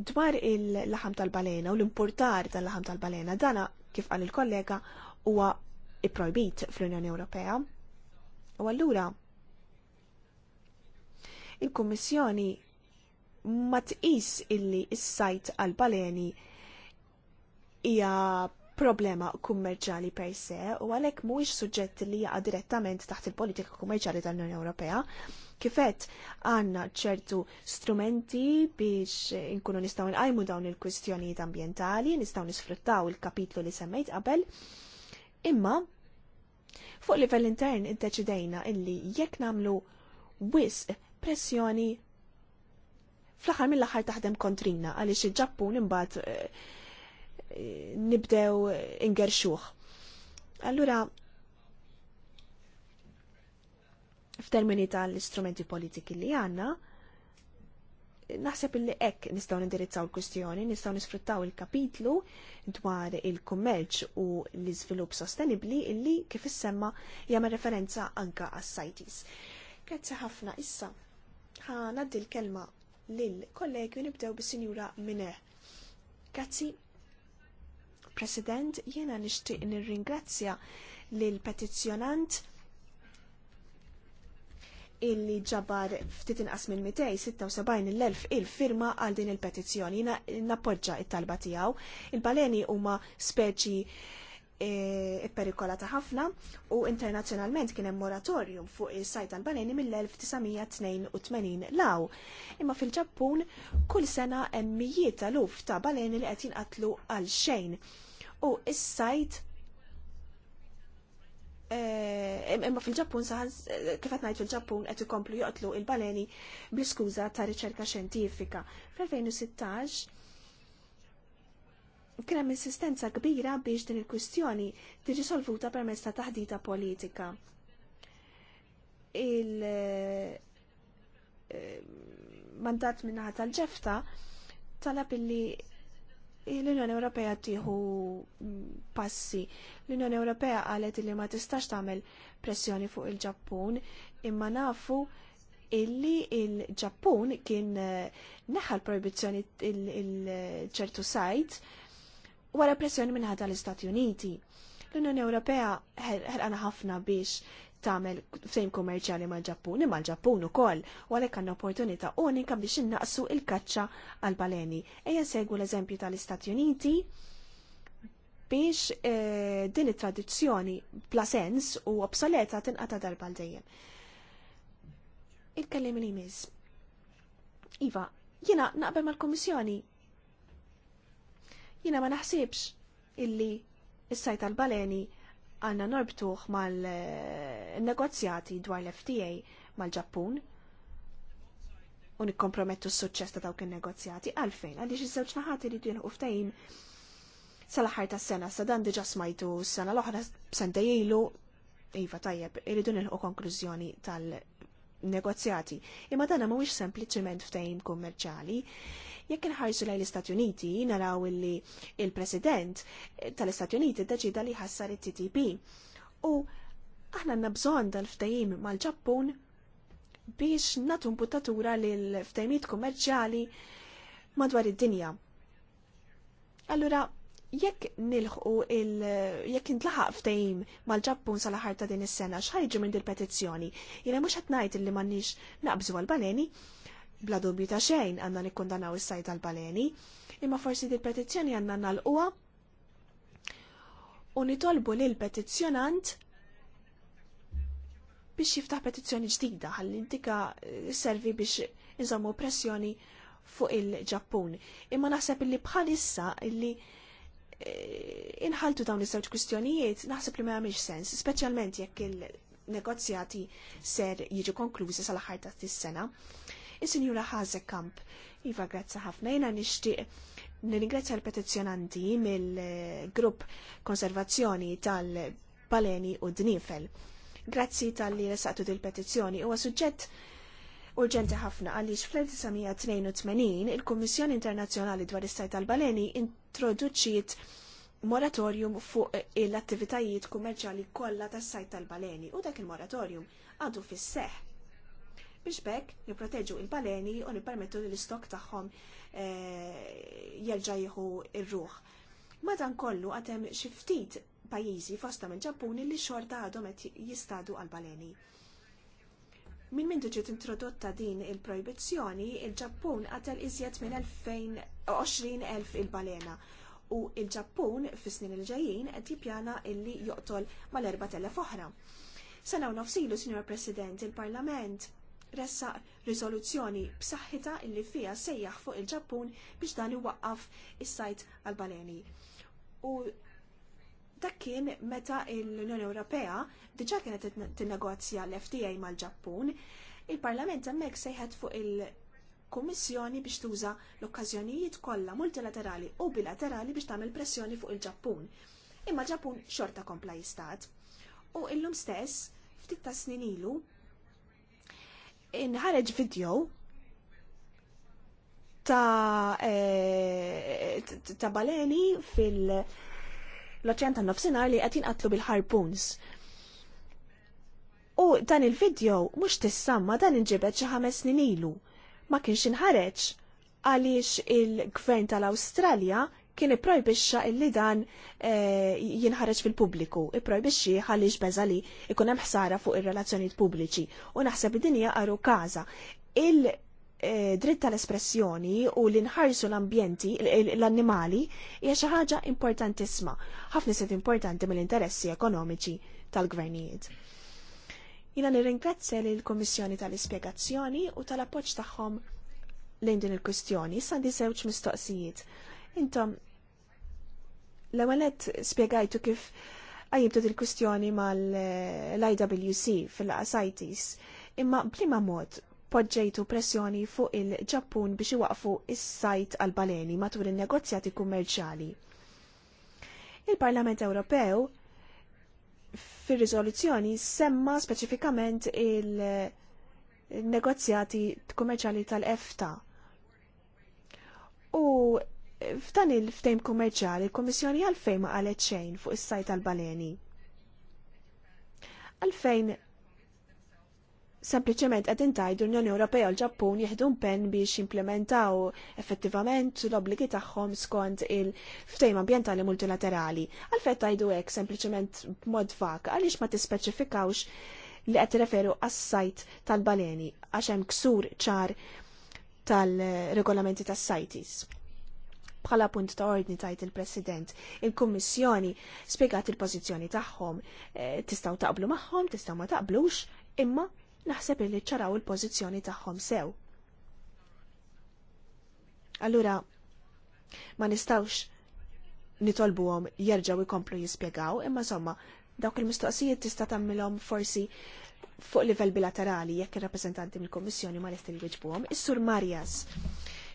Dwar il-laħam tal-balena u l-importar tal-laħam tal-balena, dana kif għal il-kollega huwa iprojbit fl-Unjoni Ewropea. U allura il-Kummissjoni ma tqis illi s-sajt għal-baleni hija problema kummerċali per se u għalhekk mhuwiex suġġett li jaqa' direttament taħt il-politika kummerċali tal-Unjoni Ewropea, Kifet għanna ċertu strumenti biex inkunu nistaw nqajmu dawn il-kwistjonijiet ambientali, nistaw nisfruttaw il-kapitlu li semmejt qabel. Imma fuq livell intern id-deċidejna illi jekk namlu wisq pressjoni fl-aħħar mill-aħħar taħdem kontrina għaliex il-Ġappun imbagħad eh, nibdew ingerxuh. Allura f'termini tal-istrumenti politiki li għanna, naħseb illi ek nistaw nindirizzaw il kustjoni nistaw nisfruttaw il-kapitlu dwar il-kummerċ u l-izvilup sostenibli illi kif issemma jagħmel referenza anka għas-sajtis. Grazzi ħafna issa. Ħa naddi l-kelma lill-kollegi nibdew bis-Sinjura Mineh. Grazzi. President, jiena nixtieq nirringrazzja lill petizzjonant illi ġabar ftit inqas minn 276 l-elf il-firma għal din il-petizzjoni nappoġġa it-talba tiegħu. Il-baleni huma speċi e, perikolata ħafna u internazzjonalment kien hemm moratorium fuq is-sajt tal-baleni mill-1982 law. Imma fil-Ġappun kull sena hemm mijiet ta' luf ta' baleni li qed jinqatlu għal xejn. U is-sajt Eh, imma fil-ġappun saħan eh, kif qed ngħid fil-ġappun qed ikomplu joqtlu il-baleni bl-iskuża ta' riċerka xjentifika. fil 2016 kien insistenza kbira biex din il-kwistjoni tiġi solvuta permezz ta' taħdita politika. Il eh, mandat minnaħa tal-ġefta talab illi l-Unjoni Ewropea tieħu passi. L-Unjoni Ewropea qalet li ma tistax tagħmel pressjoni fuq il-Ġappun, imma nafu illi il-Ġappun kien eh, neħal proibizzjoni il-ċertu sajt wara pressjoni minn l-Istati Uniti. L-Unjoni Ewropea ħerqana ħafna biex tamel fejn kummerċjali mal-Ġappun imma l-Ġappun ukoll u għalhekk għandna opportunità unika biex innaqsu il-kaċċa għal baleni. Ejja segwu l-eżempju tal-Istati Uniti biex eh, din it-tradizzjoni bla sens u obsoleta tinqata darba l dejjem. Il-kellim li miż. Iva, jiena naqbel mal-Kummissjoni. Jiena ma naħsibx illi is-sajt tal-baleni għanna norbtuħ mal-negozjati eh, dwar l-FTA mal-Ġappun u nikkompromettu s-suċċess ta' dawk il-negozjati għalfejn għaliex iż-żewġ naħati iridu jinħu ftehim sal-aħħar tas-sena sa dan diġà smajtu s-sena l-oħra b'sente ilu iva tajjeb iridu nilħu konklużjoni tal-negozjati. Imma dan mhuwiex sempliċiment ftehim kummerċali, Jekk inħarsu lejn l-Istati Uniti, naraw illi il-President tal-Istati Uniti ddeċida li ħassar it-TTP. U aħna għandna bżonn dal-ftajim mal-Ġappun biex nagħtu mputtatura lil ftejmiet kummerċjali madwar id-dinja. Allura, jekk nilħu il jekk intlaħaq ftehim mal-Ġappun sal aħar ta' din is-sena x'ħajġu minn dil petizzjoni jiena mhux qed ngħid li m'għandniex naqbżu għal-baleni, bla dubju ta' xejn għanna nikkondanaw is-sajt tal-baleni, imma forsi di petizzjoni għanna nalqwa u nitolbu l petizzjonant biex jiftaħ petizzjoni ġdida ħalli dika eh, servi biex inżommu pressjoni fuq il-Ġappun. Imma naħseb illi bħalissa illi eh, inħaltu dawn is sewġ kwistjonijiet naħseb li ma jagħmilx sens, speċjalment jekk il-negozjati ser jiġu konklużi sal-aħħar ta' tis-sena. Is-Sinjura Hazekamp. Iva, grazzi ħafna. Jena nixtieq nirringrazzja l-petizzjonanti mill-grupp konservazzjoni tal-Baleni u Dnifel. Grazzi tal-li resaqtu dil-petizzjoni. Huwa suġġett urġenti ħafna għaliex fl-1982 il-Kummissjoni Internazzjonali dwar is tal-Baleni introduċiet moratorium fuq l-attivitajiet kummerċali kollha tas-sajt tal-baleni u dak il-moratorium għadu fis-seħ biex bekk niproteġu il-baleni u nipermettu li l-istok tagħhom eh, jerġa' jieħu ir-ruħ. Madan kollu għatem xiftit pajjiżi fosta minn ġappuni li xorta għadhom qed jistadu għal-baleni. Min mintu ġiet introdotta din il-projbizzjoni, il-Ġappun għatel iżjed minn 20,000 il-balena u il-Ġappun fis-snin il-ġejjin qed jippjana illi joqtol mal-4,000 oħra. Sanaw nafsilu, nofsilu, Signor President, il-Parlament ressaq riżoluzzjoni b'saħħita illi fiha sejjaħ fuq il-Ġappun biex dan iwaqqaf is-sajt għal-baleni. U dak kien meta l-Unjoni Ewropea diġà kienet tinnegozja l-FTA mal-Ġappun, il-Parlament hemmhekk sejħet fuq il- Kummissjoni biex tuża l-okkażjonijiet kollha multilaterali u bilaterali biex tagħmel pressjoni fuq il-Ġappun. Imma l-Ġappun xorta kompla jistat. U illum stess, ftit ta' snin ilu, inħareġ video ta' eh, baleni fil-oċean ta' nofsinar li qed jinqatlu bil-harpoons. U dan il-video mhux tissamma dan inġibet xi ħames snin ilu. Ma kienx inħareġ għaliex il-gvern tal-Awstralja kien iprojbixxa illi dan eh, jinħareġ fil-pubbliku, iprojbixxi ħaliex beża li ikun hemm ħsara fuq ir-relazzjonijiet pubbliċi u naħseb din hija qaru każa. Il- eh, dritt tal-espressjoni u l-inħarsu l-ambjenti, l-annimali, hija xi ħaġa importantissima, ħafna set importanti mill-interessi ekonomiċi tal-gvernijiet. Jina nirringrazzja l komissjoni tal-ispjegazzjoni u tal-appoġġ tagħhom lejn din il-kwistjoni. Sandi sewċ mistoqsijiet. Intom L-ewelet spiegajtu kif għajibtu il-kustjoni mal-IWC fil-qasajtis, imma blima mod poġġejtu pressjoni fuq il-Ġappun biex iwaqfu is-sajt għal baleni matul in-negozjati kummerċjali. Il-Parlament Ewropew fir-riżoluzzjoni semma speċifikament il-negozjati kummerċjali tal-EFTA. U F'dan il-ftejm kummerċjali, il-Kommissjoni għalfejn ma qalet xejn fuq is-sajt tal-baleni. Għalfejn sempliċement qed intajdu l-Unjoni Ewropea u l-Ġappun jieħdu pen biex jimplementaw effettivament l-obbligi tagħhom skont il-ftejm ambjentali multilaterali. Għalfejn tajdu hekk sempliċement b'mod vak għaliex ma tispeċifikawx li qed referu għas-sajt tal-baleni għax hemm ksur ċar tal-regolamenti tas-sajtis bħala punt ta' ordni tajt il-President. Il-Kummissjoni spiegat il-pożizzjoni tagħhom eh, tistgħu taqblu magħhom, tistgħu ma taqblux, imma naħseb li ċaraw il-pożizzjoni tagħhom sew. Allura, ma nistawx nitolbuhom jerġgħu jkomplu jispjegaw, imma somma dawk il-mistoqsijiet tista' tagħmilhom forsi fuq livell bilaterali jekk ir-rappreżentanti mill-Kommissjoni ma lest il is-Sur Marjas.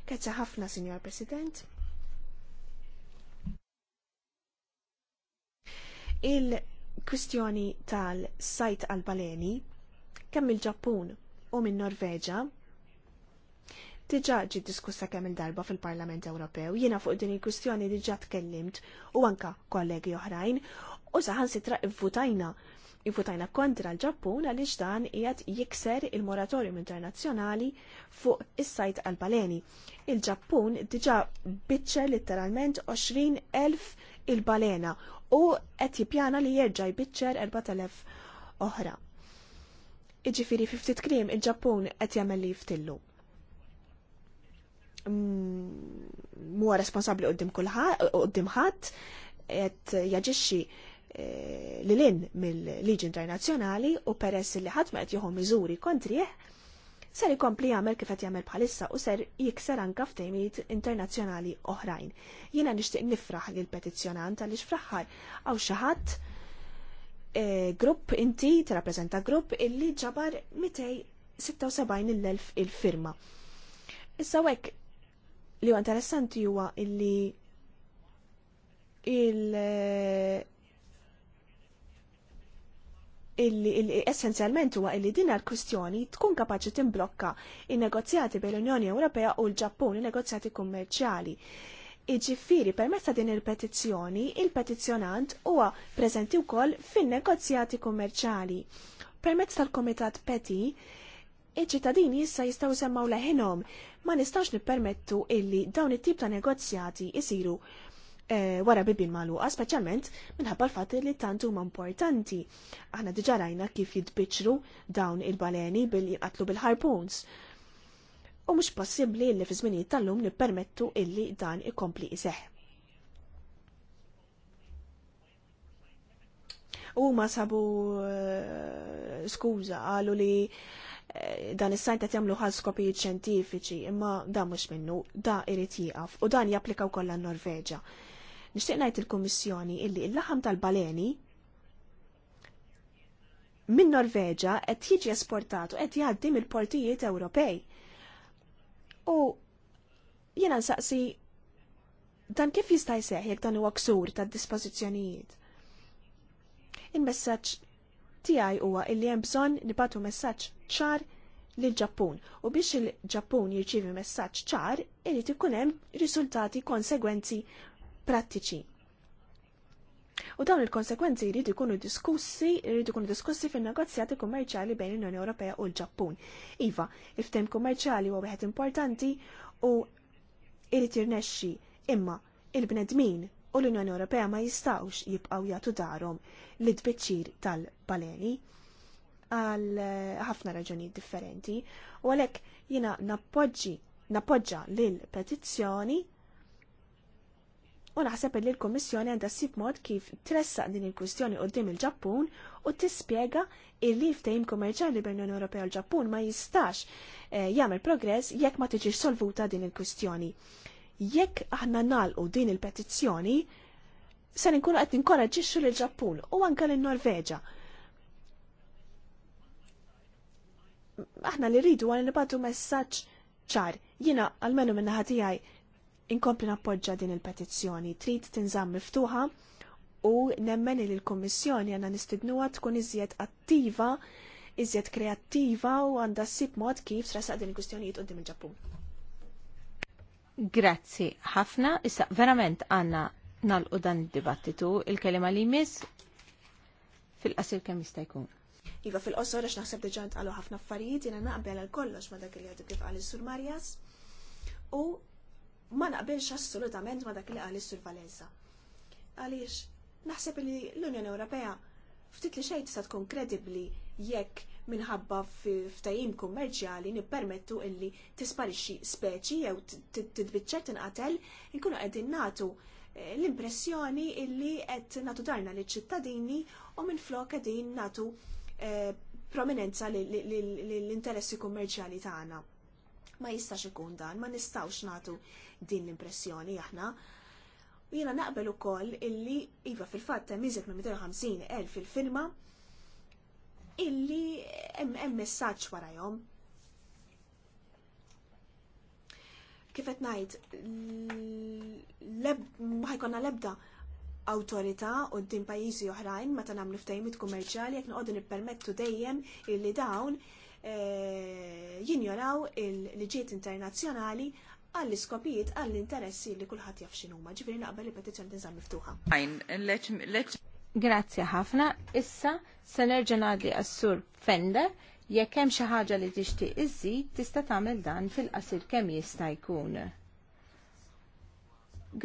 Kazza ħafna, Signor President. Il-kwistjoni tal-sajt għal-baleni kemm il-Ġappun u minn Norveġa diġa ġi diskussa kemm il-darba fil-Parlament Ewropew, jiena fuq din il-kwistjoni diġa tkellimt u anka kollegi oħrajn, u saħan sitra ivvutajna ivvutajna kontra l-Ġappun għaliex dan qiegħed jikser il-moratorium internazzjonali fuq is-sajt għal-baleni. Il-Ġappun diġa biċċa litteralment 20,000 il-balena u qed jippjana li jerġa' jbiċċer 4000 oħra. Iġifieri fi ftit krim il-Ġappun qed jagħmel li Mua mm, Huwa responsabbli qudiem kulħadd qudiem ħadd qed jaġixxi eh, l in mill-liġi internazzjonali u peress li ħadd ma qed jieħu miżuri kontrih ser ikompli jagħmel kif qed jagħmel bħalissa u ser jikser anke f'tejmijiet internazzjonali oħrajn. Jiena nixtieq nifraħ lil petizzjonant għaliex fl-aħħar għaw xi ħadd e, grupp inti tirrappreżenta grupp illi ġabar 276 il-firma. Issa hekk li huwa interessanti huwa illi il illi essenzjalment huwa illi din l-kwistjoni tkun kapaċi timblokka in-negozjati bejn l-Unjoni Ewropea u l-Ġappun in-negozjati kummerċjali. Iġifiri, permezz ta' din il-petizzjoni, il-petizzjonant huwa preżenti wkoll fin-negozjati kummerċjali. Permezz tal-Komitat Peti, iċ-ċittadini issa jistgħu semmaw leħinhom ma nistax nippermettu illi dawn it-tip ta' negozjati isiru Eh, wara bibin maluqa, speċjalment minħabba l fat li tant huma importanti. Aħna diġa rajna kif jitbiċru dawn il-baleni bil jinqatlu bil-harpoons. U mhux possibbli li fi żminijiet tal-lum nippermettu illi dan ikompli iseħ. U ma sabu eh, skuża għalu li dan is-sajn qed jagħmlu ħadd skopijiet xjentifiċi, imma dan mhux minnu, da irid jieqaf u dan japplika wkoll għan-Norveġa. Nixtieq ngħid il-Kummissjoni illi l-laħam tal-baleni minn Norveġa qed jiġi esportat u qed jgħaddi mill-portijiet Ewropej. U jiena nsaqsi dan kif jista' jseħħ jekk dan huwa ksur tad-dispożizzjonijiet? Il-messaġġ tiegħi huwa illi hemm bżonn nibatu messaġġ ċar lill-Ġappun u biex il-Ġappun jirċievi messaġġ ċar irid ikun hemm riżultati konsegwenzi prattiċi. U dawn il-konsekwenzi jridu jkunu diskussi, jridu jkunu diskussi fin negozjati kummerċali bejn l-Unjoni Ewropea u l-Ġappun. Iva, il-ftem kummerċali huwa wieħed importanti u jrid jirnexxi imma il-bnedmin u l-Unjoni Ewropea ma jistawx jibqaw jagħtu darhom li tbiċċir tal-baleni għal eh, ħafna raġunijiet differenti u għalhekk jiena nappoġġi nappoġġa lil petizzjoni u naħseb li l-Kummissjoni għandha ssib mod kif tressaq din il-kwistjoni qudiem il-Ġappun u tispjega illi ftehim kummerċjali bejn l-Unjoni Ewropea u l-Ġappun ma jistax eh, jagħmel progress jekk ma tiġix solvuta din il-kwistjoni jekk aħna nalqu din il-petizzjoni, se nkunu qed inkoraġġixxu lill ġappun u anke lin norveġa Aħna li rridu għal nibatu messaġġ ċar, jiena għalmenu minna ħatijaj inkompli nappoġġa din il-petizzjoni, trid tinżamm miftuħa u nemmen li l kummissjoni għanna nistidnuha tkun iżjed attiva, iżjed kreattiva u għandha sib mod kif trasaq din il kwistjonijiet qudiem il-Ġappun. Grazzi ħafna. Issa verament għanna nalqu dan id-dibattitu il-kelima li jmiss fil-qasir kemm jista' jkun. Iva fil-qosor għax naħseb diġà ntqalu ħafna affarijiet jiena naqbel għal kollox ma dak li għadu kif qal sur Marjas u ma naqbilx assolutament ma dak li qal sur Valenza. Għaliex naħseb li l-Unjoni Ewropea ftit li xejn tista' tkun kredibbli jekk minħabba f'tajim kummerċjali nippermettu illi tisparixxi speċi jew titbiċċer tinqatel, inkunu qegħdin nagħtu eh, l-impressjoni illi qed nagħtu darna liċ ċittadini u minflok qegħdin nagħtu eh, prominenza l-interessi kummerċjali tagħna. Ma jistax ikun dan, ma nistawx nagħtu din l-impressjoni aħna. jiena naqbel ukoll illi iva fil-fatt hemm iżjed minn 250 firma il-filma illi hemm messaġġ warajhom. Kif qed ngħid ħajkonna lebda awtorità qudiem pajjiżi oħrajn meta nagħmlu ftehimiet kummerċjali jekk noqogħdu nippermettu dejjem illi dawn e, jinjoraw il-liġijiet internazzjonali għall iskopijiet għall interessi li kulħadd jaf x'inhuma. Ġifieri naqbel il-petizzjoni tinżamm miftuħa. Grazzi ħafna. Issa se nerġa' ngħaddi għas-sur Fender jekk hemm xi ħaġa li tixtieq iżid tista' tagħmel dan fil-qasir kemm jista' jkun.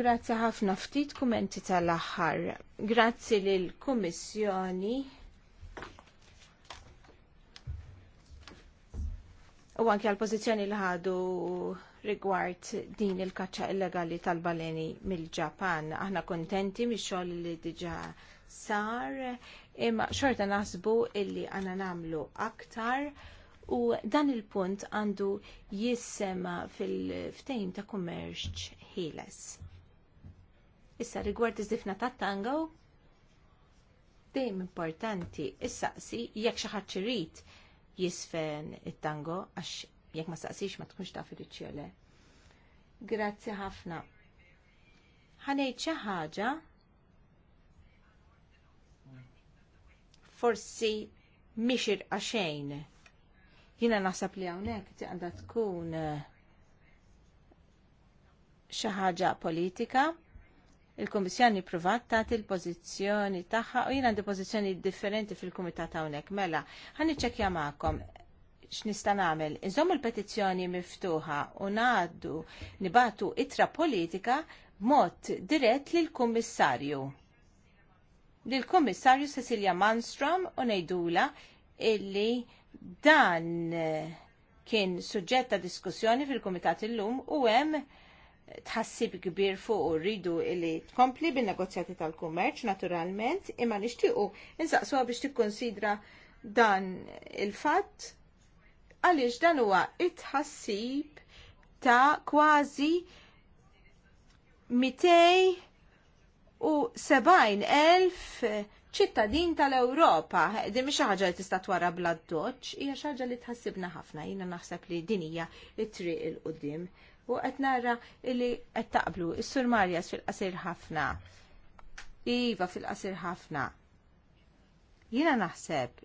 Grazzi ħafna ftit kumenti tal-aħħar. Grazzi lill kummissjoni u anke għal pożizzjoni li ħadu rigward din il-kaċċa illegali tal-baleni mill-Ġapan. Aħna kontenti mix-xogħol li diġà sar imma xorta naħsbu illi għandna nagħmlu aktar u dan il-punt għandu jissema fil-ftejn ta' kummerċ ħiles. Issa rigward iż-difna ta' tango dejjem importanti s-saqsi jekk xi ħadd irid jisfen it-tango għax jekk ma saqsix ma tkunx taf irriċjole. Grazzi ħafna. Ħanejt xi ħaġa forsi mixir għaxejn. Jina naħseb li hawnhekk għandha tkun eh, xi ħaġa politika il-Kommissjoni privat tagħti il-pożizzjoni tagħha u jien għandi pożizzjoni differenti fil komitat hawnhekk mela. Ħan niċċekkja magħkom x'nista' nagħmel. iżomm il petizzjoni miftuħa u ngħaddu nibatu itra politika b'mod dirett lill-Kummissarju lil kummissarju Cecilia Malmstrom u ngħidula illi dan eh, kien suġġett ta' diskussjoni fil-Kumitat illum u hemm tħassib kbir fuq u rridu illi tkompli bin-negozjati tal-kummerċ naturalment imma nixtiequ insaqsuha biex tikkonsidra dan il-fatt għaliex dan huwa it-tħassib ta' kważi 200 u 70,000 ċittadin tal-Ewropa. Din mhix ħaġa li tista' twara bla doċċ, hija xi ħaġa li tħassibna ħafna, jiena naħseb li din hija t-triq il qudiem U qed nara li qed taqblu is-Sur Marjas fil-qasir ħafna. Iva fil-qasir ħafna. Jiena naħseb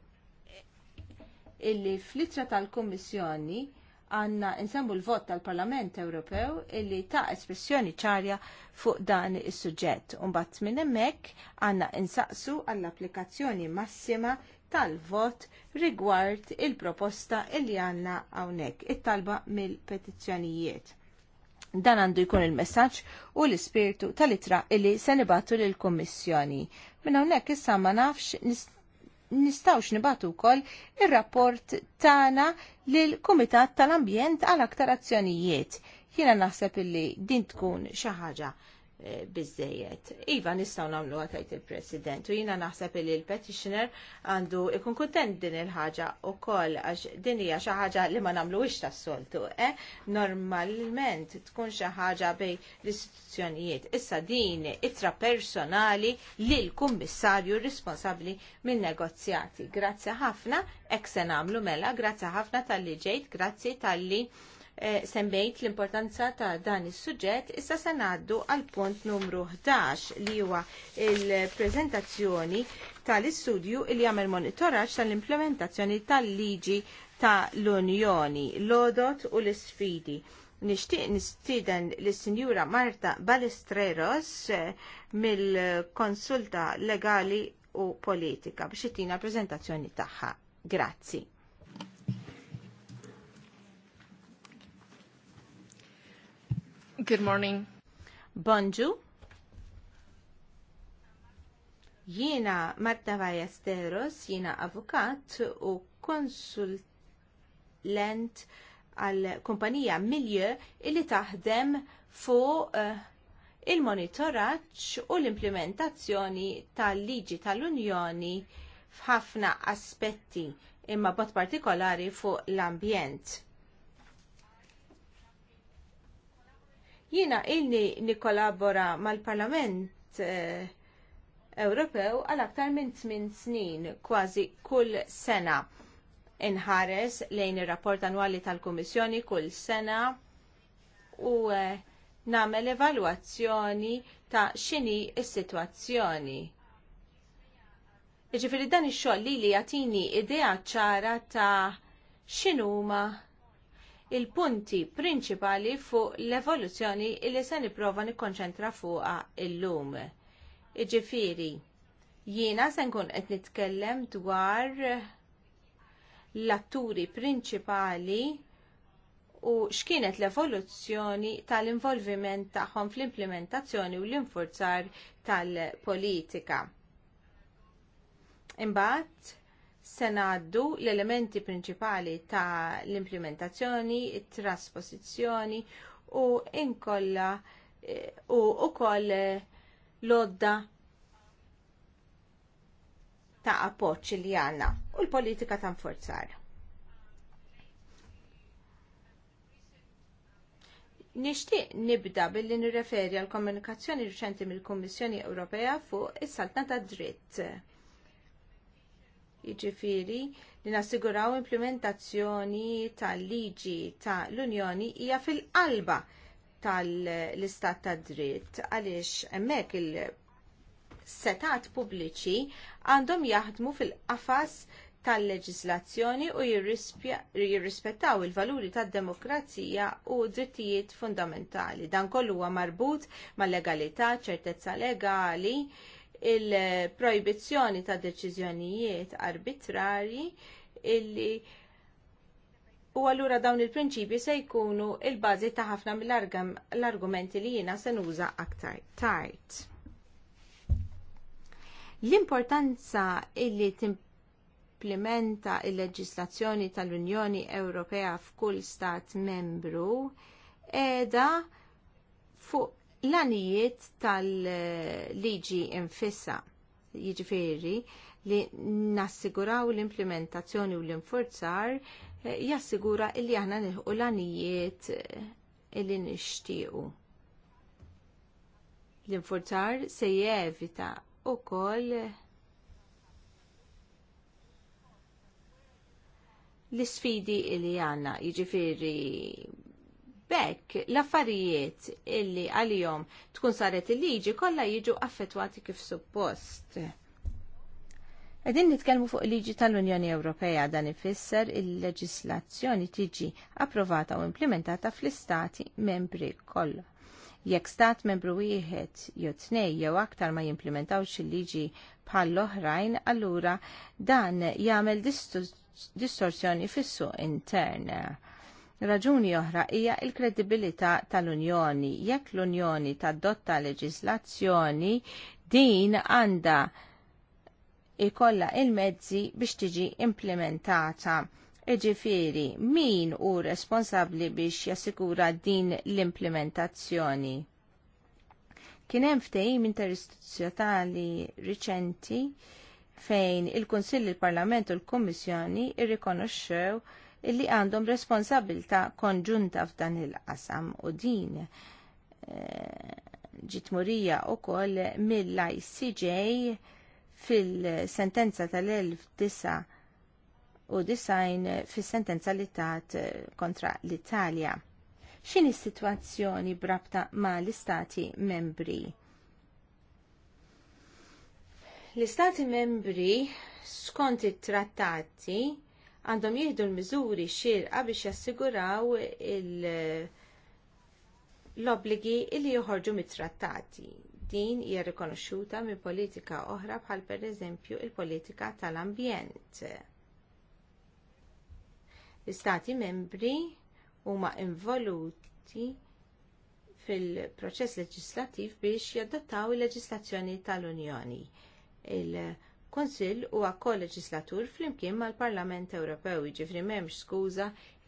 illi fl-ittra tal-Kummissjoni għanna nsembu l-vot tal-Parlament Ewropew illi ta' espressjoni ċarja fuq dan is suġġett Unbat minn hemmhekk għanna insaqsu għall-applikazzjoni massima tal-vot rigward il-proposta illi għanna hawnhekk it-talba mill-petizzjonijiet. Dan għandu jkun il-messaġġ u l-ispirtu tal-itra illi se nibatu lill-Kummissjoni. Minn hawnhekk issa ma nafx nistawx nibatu kol il-rapport tana lil-Kumitat tal-Ambjent għal aktar azzjonijiet. Jina naħseb illi din tkun xaħġa bizzejiet. Iva nistgħu namlu għatajt il-President u jiena naħseb li l-petitioner għandu ikun kuntent din il-ħaġa wkoll għax din hija xi ħaġa li ma wix tas-soltu. Eh? Normalment tkun xi ħaġa bejn l-istituzzjonijiet. Issa din itra personali l kummissarju responsabbli minn negozjati. Grazzi ħafna, hekk se nagħmlu mela, grazzi ħafna tal-li ġejt, grazzi tal-li Eh, semmejt l-importanza ta' dan is-suġġett, issa se ngħaddu għal punt numru 11 li huwa il-preżentazzjoni tal-istudju li jagħmel monitoraġġ tal-implementazzjoni tal-liġi ta' l-Unjoni, l-odot u l-isfidi. Nixtieq nistiden lis sinjura Marta Balestreros eh, mill-konsulta legali u politika biex ittina l-preżentazzjoni tagħha. Grazzi. Good morning. Bonġu. Jiena Marta Vajasteros, jiena avukat u konsulent għal kumpanija Milje illi taħdem fuq eh, il-monitoraġġ u l-implementazzjoni tal-liġi tal-Unjoni f'ħafna aspetti imma bot partikolari fuq l-ambjent. Jiena illi nikolabora mal-Parlament eh, Ewropew għal aktar minn 8 snin, kważi kull sena. Inħares lejn ir-rapport annwali tal-Kummissjoni kull sena u eh, nagħmel evalwazzjoni ta' x'inhi s-sitwazzjoni. Jiġifieri dan ix-xogħol li jagħtini idea ċara ta' x'inhuma il-punti prinċipali fuq l-evoluzzjoni li se nipprova nikkonċentra fuqha illum. Iġifieri, jiena se nkun qed nitkellem dwar l-atturi prinċipali u x'kienet l-evoluzzjoni tal-involviment tagħhom fl-implementazzjoni u l-infurzar tal-politika. Imbagħad se ngħaddu l-elementi prinċipali ta' l-implementazzjoni, it-trasposizzjoni u inkolla eh, u ukoll eh, lodda ta' appoċ li għandna u l-politika ta' nforzar. Nixtieq nibda billi nirreferi għal komunikazzjoni riċenti mill-Kummissjoni Ewropea fuq is-saltna tad dritt jiġifieri li nassiguraw implementazzjoni tal-liġi tal unjoni hija fil-qalba tal-istat tad dritt għaliex hemmhekk il-setat pubbliċi għandhom jaħdmu fil-qafas tal-leġislazzjoni u jirrispettaw il-valuri tad-demokrazija u drittijiet fundamentali. Dan kollu huwa marbut mal legalità, ċertezza legali, il-projbizzjoni ta' deċiżjonijiet arbitrarji illi u allura dawn il prinċipi se jkunu l bażi ta' ħafna mill-argumenti li jiena se nuża aktar tard. L-importanza illi timplementa l il leġislazzjoni tal-Unjoni Ewropea f'kull stat membru qiegħda fuq l-anijiet tal-liġi infissa jiġifieri li nassiguraw l-implementazzjoni u l-infurzar eh, jassigura li aħna nilħqu l-anijiet eh, li nixtiequ. L-infurzar se jevita wkoll l isfidi li għandna jiġifieri bekk l-affarijiet illi għalihom tkun saret il-liġi kollha jiġu affettwati kif suppost. Qegħdin nitkellmu fuq il-liġi tal-Unjoni Ewropea dan ifisser il-leġislazzjoni tiġi approvata u implementata fl-istati membri kollha. Jekk stat membru wieħed jew tnej jew aktar ma jimplementawx il-liġi bħall oħrajn allura dan jagħmel distorsjoni fis-suq intern. Raġuni oħra hija l-kredibilità tal-Unjoni. Jekk l-Unjoni tadotta leġislazzjoni, din għandha ikolla il-mezzi biex tiġi implementata. Iġifieri, min hu responsabbli biex jassikura din l-implementazzjoni? Kien hemm ftehim interistituzzjonali riċenti fejn il-Kunsill, il-Parlament u l-Kummissjoni irrikonoxxew il illi għandhom responsabilta konġunta f'dan il-qasam u din eh, ġitmurija u koll mill-ICJ fil-sentenza tal 1999 fil-sentenza li tat eh, kontra l-Italja. X'inhi s-sitwazzjoni brabta ma l-istati membri? L-istati membri skont it-trattati għandhom jieħdu l-miżuri xirqa biex jassiguraw l obbligi li joħorġu mit-trattati. Din hija rikonoxxuta minn politika oħra bħal pereżempju l politika tal-ambjent. L-istati membri huma involuti fil-proċess leġislattiv biex jadattaw il-leġislazzjoni tal-Unjoni. il kunsill huwa kol-leġislatur flimkien mal-Parlament Ewropew, jiġifieri m'hemmx skuża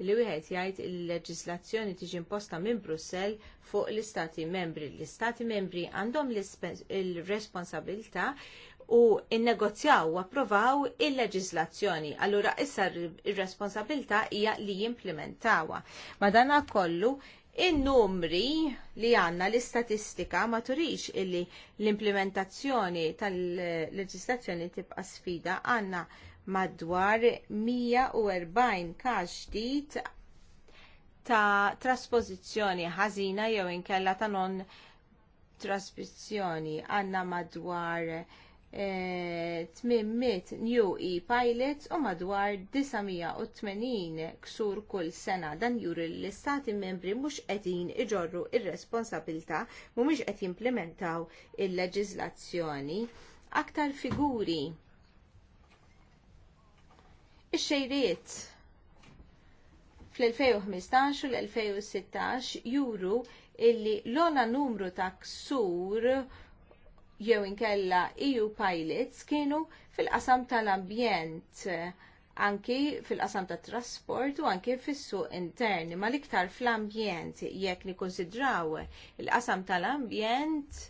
li wieħed jgħid li l leġislazzjoni tiġi imposta minn Brussell fuq l-Istati membri. L-Istati membri għandhom l-responsabilità u innegozjaw u approvaw il-leġislazzjoni. Allura issa r-responsabilità hija li jimplementawha. Madana kollu In-numri li għanna l-istatistika ma turix illi l-implementazzjoni tal-leġislazzjoni tibqa sfida għanna madwar 140 każ ġdid ta' traspożizzjoni ħażina jew inkella ta' non traspożizzjoni għandna madwar 800 new e-pilots u madwar 980 ksur kull sena dan juri l-istati membri mhux qegħdin iġorru ir-responsabilta mhumiex qed jimplementaw il-leġiżlazzjoni. Aktar figuri Ix-xejriet fl-2015 u l-2016 juru illi l ona numru ta' ksur jew inkella EU pilots kienu fil-qasam tal-ambjent anki fil-qasam tat trasport u anki fis-suq intern ma l-iktar fl-ambjent jekk nikkonsidraw il-qasam tal-ambjent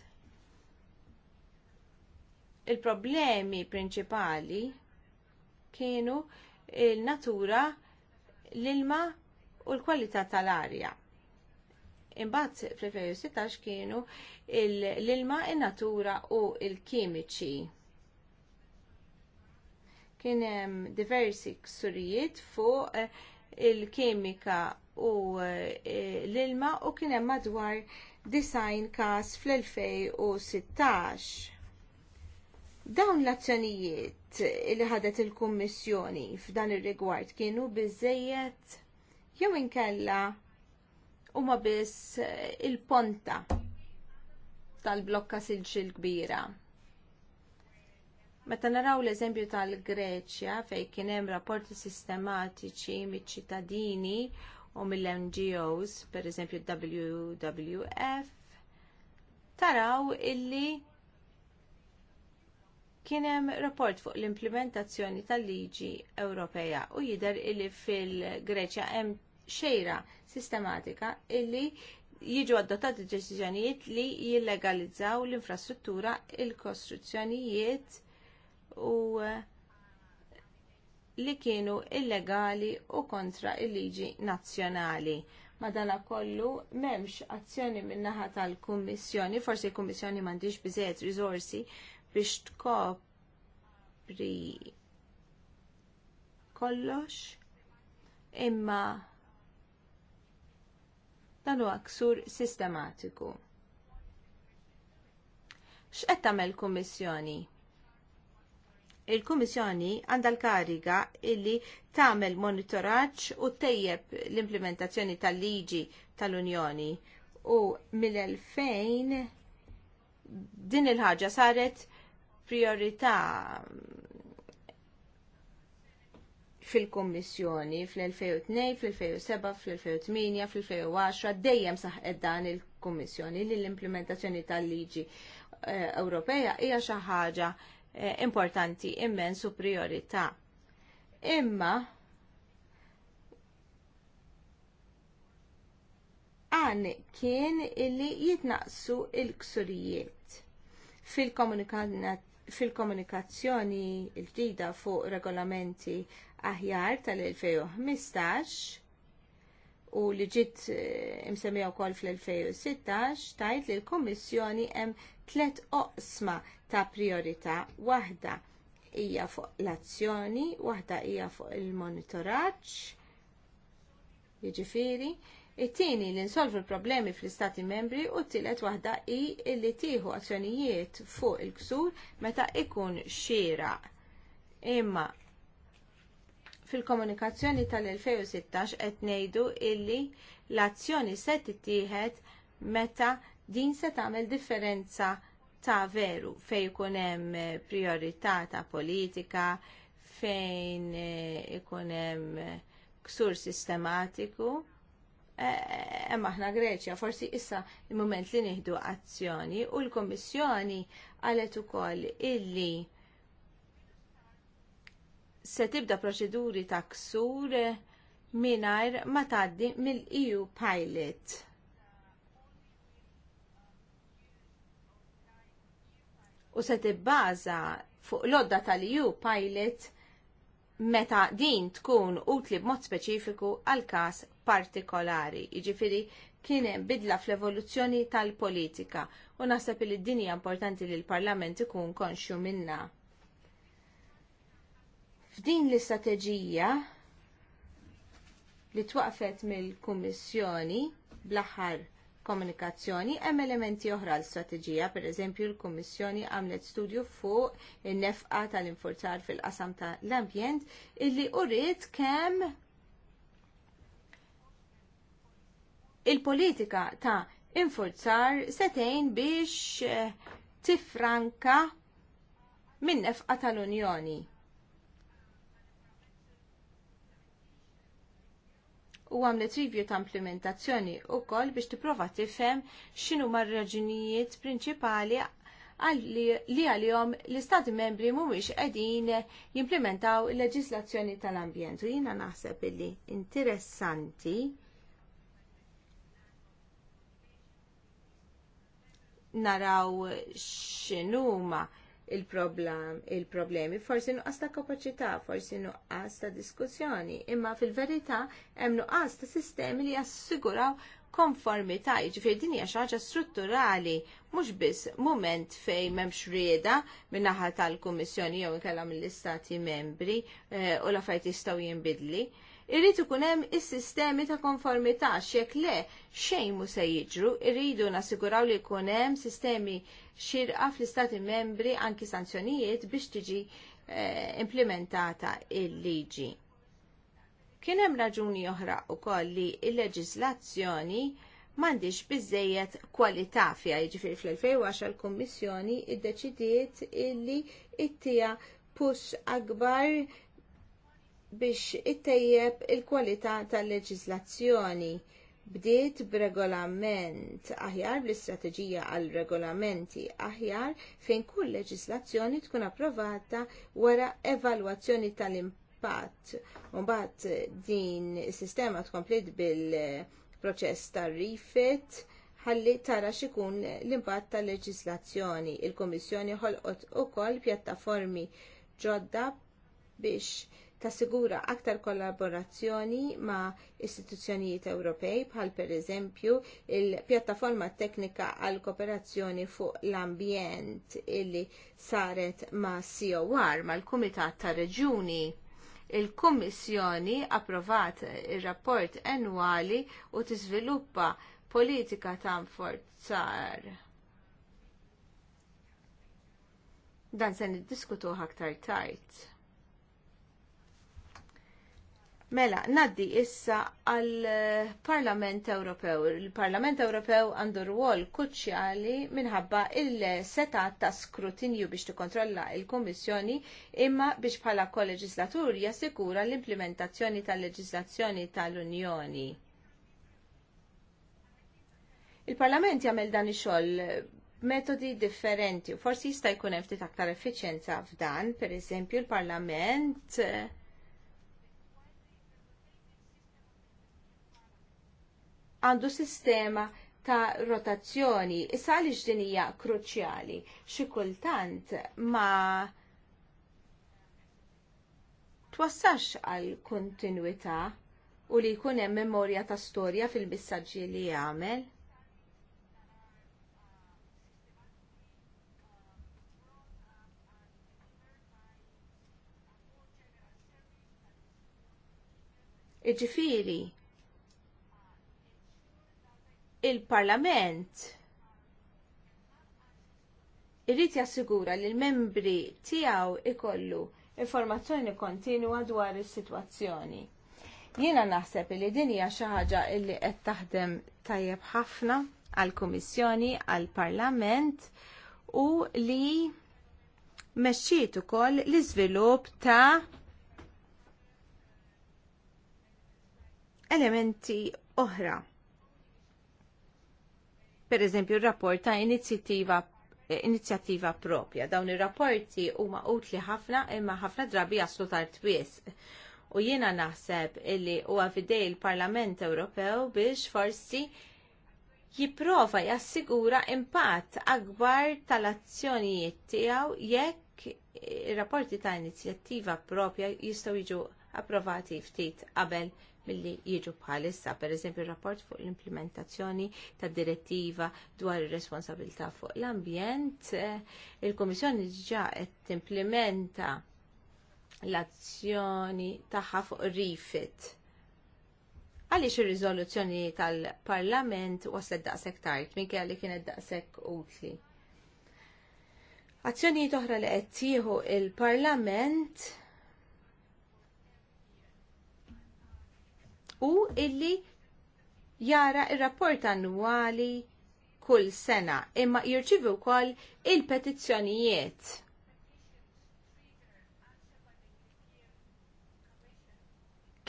il-problemi prinċipali kienu l natura l-ilma u l-kwalità tal-arja. Imbagħad fl-2016 kienu l-ilma, in-natura u l kimiċi Kien hemm diversi ksurijiet fuq eh, il-kimika u eh, l-ilma u kien hemm madwar design każ fl-2016. Dawn l-azzjonijiet li ħadet il-Kummissjoni f'dan ir-rigward kienu biżżejjed jew inkella huma biss eh, il-ponta tal-blokka silġil kbira. Meta naraw l-eżempju tal-Greċja fejn kien hemm rapporti sistematiċi miċ-ċittadini u mill-NGOs, pereżempju WWF, taraw illi kien hemm rapport fuq l-implementazzjoni tal-liġi Ewropea u jidher illi fil-Greċja hemm xejra sistematika illi jiġu adottati deċiżjonijiet li jillegalizzaw l-infrastruttura, il-kostruzzjonijiet u eh, li kienu illegali u kontra il-liġi nazzjonali. Madanakollu m'hemmx azzjoni min-naħa tal-Kummissjoni, forsi l-Kummissjoni m'għandix biżejjed riżorsi biex tkopri kollox imma dan huwa ksur sistematiku. X'qed tagħmel kummissjoni? Il-Kummissjoni għandha l-kariga illi tagħmel monitoraġġ u tejjeb l-implementazzjoni tal-liġi tal-Unjoni u mill-2000 din il-ħaġa saret priorità fil kummissjoni fl-2002, fl-2007, fl-2008, fl-2010 dejjem saħqet dan il kummissjoni li l-implementazzjoni tal-liġi eh, Ewropea hija xi ħaġa eh, importanti immens u priorità. Imma għan kien illi jitnaqsu l il ksurijiet fil-komunikazzjoni il ġdida fuq regolamenti aħjar tal-2015 u li ġiet eh, imsemmija wkoll fl-2016 tajt li l-Kummissjoni hemm tliet oqsma ta' priorità waħda hija fuq l-azzjoni, waħda hija fuq il-monitoraġġ, jiġifieri, it-tieni li nsolvu l-problemi fl-Istati membri u t-tielet waħda hi li tieħu azzjonijiet fuq il-ksur meta ikun xieraq. Imma fil-komunikazzjoni tal-2016 qed ngħidu illi l-azzjoni se tittieħed meta din se tagħmel differenza ta' veru fejn ikun hemm priorità ta' politika, fejn eh, ikun hemm ksur sistematiku. Eh, eh, hemm aħna Greċja forsi issa il mument li nieħdu azzjoni u l-Kummissjoni qalet ukoll illi se tibda proċeduri ta' ksur mingħajr ma tgħaddi mill-EU pilot. U se tibbaża fuq l-odda tal-EU pilot meta din tkun utli b'mod speċifiku għal każ partikolari. Jiġifieri kien hemm bidla fl-evoluzzjoni tal-politika u naħseb li d-dinja importanti li l-Parlament ikun konxju minnha. F'din l-istrateġija li twaqfet mill-Kummissjoni bl-aħħar komunikazzjoni hemm elementi oħra l-strateġija, pereżempju l-Kummissjoni għamlet studju fuq in-nefqa tal-infurzar fil-qasam tal-ambjent illi uriet kemm il-politika ta' infurzar setejn biex tifranka min nefqa tal-Unjoni. u għamlet review ta' implementazzjoni wkoll biex tipprova tifhem xinu mar-raġunijiet prinċipali li għalihom l-Istati membri mhumiex qegħdin jimplementaw il-leġislazzjoni tal-ambjent. U jiena naħseb illi interessanti naraw x'inhuma il-problemi, il forsi nuqqas ta' kapaċità, forsi nuqqas ta' diskussjoni, imma fil-verità hemm nuqqas ta' sistemi li jassiguraw konformità, jiġifieri din hija xi ħaġa strutturali, mhux biss mument fejn m'hemmx rieda min-naħa tal-Kummissjoni jew inkella mill-Istati membri eh, u l-affarijiet jistgħu jinbidli irrid ikun hemm is-sistemi ta' konformità x'jekk le xejn mu se jiġru, irridu nassiguraw li jkun hemm sistemi xirqa fl-istati membri anki sanzjonijiet biex tiġi eh, implementata il-liġi. Kien hemm raġuni oħra wkoll li l-leġiżlazzjoni m'għandix biżżejjed kwalità fiha jiġifieri fl-2010 l-Kummissjoni ddeċidiet illi ittija push akbar biex ittejjeb il-kwalità tal-leġiżlazzjoni bdiet b'regolament aħjar bl-istrateġija għal regolamenti aħjar fejn kull leġislazzjoni tkun approvata wara evalwazzjoni tal-impatt. Mbagħad din is-sistema tkomplit bil-proċess tar-rifit ħalli tara x'ikun l-impatt tal-leġislazzjoni. Il-Kummissjoni ħolqot ukoll pjattaformi ġodda biex tassigura aktar kollaborazzjoni ma' istituzzjonijiet Ewropej bħal pereżempju il-pjattaforma teknika għal kooperazzjoni fuq l-ambjent illi saret ma' COR mal kumitat tar Reġjuni. Il-Kummissjoni approvat ir rapport annwali u tiżviluppa politika ta' forzar. Dan se niddiskutuh aktar tard. Mela, naddi issa għal eh, Parlament Ewropew. Il-Parlament Ewropew għandu rwol kruċjali minħabba il-seta ta' skrutinju biex tikkontrolla il-Kommissjoni imma biex bħala koleġislatur jassikura l-implementazzjoni tal-leġislazzjoni tal-Unjoni. Il-Parlament jagħmel dan ix-xogħol eh, metodi differenti u forsi jista' jkun hemm ftit aktar effiċjenza f'dan, pereżempju l-Parlament eh, għandu sistema ta' rotazzjoni. Issa għaliex din hija kruċjali. Xi kultant ma twassax għal kontinwità u li jkun hemm memorja ta' storja fil-messaġġi li jagħmel. Iġifiri, il-Parlament irrid jassigura li l-membri tiegħu ikollu informazzjoni kontinwa dwar is-sitwazzjoni. Jiena naħseb li din hija xi ħaġa li qed taħdem tajjeb ħafna għall kummissjoni għall parlament u li mexxiet ukoll l-iżvilupp ta' elementi oħra per eżempju rapport ta' inizjattiva eh, inizjattiva propja. Dawn ir-rapporti huma utli ħafna imma ħafna drabi jaslu tard biss. U jiena naħseb illi huwa fidej il-Parlament Ewropew biex forsi jipprova jassigura impatt akbar tal-azzjonijiet tiegħu jekk ir-rapporti ta' inizjattiva propja jistgħu jiġu approvati ftit qabel milli jiġu bħalissa, pereżempju rapport fuq l-implementazzjoni tad direttiva dwar ir-responsabilità fuq l-ambjent. Eh, Il-Kummissjoni ġa qed timplementa l-azzjoni tagħha fuq rifit. Għaliex ir-riżoluzzjoni tal-Parlament waslet daqshekk tard, minkejja li kienet daqshekk utli. Azzjonijiet oħra li qed tieħu il-Parlament u illi jara il-rapport annwali kull sena imma jirċivu wkoll il-petizzjonijiet.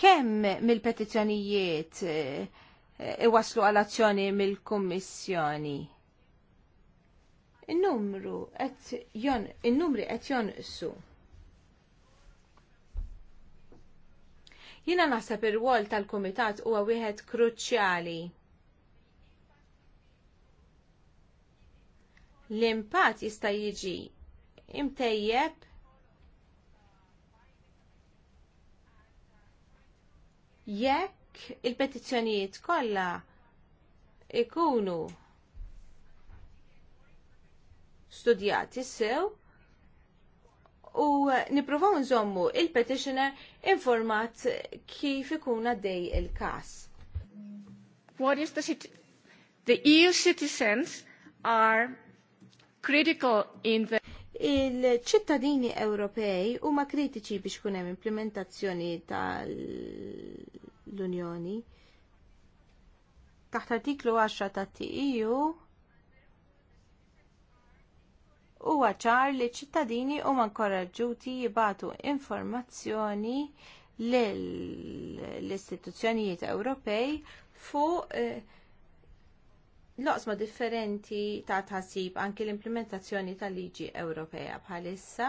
Kemm mill-petizzjonijiet eh, iwaslu għal azzjoni mill-Kummissjoni? il numru għet jon in-numri qed jonqsu. Jiena naħseb ir wol tal-Kumitat huwa wieħed kruċjali. L-impatt jista' jiġi imtejjeb jekk il-petizzjonijiet kollha ikunu studjati sew u niprofaw nżommu il-petitioner informat kif ikun għaddej il-kas. What is the city? The EU citizens are critical in the il-ċittadini Ewropej huma kritiċi biex kun hemm implementazzjoni tal-Unjoni. Taħt artiklu 10 tat-TEU huwa ċar li ċittadini huma nkoraġġuti jibatu informazzjoni l-istituzzjonijiet Ewropej fuq eh, loqsma differenti ta' tħassib anki l-implementazzjoni tal-liġi Ewropea bħalissa.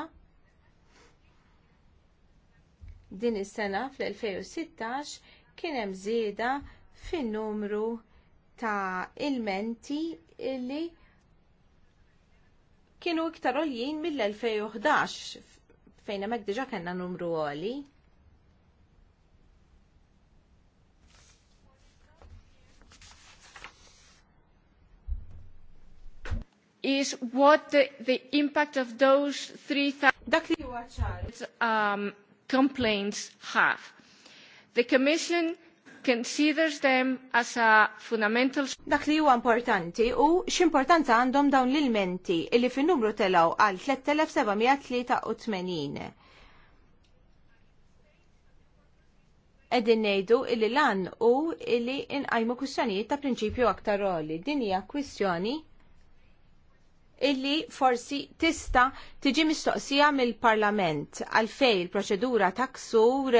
Din is-sena fl-2016 kien hemm żieda fin-numru ta' ilmenti illi kienu iktar għoljien mill-2011 fejn hemmhekk diġà kellna numru għoli. is what the, the impact of those 3,000 um, complaints have. The Commission considers them as a fundamental Dak li huwa importanti u x'importanza għandhom dawn l-ilmenti illi fin-numru telgħu għal 3783. Qegħdin ngħidu illi lan u illi inqajmu kwistjonijiet ta' prinċipju aktar roli. Din hija kwistjoni illi forsi tista' tiġi mistoqsija mill-Parlament għalfejn il-proċedura ta' ksur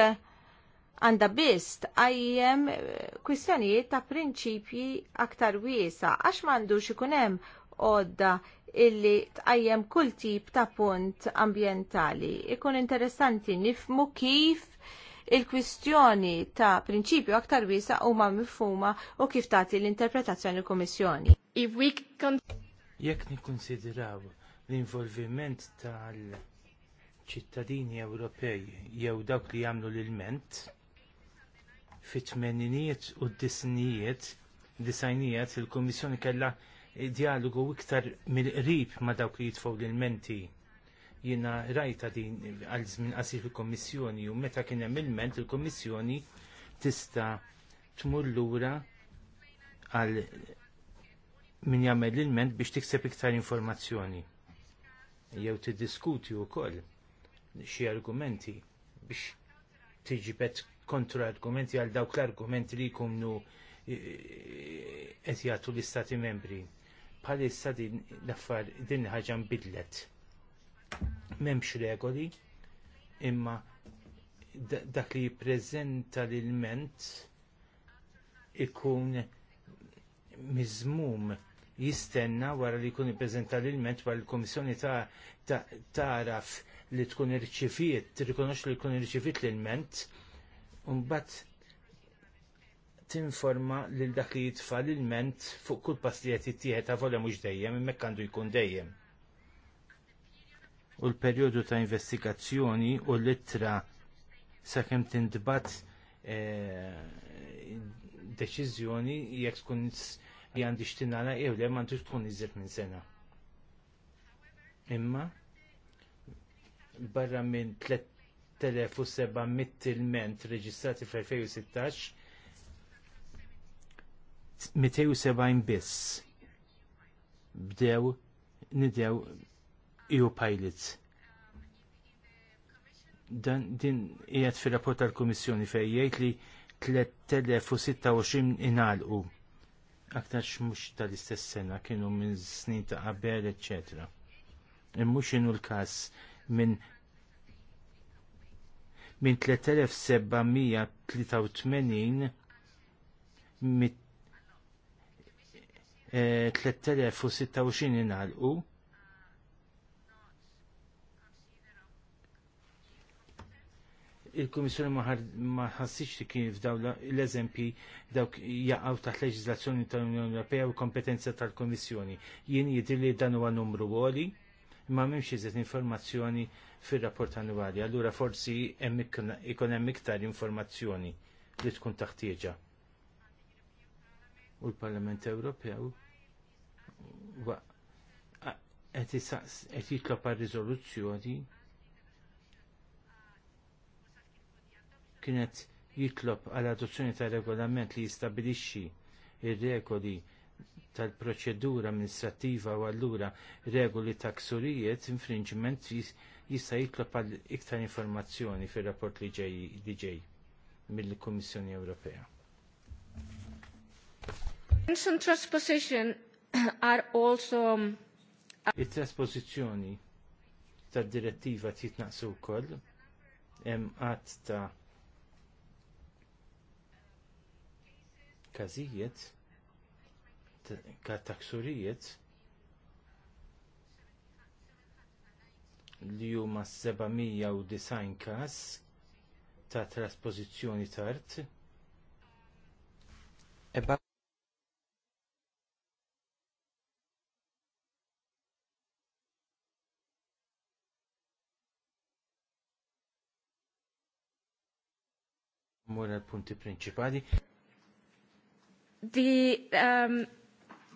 għandha biss għajjem eh, kwistjonijiet ta' prinċipji aktar wiesa għax m'għandux ikun hemm illi tqajjem kull tip ta' punt ambjentali. Ikun interessanti nifmu kif il-kwistjoni ta' prinċipju aktar wiesa huma mifuma u kif tagħti l-interpretazzjoni l-Kummissjoni. Jekk nikkonsidraw l-involviment tal-ċittadini Ewropej jew dawk li jagħmlu l-ilment, fit-tmeninijiet u d-disnijiet, disajnijiet, il-Komissjoni kella dialogu iktar mill-qrib ma dawk li jitfgħu l-menti. Jiena rajta din għal żmien qasir fil kommissjoni u meta kien hemm il-ment il kummissjoni tista' tmur lura għal min jagħmel il-ment biex tikseb iktar informazzjoni. Jew tiddiskuti wkoll xi argumenti biex tiġibet kontra argumenti għal dawk l-argumenti li jkunu e, e, qed jagħtu l-istati membri. Bħalissa din l-affar din ħaġa nbidlet. M'hemmx regoli imma dak li jippreżenta l-ilment ikun miżmum jistenna wara li jkun ippreżenta l-ilment wara l ta' taraf li tkun irċifiet, tirrikonox li tkun irċifiet l-ilment, Umbat tinforma lil dak li jitfall il-ment fuq kull pastijiet ittieħed ta' volja mhux dejjem imma għandu jkun dejjem. U l-perjodu ta' investigazzjoni u l-ittra sakemm tintbat eh, deċiżjoni jekk tkun li għandi xtinala jew le m'għandux tkun iżjed minn sena. Imma barra minn tliet 3700 il-ment reġistrati fl-2016 270 biss bdew nidew EU pilots. Dan din qiegħed fir-rapport tal-Kummissjoni fejn jgħid li 3026 inalqu aktar mhux tal-istess sena kienu minn snin ta' qabel, eċċetera. Immux inhu l-każ minn minn 3783 mit 3026 eh, inħalqu il-Komissjoni ma ħassix li kien f'daw l-eżempji dawk jaqgħu taħt leġiżlazzjoni tal-Unjoni Ewropea u kompetenza tal-Komissjoni. Jien jidhir li dan huwa numru għoli ma m'hemmx iżet informazzjoni fir-rapport annwali, allura forsi hemm ikun hemm iktar informazzjoni li tkun taħtieġa. U l-Parlament Ewropew qed jitlob għar-riżoluzzjoni kienet jitlob għal adozzjoni ta' regolament li jistabilixxi ir-regoli tal-proċedura amministrattiva u allura regoli ta' ksurijiet infringement jista' jitlob għal iktar informazzjoni fir-rapport li ġej li ġej mill-Kummissjoni Ewropea. Transposition are also um, it-trasposizzjoni tad-direttiva titnaqsu wkoll hemm qatt ta' każijiet kattaksurijiet li huma 790 każ ta' traspożizzjoni tard. Eba Mura l-punti prinċipali. The um,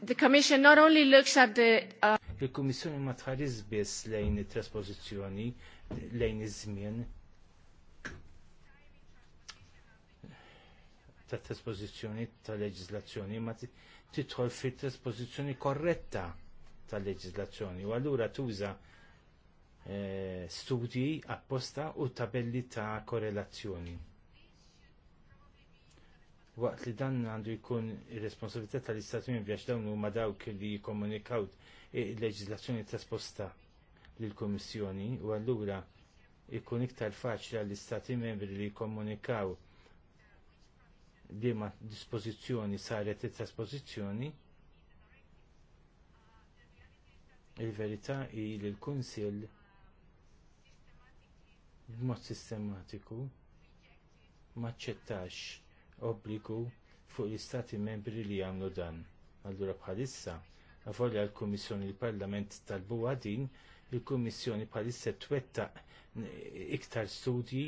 the Commission not only looks at the uh... Il-Kummissjoni ma tħares biss lejn it-trasposizzjoni lejn iż-żmien ta' trasposizzjoni ta' leġislazzjoni ma titħol fit trasposizzjoni korretta ta' leġislazzjoni u allura tuża eh, studji apposta u tabelli ta' korrelazzjoni waqt li dan għandu jkun ir-responsabilità tal-Istati Uniti biex dawn huma dawk li jikkomunikaw il-leġiżlazzjoni trasposta lill-Kummissjoni u allura jkun iktar faċli għall-Istati Membri li jikkomunikaw liema dispożizzjoni saret it-trasposizzjoni il-verità hi li l-Kunsill b'mod sistematiku maċċettax obbligu fuq l-Istati membri li jagħmlu dan. Allura bħalissa, għavolja l-Kummissjoni l-Parlament talbuha din, il-Kummissjoni bħalissa twettaq iktar studji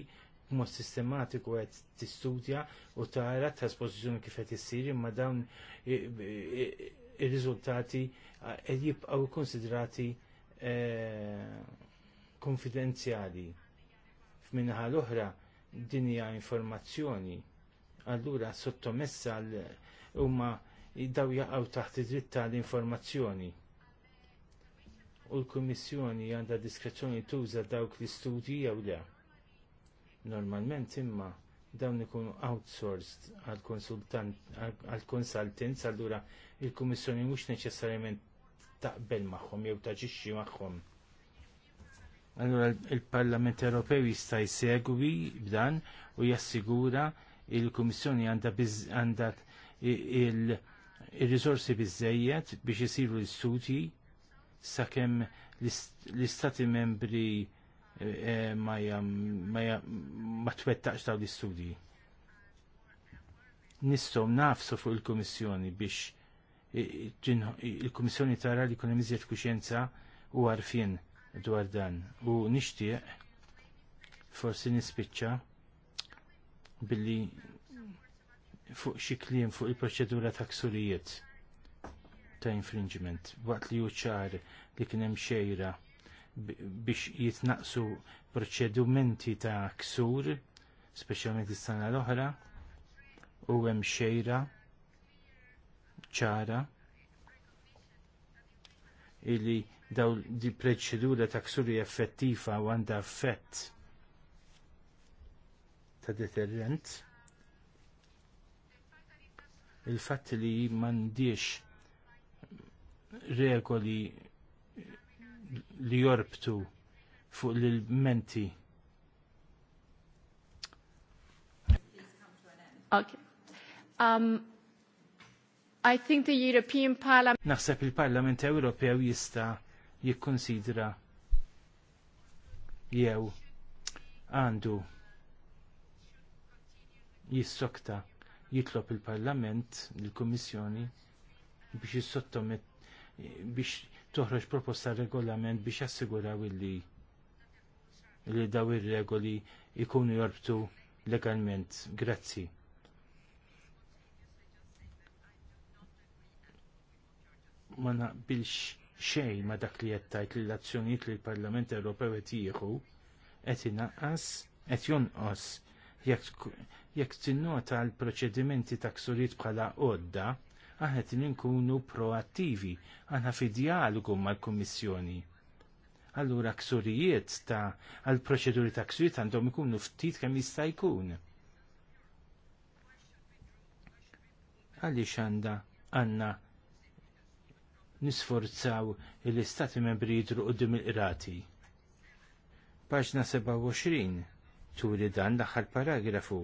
mod sistematiku għed tistudja u tara trasposizjoni kif qed issir imma dawn ir-riżultati qed jibqgħu konsidrati e, konfidenzjali. F'minħa l-oħra din hija informazzjoni allura sottomessa huma daw jaqgħu taħt id-dritt l informazzjoni U l-Kummissjoni għandha diskrezzjoni tuża dawk l-istudji jew le. Normalment imma dawn ikunu outsourced għall konsultants allura l kummissjoni mhux neċessarjament taqbel magħhom jew taġixxi magħhom. Allura il-Parlament Ewropew jista' jsegwi b'dan u jassigura il-Kummissjoni għandha il-risorsi biżejjed biex isiru l-istudji sakemm l-istati membri eh, ma twettaqx dawn l-istudji. Nistgħu nafsu fuq il-Kummissjoni biex il-Kummissjoni tara li jkun hemm iżjed kuxjenza u għarfien dwar dan. U nixtieq forsi nispiċċa billi fuq xi kliem fuq il-proċedura ta' ksurijiet ta' infringement waqt li hu ċar li kien hemm xejra biex jitnaqsu proċedimenti ta' ksur, speċjalment is-sena l-oħra, u hemm xejra ċara illi daw di proċedura ta' ksuri effettiva u għandha effett ta' deterrent il-fatt li m'għandix regoli li jorbtu fuq l-menti. Okay. Um, I think the European Parliament... Naħseb il-Parlament Ewropew jista jikkonsidra jew għandu jissokta jitlob il-Parlament, il-Kummissjoni biex jissottomet biex toħroġ proposta regolament biex jassiguraw illi li daw ir-regoli jkunu jorbtu legalment. Grazzi. Ma naqbilx xejn ma dak li jettajt li l-azzjonijiet li l-Parlament Ewropew qed jieħu qed inaqqas qed jonqos jekk Jekk tinnota l-proċedimenti ta' ksurijiet bħala għodda, għahet tin nkunu proattivi, aħna fi dialogu mal-Kummissjoni. Allura ksurijiet ta' għal proċeduri ta' ksurijiet għandhom ikunu ftit kemm jista' jkun. Għaliex għandha għandna nisforzaw il istati membri jidru dim il-qrati. Paġna 27 turi dan l-aħħar paragrafu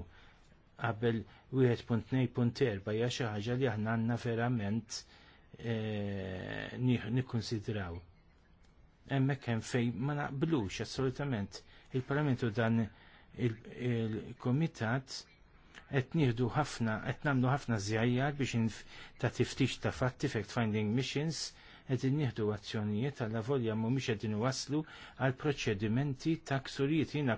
qabel 1.2.4 hija xi ħaġa li aħna għandna verament eh, nikkonsidraw. Hemmhekk hemm fejn ma naqblux assolutament il-Parlament u dan il-Komitat qed nieħdu ħafna qed nagħmlu ħafna żjajjar biex ta' tiftix ta' fatti fact finding missions edin jihdu azzjonijiet għalla volja mhumiex edin waslu għal proċedimenti ta' ksurijiet jiena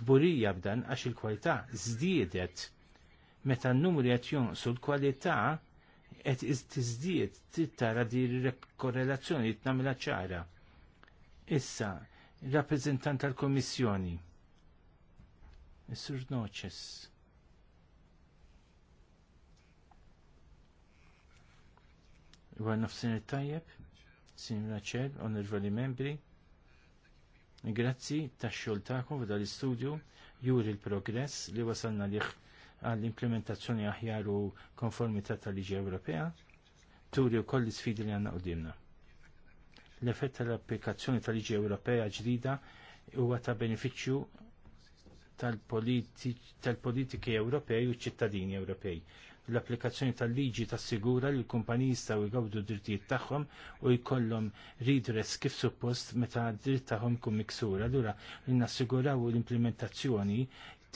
kburija eh, b'dan għax il-kwalità żdiedet meta n-numri qed jonqsu l-kwalità qed tiżdied tittara di korrelazzjoni tnamilha ċara. Issa, rappresentant tal komissjoni Is-Sur Noċes. War nofsin il-tajjeb, sin Ċer, onorvali membri, grazzi ta' tagħkom f'da l-istudju juri l-progress li wasalna liħ għall-implementazzjoni aħjar u konformità tal-liġi Ewropea, turi u l sfidi li għanna qudimna. L-effett tal-applikazzjoni tal-liġi Ewropea ġdida huwa ta' beneficju tal-politiki Ewropej u ċittadini Ewropej l-applikazzjoni tal-liġi tassigura li l-kumpaniji jistgħu jgawdu drittijiet tagħhom u jkollhom redress kif suppost meta dritt tagħhom ikun miksura. Allura li nassiguraw l-implementazzjoni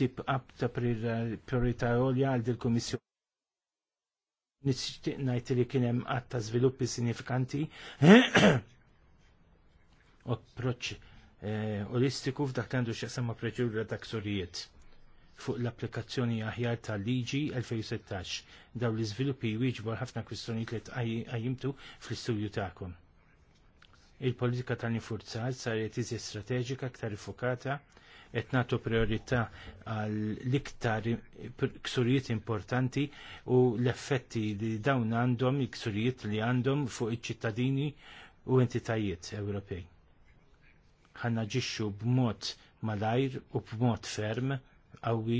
tibqa' ta' priorità għolja għal dil-Kummissjoni. Nixtieq najt li kien hemm qatt ta' żviluppi sinifikanti approċċ eh, olistiku f'dak li għandu x'jaqsam ma' proċedura ta' ksurijiet fuq l-applikazzjoni aħjar tal-liġi 2016. Daw l iżviluppi jwieġbu ħafna kwistjonijiet li tqajjimtu fl-istudju tagħkom. Il-politika tal infurzat saret iżi strateġika aktar ifukata qed nagħtu priorità għal l-iktar ksurijiet importanti u l-effetti li dawn għandhom, il-ksurijiet li għandhom fuq iċ-ċittadini u entitajiet Ewropej. Ħanna ġixxu b'mod malajr u b'mod ferm qawwi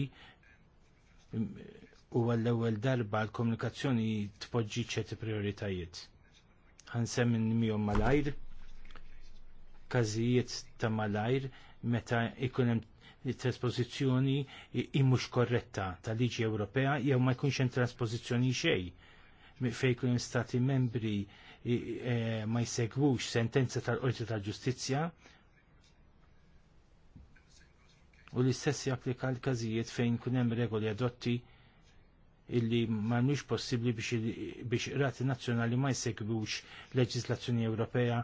u għall-ewwel darba l-komunikazzjoni tpoġġi ċerti prioritajiet. minn miegħhom malajr, każijiet ta' malajr meta ikun hemm trasposizzjoni imux korretta tal liġi Ewropea jew ma jkunx hemm trasposizzjoni xejn fejn jkun stati membri eh, ma jsegwux sentenza tal-Qorti tal-Ġustizzja u l-istess japplika l-każijiet fejn kunem hemm regoli adotti illi m'għandux possibbli biex rati nazzjonali ma jsegwux leġislazzjoni Ewropea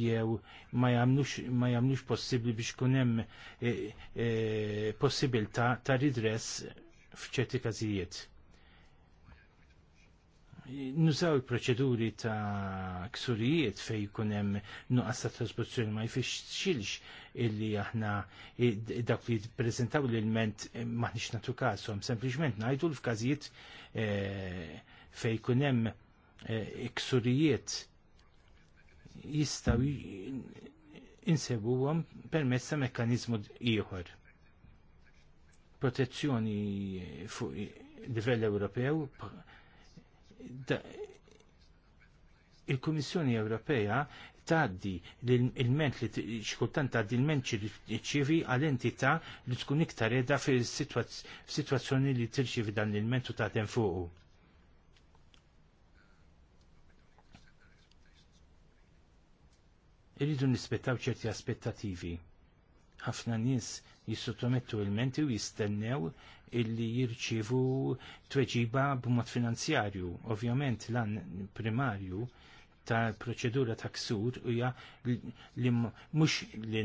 jew ma jagħmlux possibbli biex kunem hemm eh, eh, possibilità ta' ridress f'ċerti każijiet nużaw il-proċeduri ta' ksurijiet fej kunem nuqqas ta' traspozzjoni ma' jfixxilx illi aħna dak li prezentaw l-ilment eh, m'aħniex natu kasom, sempliciment najdu l-fkazijiet eh, fej kunem eh, ksurijiet jistaw insebu permezz ta' mekkaniżmu ieħor. Protezzjoni fuq livell Ewropew il-Kummissjoni Ewropea tgħaddi il-ment li xkultant tgħaddi il-ment ċivi għal entità li tkun iktar edha fil-sitwazzjoni li tirċivi dan il-ment u tagħtem fuqu. Iridu nispettaw ċerti aspettativi ħafna nies jissottomettu il-menti u jistennew illi jirċivu tweġiba b'mod finanzjarju. Ovvjament l lan primarju ta' proċedura ta' ksur ja li mhux li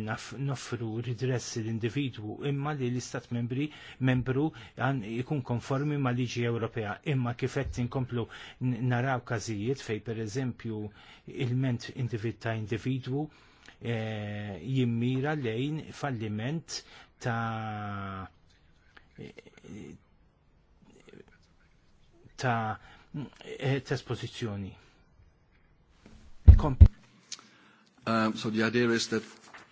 noffru ridress l-individwu imma li l-istat membri membru għan ikun konformi ma' liġi Ewropea imma kifett inkomplu naraw każijiet fej pereżempju il-ment individ ta' individwu Eh, jimmira lejn falliment ta' eh, eh, ta' esposizjoni. Um, so the idea is that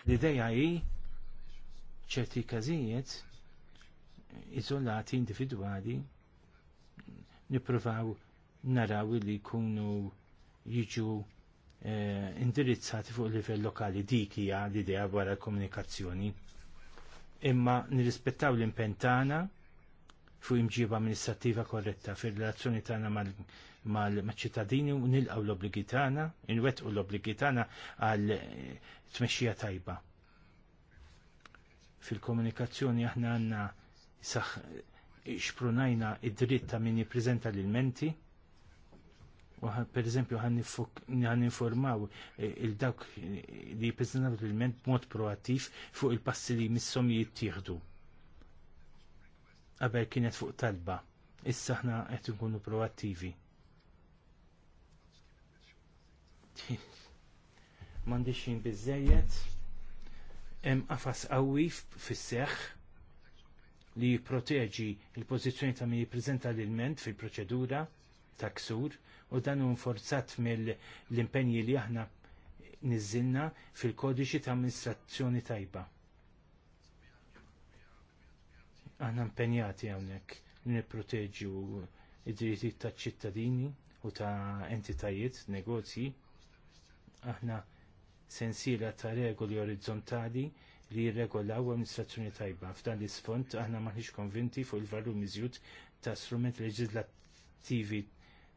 l-ideja hi ċerti każijiet iżolati individwali nippruvaw naraw li jkunu jiġu Eh, indirizzati fuq livell lokali dik hija l-idea wara l-komunikazzjoni. Imma nirrispettaw l-impenn tagħna fuq imġiba amministrattiva korretta fir-relazzjoni tagħna mal-ċittadini u nilqaw l obbligi tagħna, inwettqu l obbligi tagħna għal eh, tmexxija tajba. Fil-komunikazzjoni aħna għandna saħ xprunajna id-dritt ta' min jippreżenta l ilmenti per eżempju għan informaw eh, il-dawk eh, li jiprezentaw l-ilment b'mod proattiv fuq il-passi li missom jittieħdu. Qabel kienet fuq talba, issa ħna qed nkunu proattivi. M'għandix jien biżejjed, hemm qafas qawwi fis-seħħ li jipproteġi l pożizzjoni ta' min jippreżenta l-ilment fil-proċedura ta' ksur u dan hu nforzat mill-impenji li aħna nizzilna fil-kodiċi ta' amministrazzjoni tajba. Aħna impenjati hawnhekk nipproteġu id dritti taċ ċittadini u ta' entitajiet, negozji. Aħna sensila ta' regoli orizzontali li jirregolaw amministrazzjoni tajba. F'dan l-isfond aħna maħniex konvinti fuq il varru miżjud ta' strument leġislattivi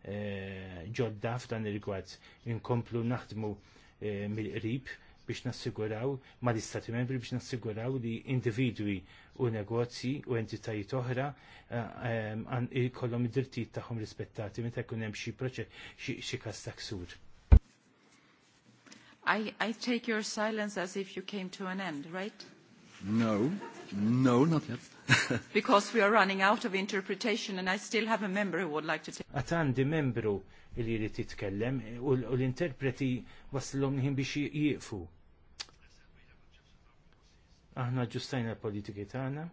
Eh, ġodda f'dan il-rigward. Inkomplu naħdmu eh, mill-qrib biex nassiguraw ma l-istati membri biex nassiguraw li individwi u negozji u entitajiet oħra eh, il-kollom id-drittijiet tagħhom rispettati meta jkun hemm xi proċess xi każ taksur. I, I take your silence as if you came to an end, right? No. No, not yet. Because we are running out of interpretation and I still have a member who would like to take... di membru li jrid titkellem u l-interpreti waslom ħin biex jieqfu. Aħna ġustajna l-politiki tagħna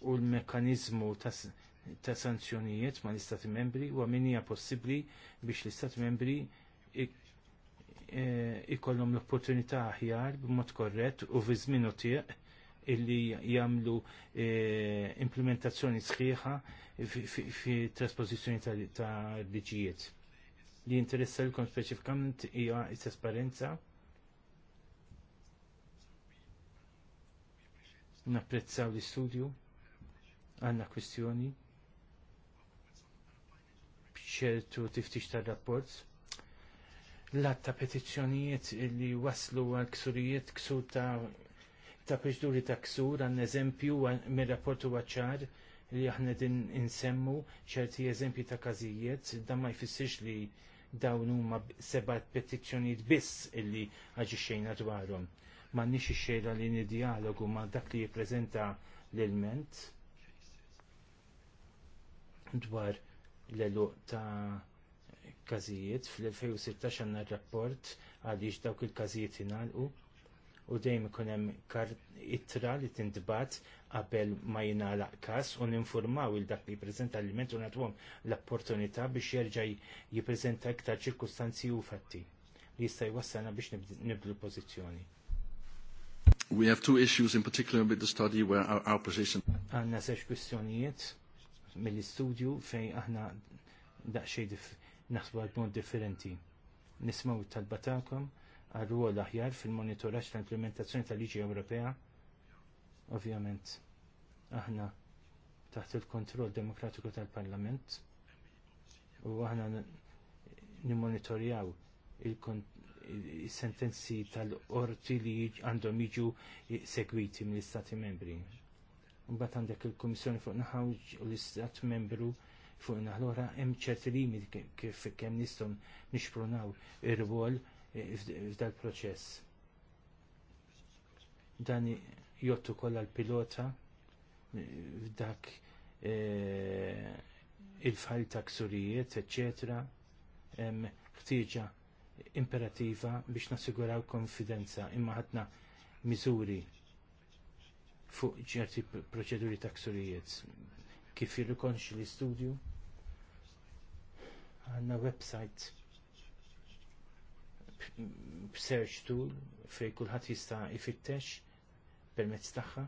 u l mekanizmu ta' sanzjonijiet ma' l-Istati membri u għaminija possibbli biex l-Istati membri e- ikollhom l-opportunità aħjar b'mod korrett u fi żmien tieq illi jagħmlu eh, implementazzjoni sħiħa fi trasposizzjoni ta' liġijiet. Li interessa lkom speċifikament hija trasparenza napprezzaw l-istudju għandna kwistjoni ċertu tiftix tar-rapport l-att ta' petizzjonijiet li waslu għal ksurijiet ksur ta' ta' proċeduri ta' ksur għan eżempju mir-rapport huwa ċar li aħna din insemmu ċerti eżempji ta' każijiet, dan ma jfissirx li dawn huma seba' petizzjonijiet biss illi aġixxejna dwarhom. M'għandniex ix-xejra li nidjalogu ma' dak li jippreżenta l-ilment dwar l-eluq ta' każijiet fl-2016 għandna rapport għaliex dawk il-każijiet ingħalqu u dejjem ikun hemm ittra li tintbat qabel ma jingħalaq każ u ninfurmaw il dak li jippreżenta l-ilment u nagħtuhom l-opportunità biex jerġa' jippreżenta iktar ċirkustanzi u fatti li jista' jwassalna biex nibdlu pożizzjoni. We have two issues in particular with the study where our, our position. Għanna sex kwistjonijiet mill-istudju fejn aħna daqsxejn naħsbu għal differenti. Nismaw tal-batakom għal l aħjar fil-monitoraġġ tal-implementazzjoni tal-liġi Ewropea. Ovvjament, aħna taħt il-kontroll demokratiku tal-Parlament u aħna nimmonitorjaw il-sentenzi tal-qorti li għandhom jiġu segwiti mill-Istati membri. Mbagħad għandek il-Kummissjoni fuq naħawġ u l-Istat membru fuq naħlora hemm ċerti limiti kif kemm nistgħu nixprunaw ir-rwol Eh, f'dal proċess. Dan jottu kollha l-pilota eh, f'dak eh, il-fall ta' ksurijiet, eccetera, ħtieġa imperativa biex nassiguraw konfidenza imma ħatna miżuri fuq ċerti proċeduri ta' ksurijiet. Kif jirrikonx l-istudju? Għanna website b-search tool fejn kulħadd jista' jifittex permezz taħħa?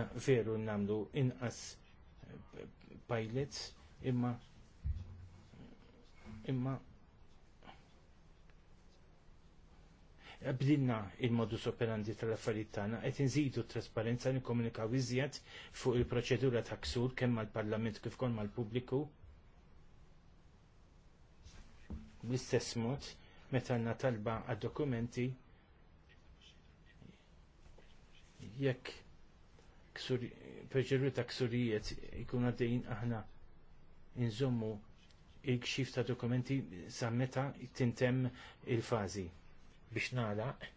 Ah, veru nagħmlu inqas eh, pilots imma imma bdinna il-modus operandi tal-affarijiet tagħna qed inżidu trasparenza nikkomunikaw iżjed fuq il-proċedura ta' ksur kemm mal-Parlament kif ukoll mal-pubbliku. Bl-istess mod, meta għandna talba għad dokumenti jekk proċedura ta' ksurijiet ikun għaddejjin aħna inżommu il-kxif ta' dokumenti sa' meta tintemm il-fazi biex nagħlaq.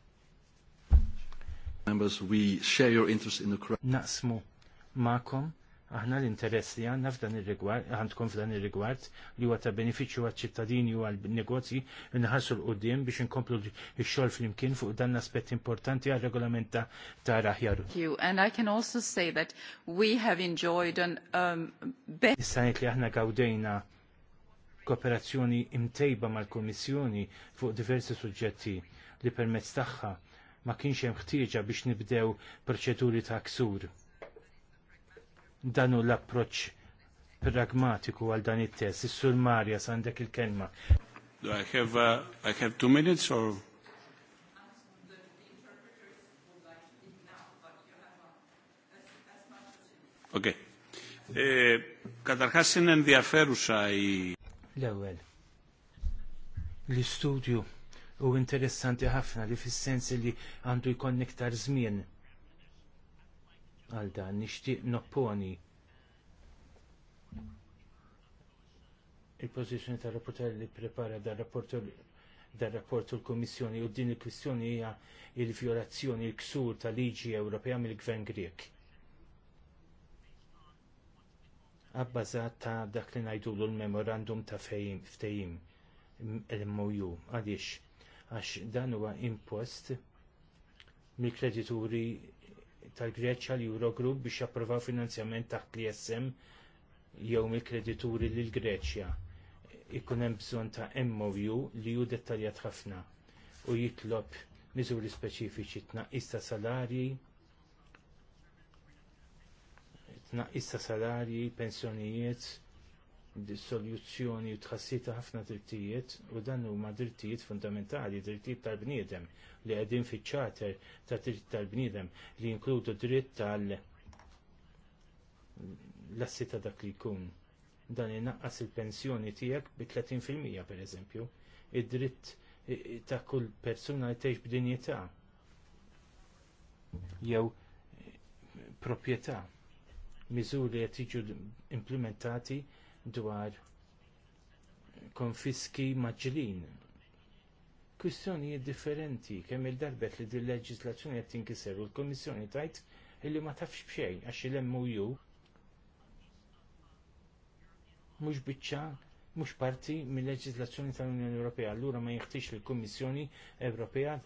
Members, we share your interest in the Ukraine. Naqsmu ma'kom aħna l-interess li għanna f'dan il-rigward, għandkom f'dan il-rigward li huwa ta' beneficju għal ċittadini u għal negozji nħarsu l-qoddim biex nkomplu x-xogħol flimkien fuq dan aspett importanti għal regolament ta' raħjar. And I can also say that we have enjoyed an um, Nistanet li aħna gawdejna kooperazzjoni imtejba mal-Komissjoni fuq diversi suġġetti li permezz tagħha ma kienx hemm ħtieġa biex nibdew proċeduri ta' ksur. Danu l-approċċ pragmatiku għal dan it-test. Is-Sur Marja għandek il-kelma. Do I have, uh, I have two minutes or Ok. Okay. endi καταρχάς είναι ενδιαφέρουσα L-ewel. L-istudju u interessanti ħafna li fis-sens li għandu jkun iktar żmien għal dan nixtieq nopponi il-pożizzjoni tar-rapporter li prepara dar-rapport dar-rapport u l kummissjoni u din il-kwistjoni hija il-vjolazzjoni l-ksur tal-liġi Ewropea mill-Gvern Grek. Abbażat ta' dak li ngħidulu l-memorandum ta' fejim ftehim l-MOU għaliex għax dan huwa impost mill-kredituri tal-Greċja l Eurogroup biex japprovaw finanzjament taħt l-ISM jew mill-kredituri lill greċja Ikun hemm bżonn ta' MOU li hu dettaljat ħafna u jitlob miżuri speċifiċi tnaqista salarji, tnaqista salarji, pensjonijiet, dissoluzzjoni u tħassita ħafna drittijiet u dan huma drittijiet fundamentali, drittijiet tal-bniedem li qegħdin fiċ-ċarter ta' drittijiet tal-bniedem li jinkludu dritt tal- l-assi ta' dak li jkun. Dan inaqqas il-pensjoni tiegħek bi 30% pereżempju, id-dritt ta' kull persuna li tgħix b'dinjità jew proprjetà miżuri qed jiġu implementati dwar konfiski maġlin. Kwistjonijiet differenti kemm il-darbet li din leġislazzjoni qed tinkisser u l-Kummissjoni tajt illi ma tafx b'xejn għax il-MOU mhux biċċa mhux parti mill-leġislazzjoni tal-Unjoni Ewropea. Allura ma jeħtiex li l-Kummissjoni Ewropea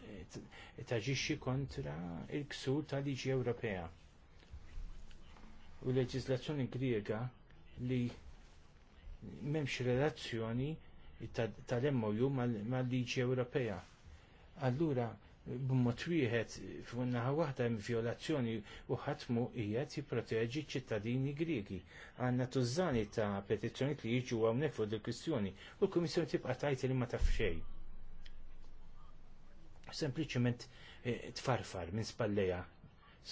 taġixxi kontra l ksur tal-liġi Ewropea. U l leġislazzjoni Griega li memx relazzjoni tal-MOU mal-liġi Ewropea. Allura, b'mod wieħed f'unnaħa waħda hemm violazzjoni u ħatmu qiegħed jipproteġi ċ-ċittadini Griegi. Għandna tużani ta' petizzjonijiet li jiġu hawnhekk fuq il-kwistjoni u l-Kummissjoni tibqa' tajt li ma taf xejn. Sempliċement eh, tfarfar minn spalleja.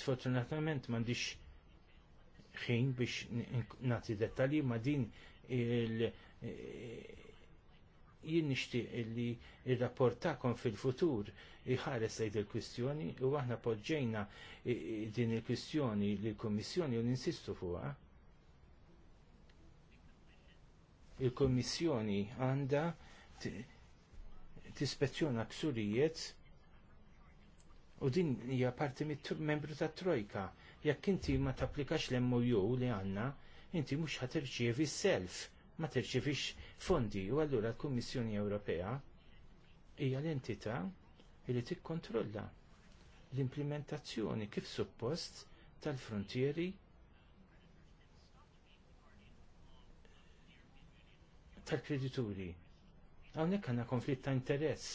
Sfortunatament m'għandix ħin biex nagħti dettalji ma' din il- jien nixtieq li rapportakom fil-futur iħares lejn il-kwistjoni u aħna poġġejna din il-kwistjoni lill kummissjoni u ninsistu fuqha. Il-Kummissjoni għandha tispezzjona ksurijiet u din hija parti mit-membru tat-Trojka. Jekk inti ma tapplikax l-MOU li għandna, inti mhux ħatirċievi self, ma tirċievix fondi u allura l-Kummissjoni Ewropea hija l-entità li tikkontrolla l-implementazzjoni kif suppost tal-frontieri tal-kredituri. Hawnhekk għandna konflitt ta' interess.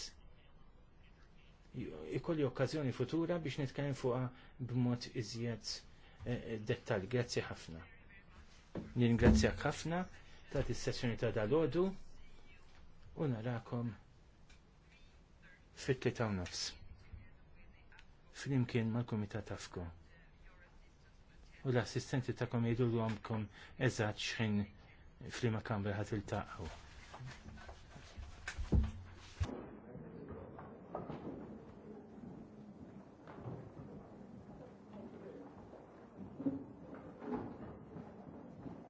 Ikolli okkażjoni futura biex nitkellem fuqha b'mod iżjed eh, dettal. Grazzi ħafna. Nirringrazzjak ħafna ta' is-sessjoni ta' dalodu u narakom fit-tli ta' nofs. Flimkien mal-Kumitat Tafku. U l-assistenti ta' kom jgħidu l-għomkom eżat xħin flima kamra ħat il-taqaw.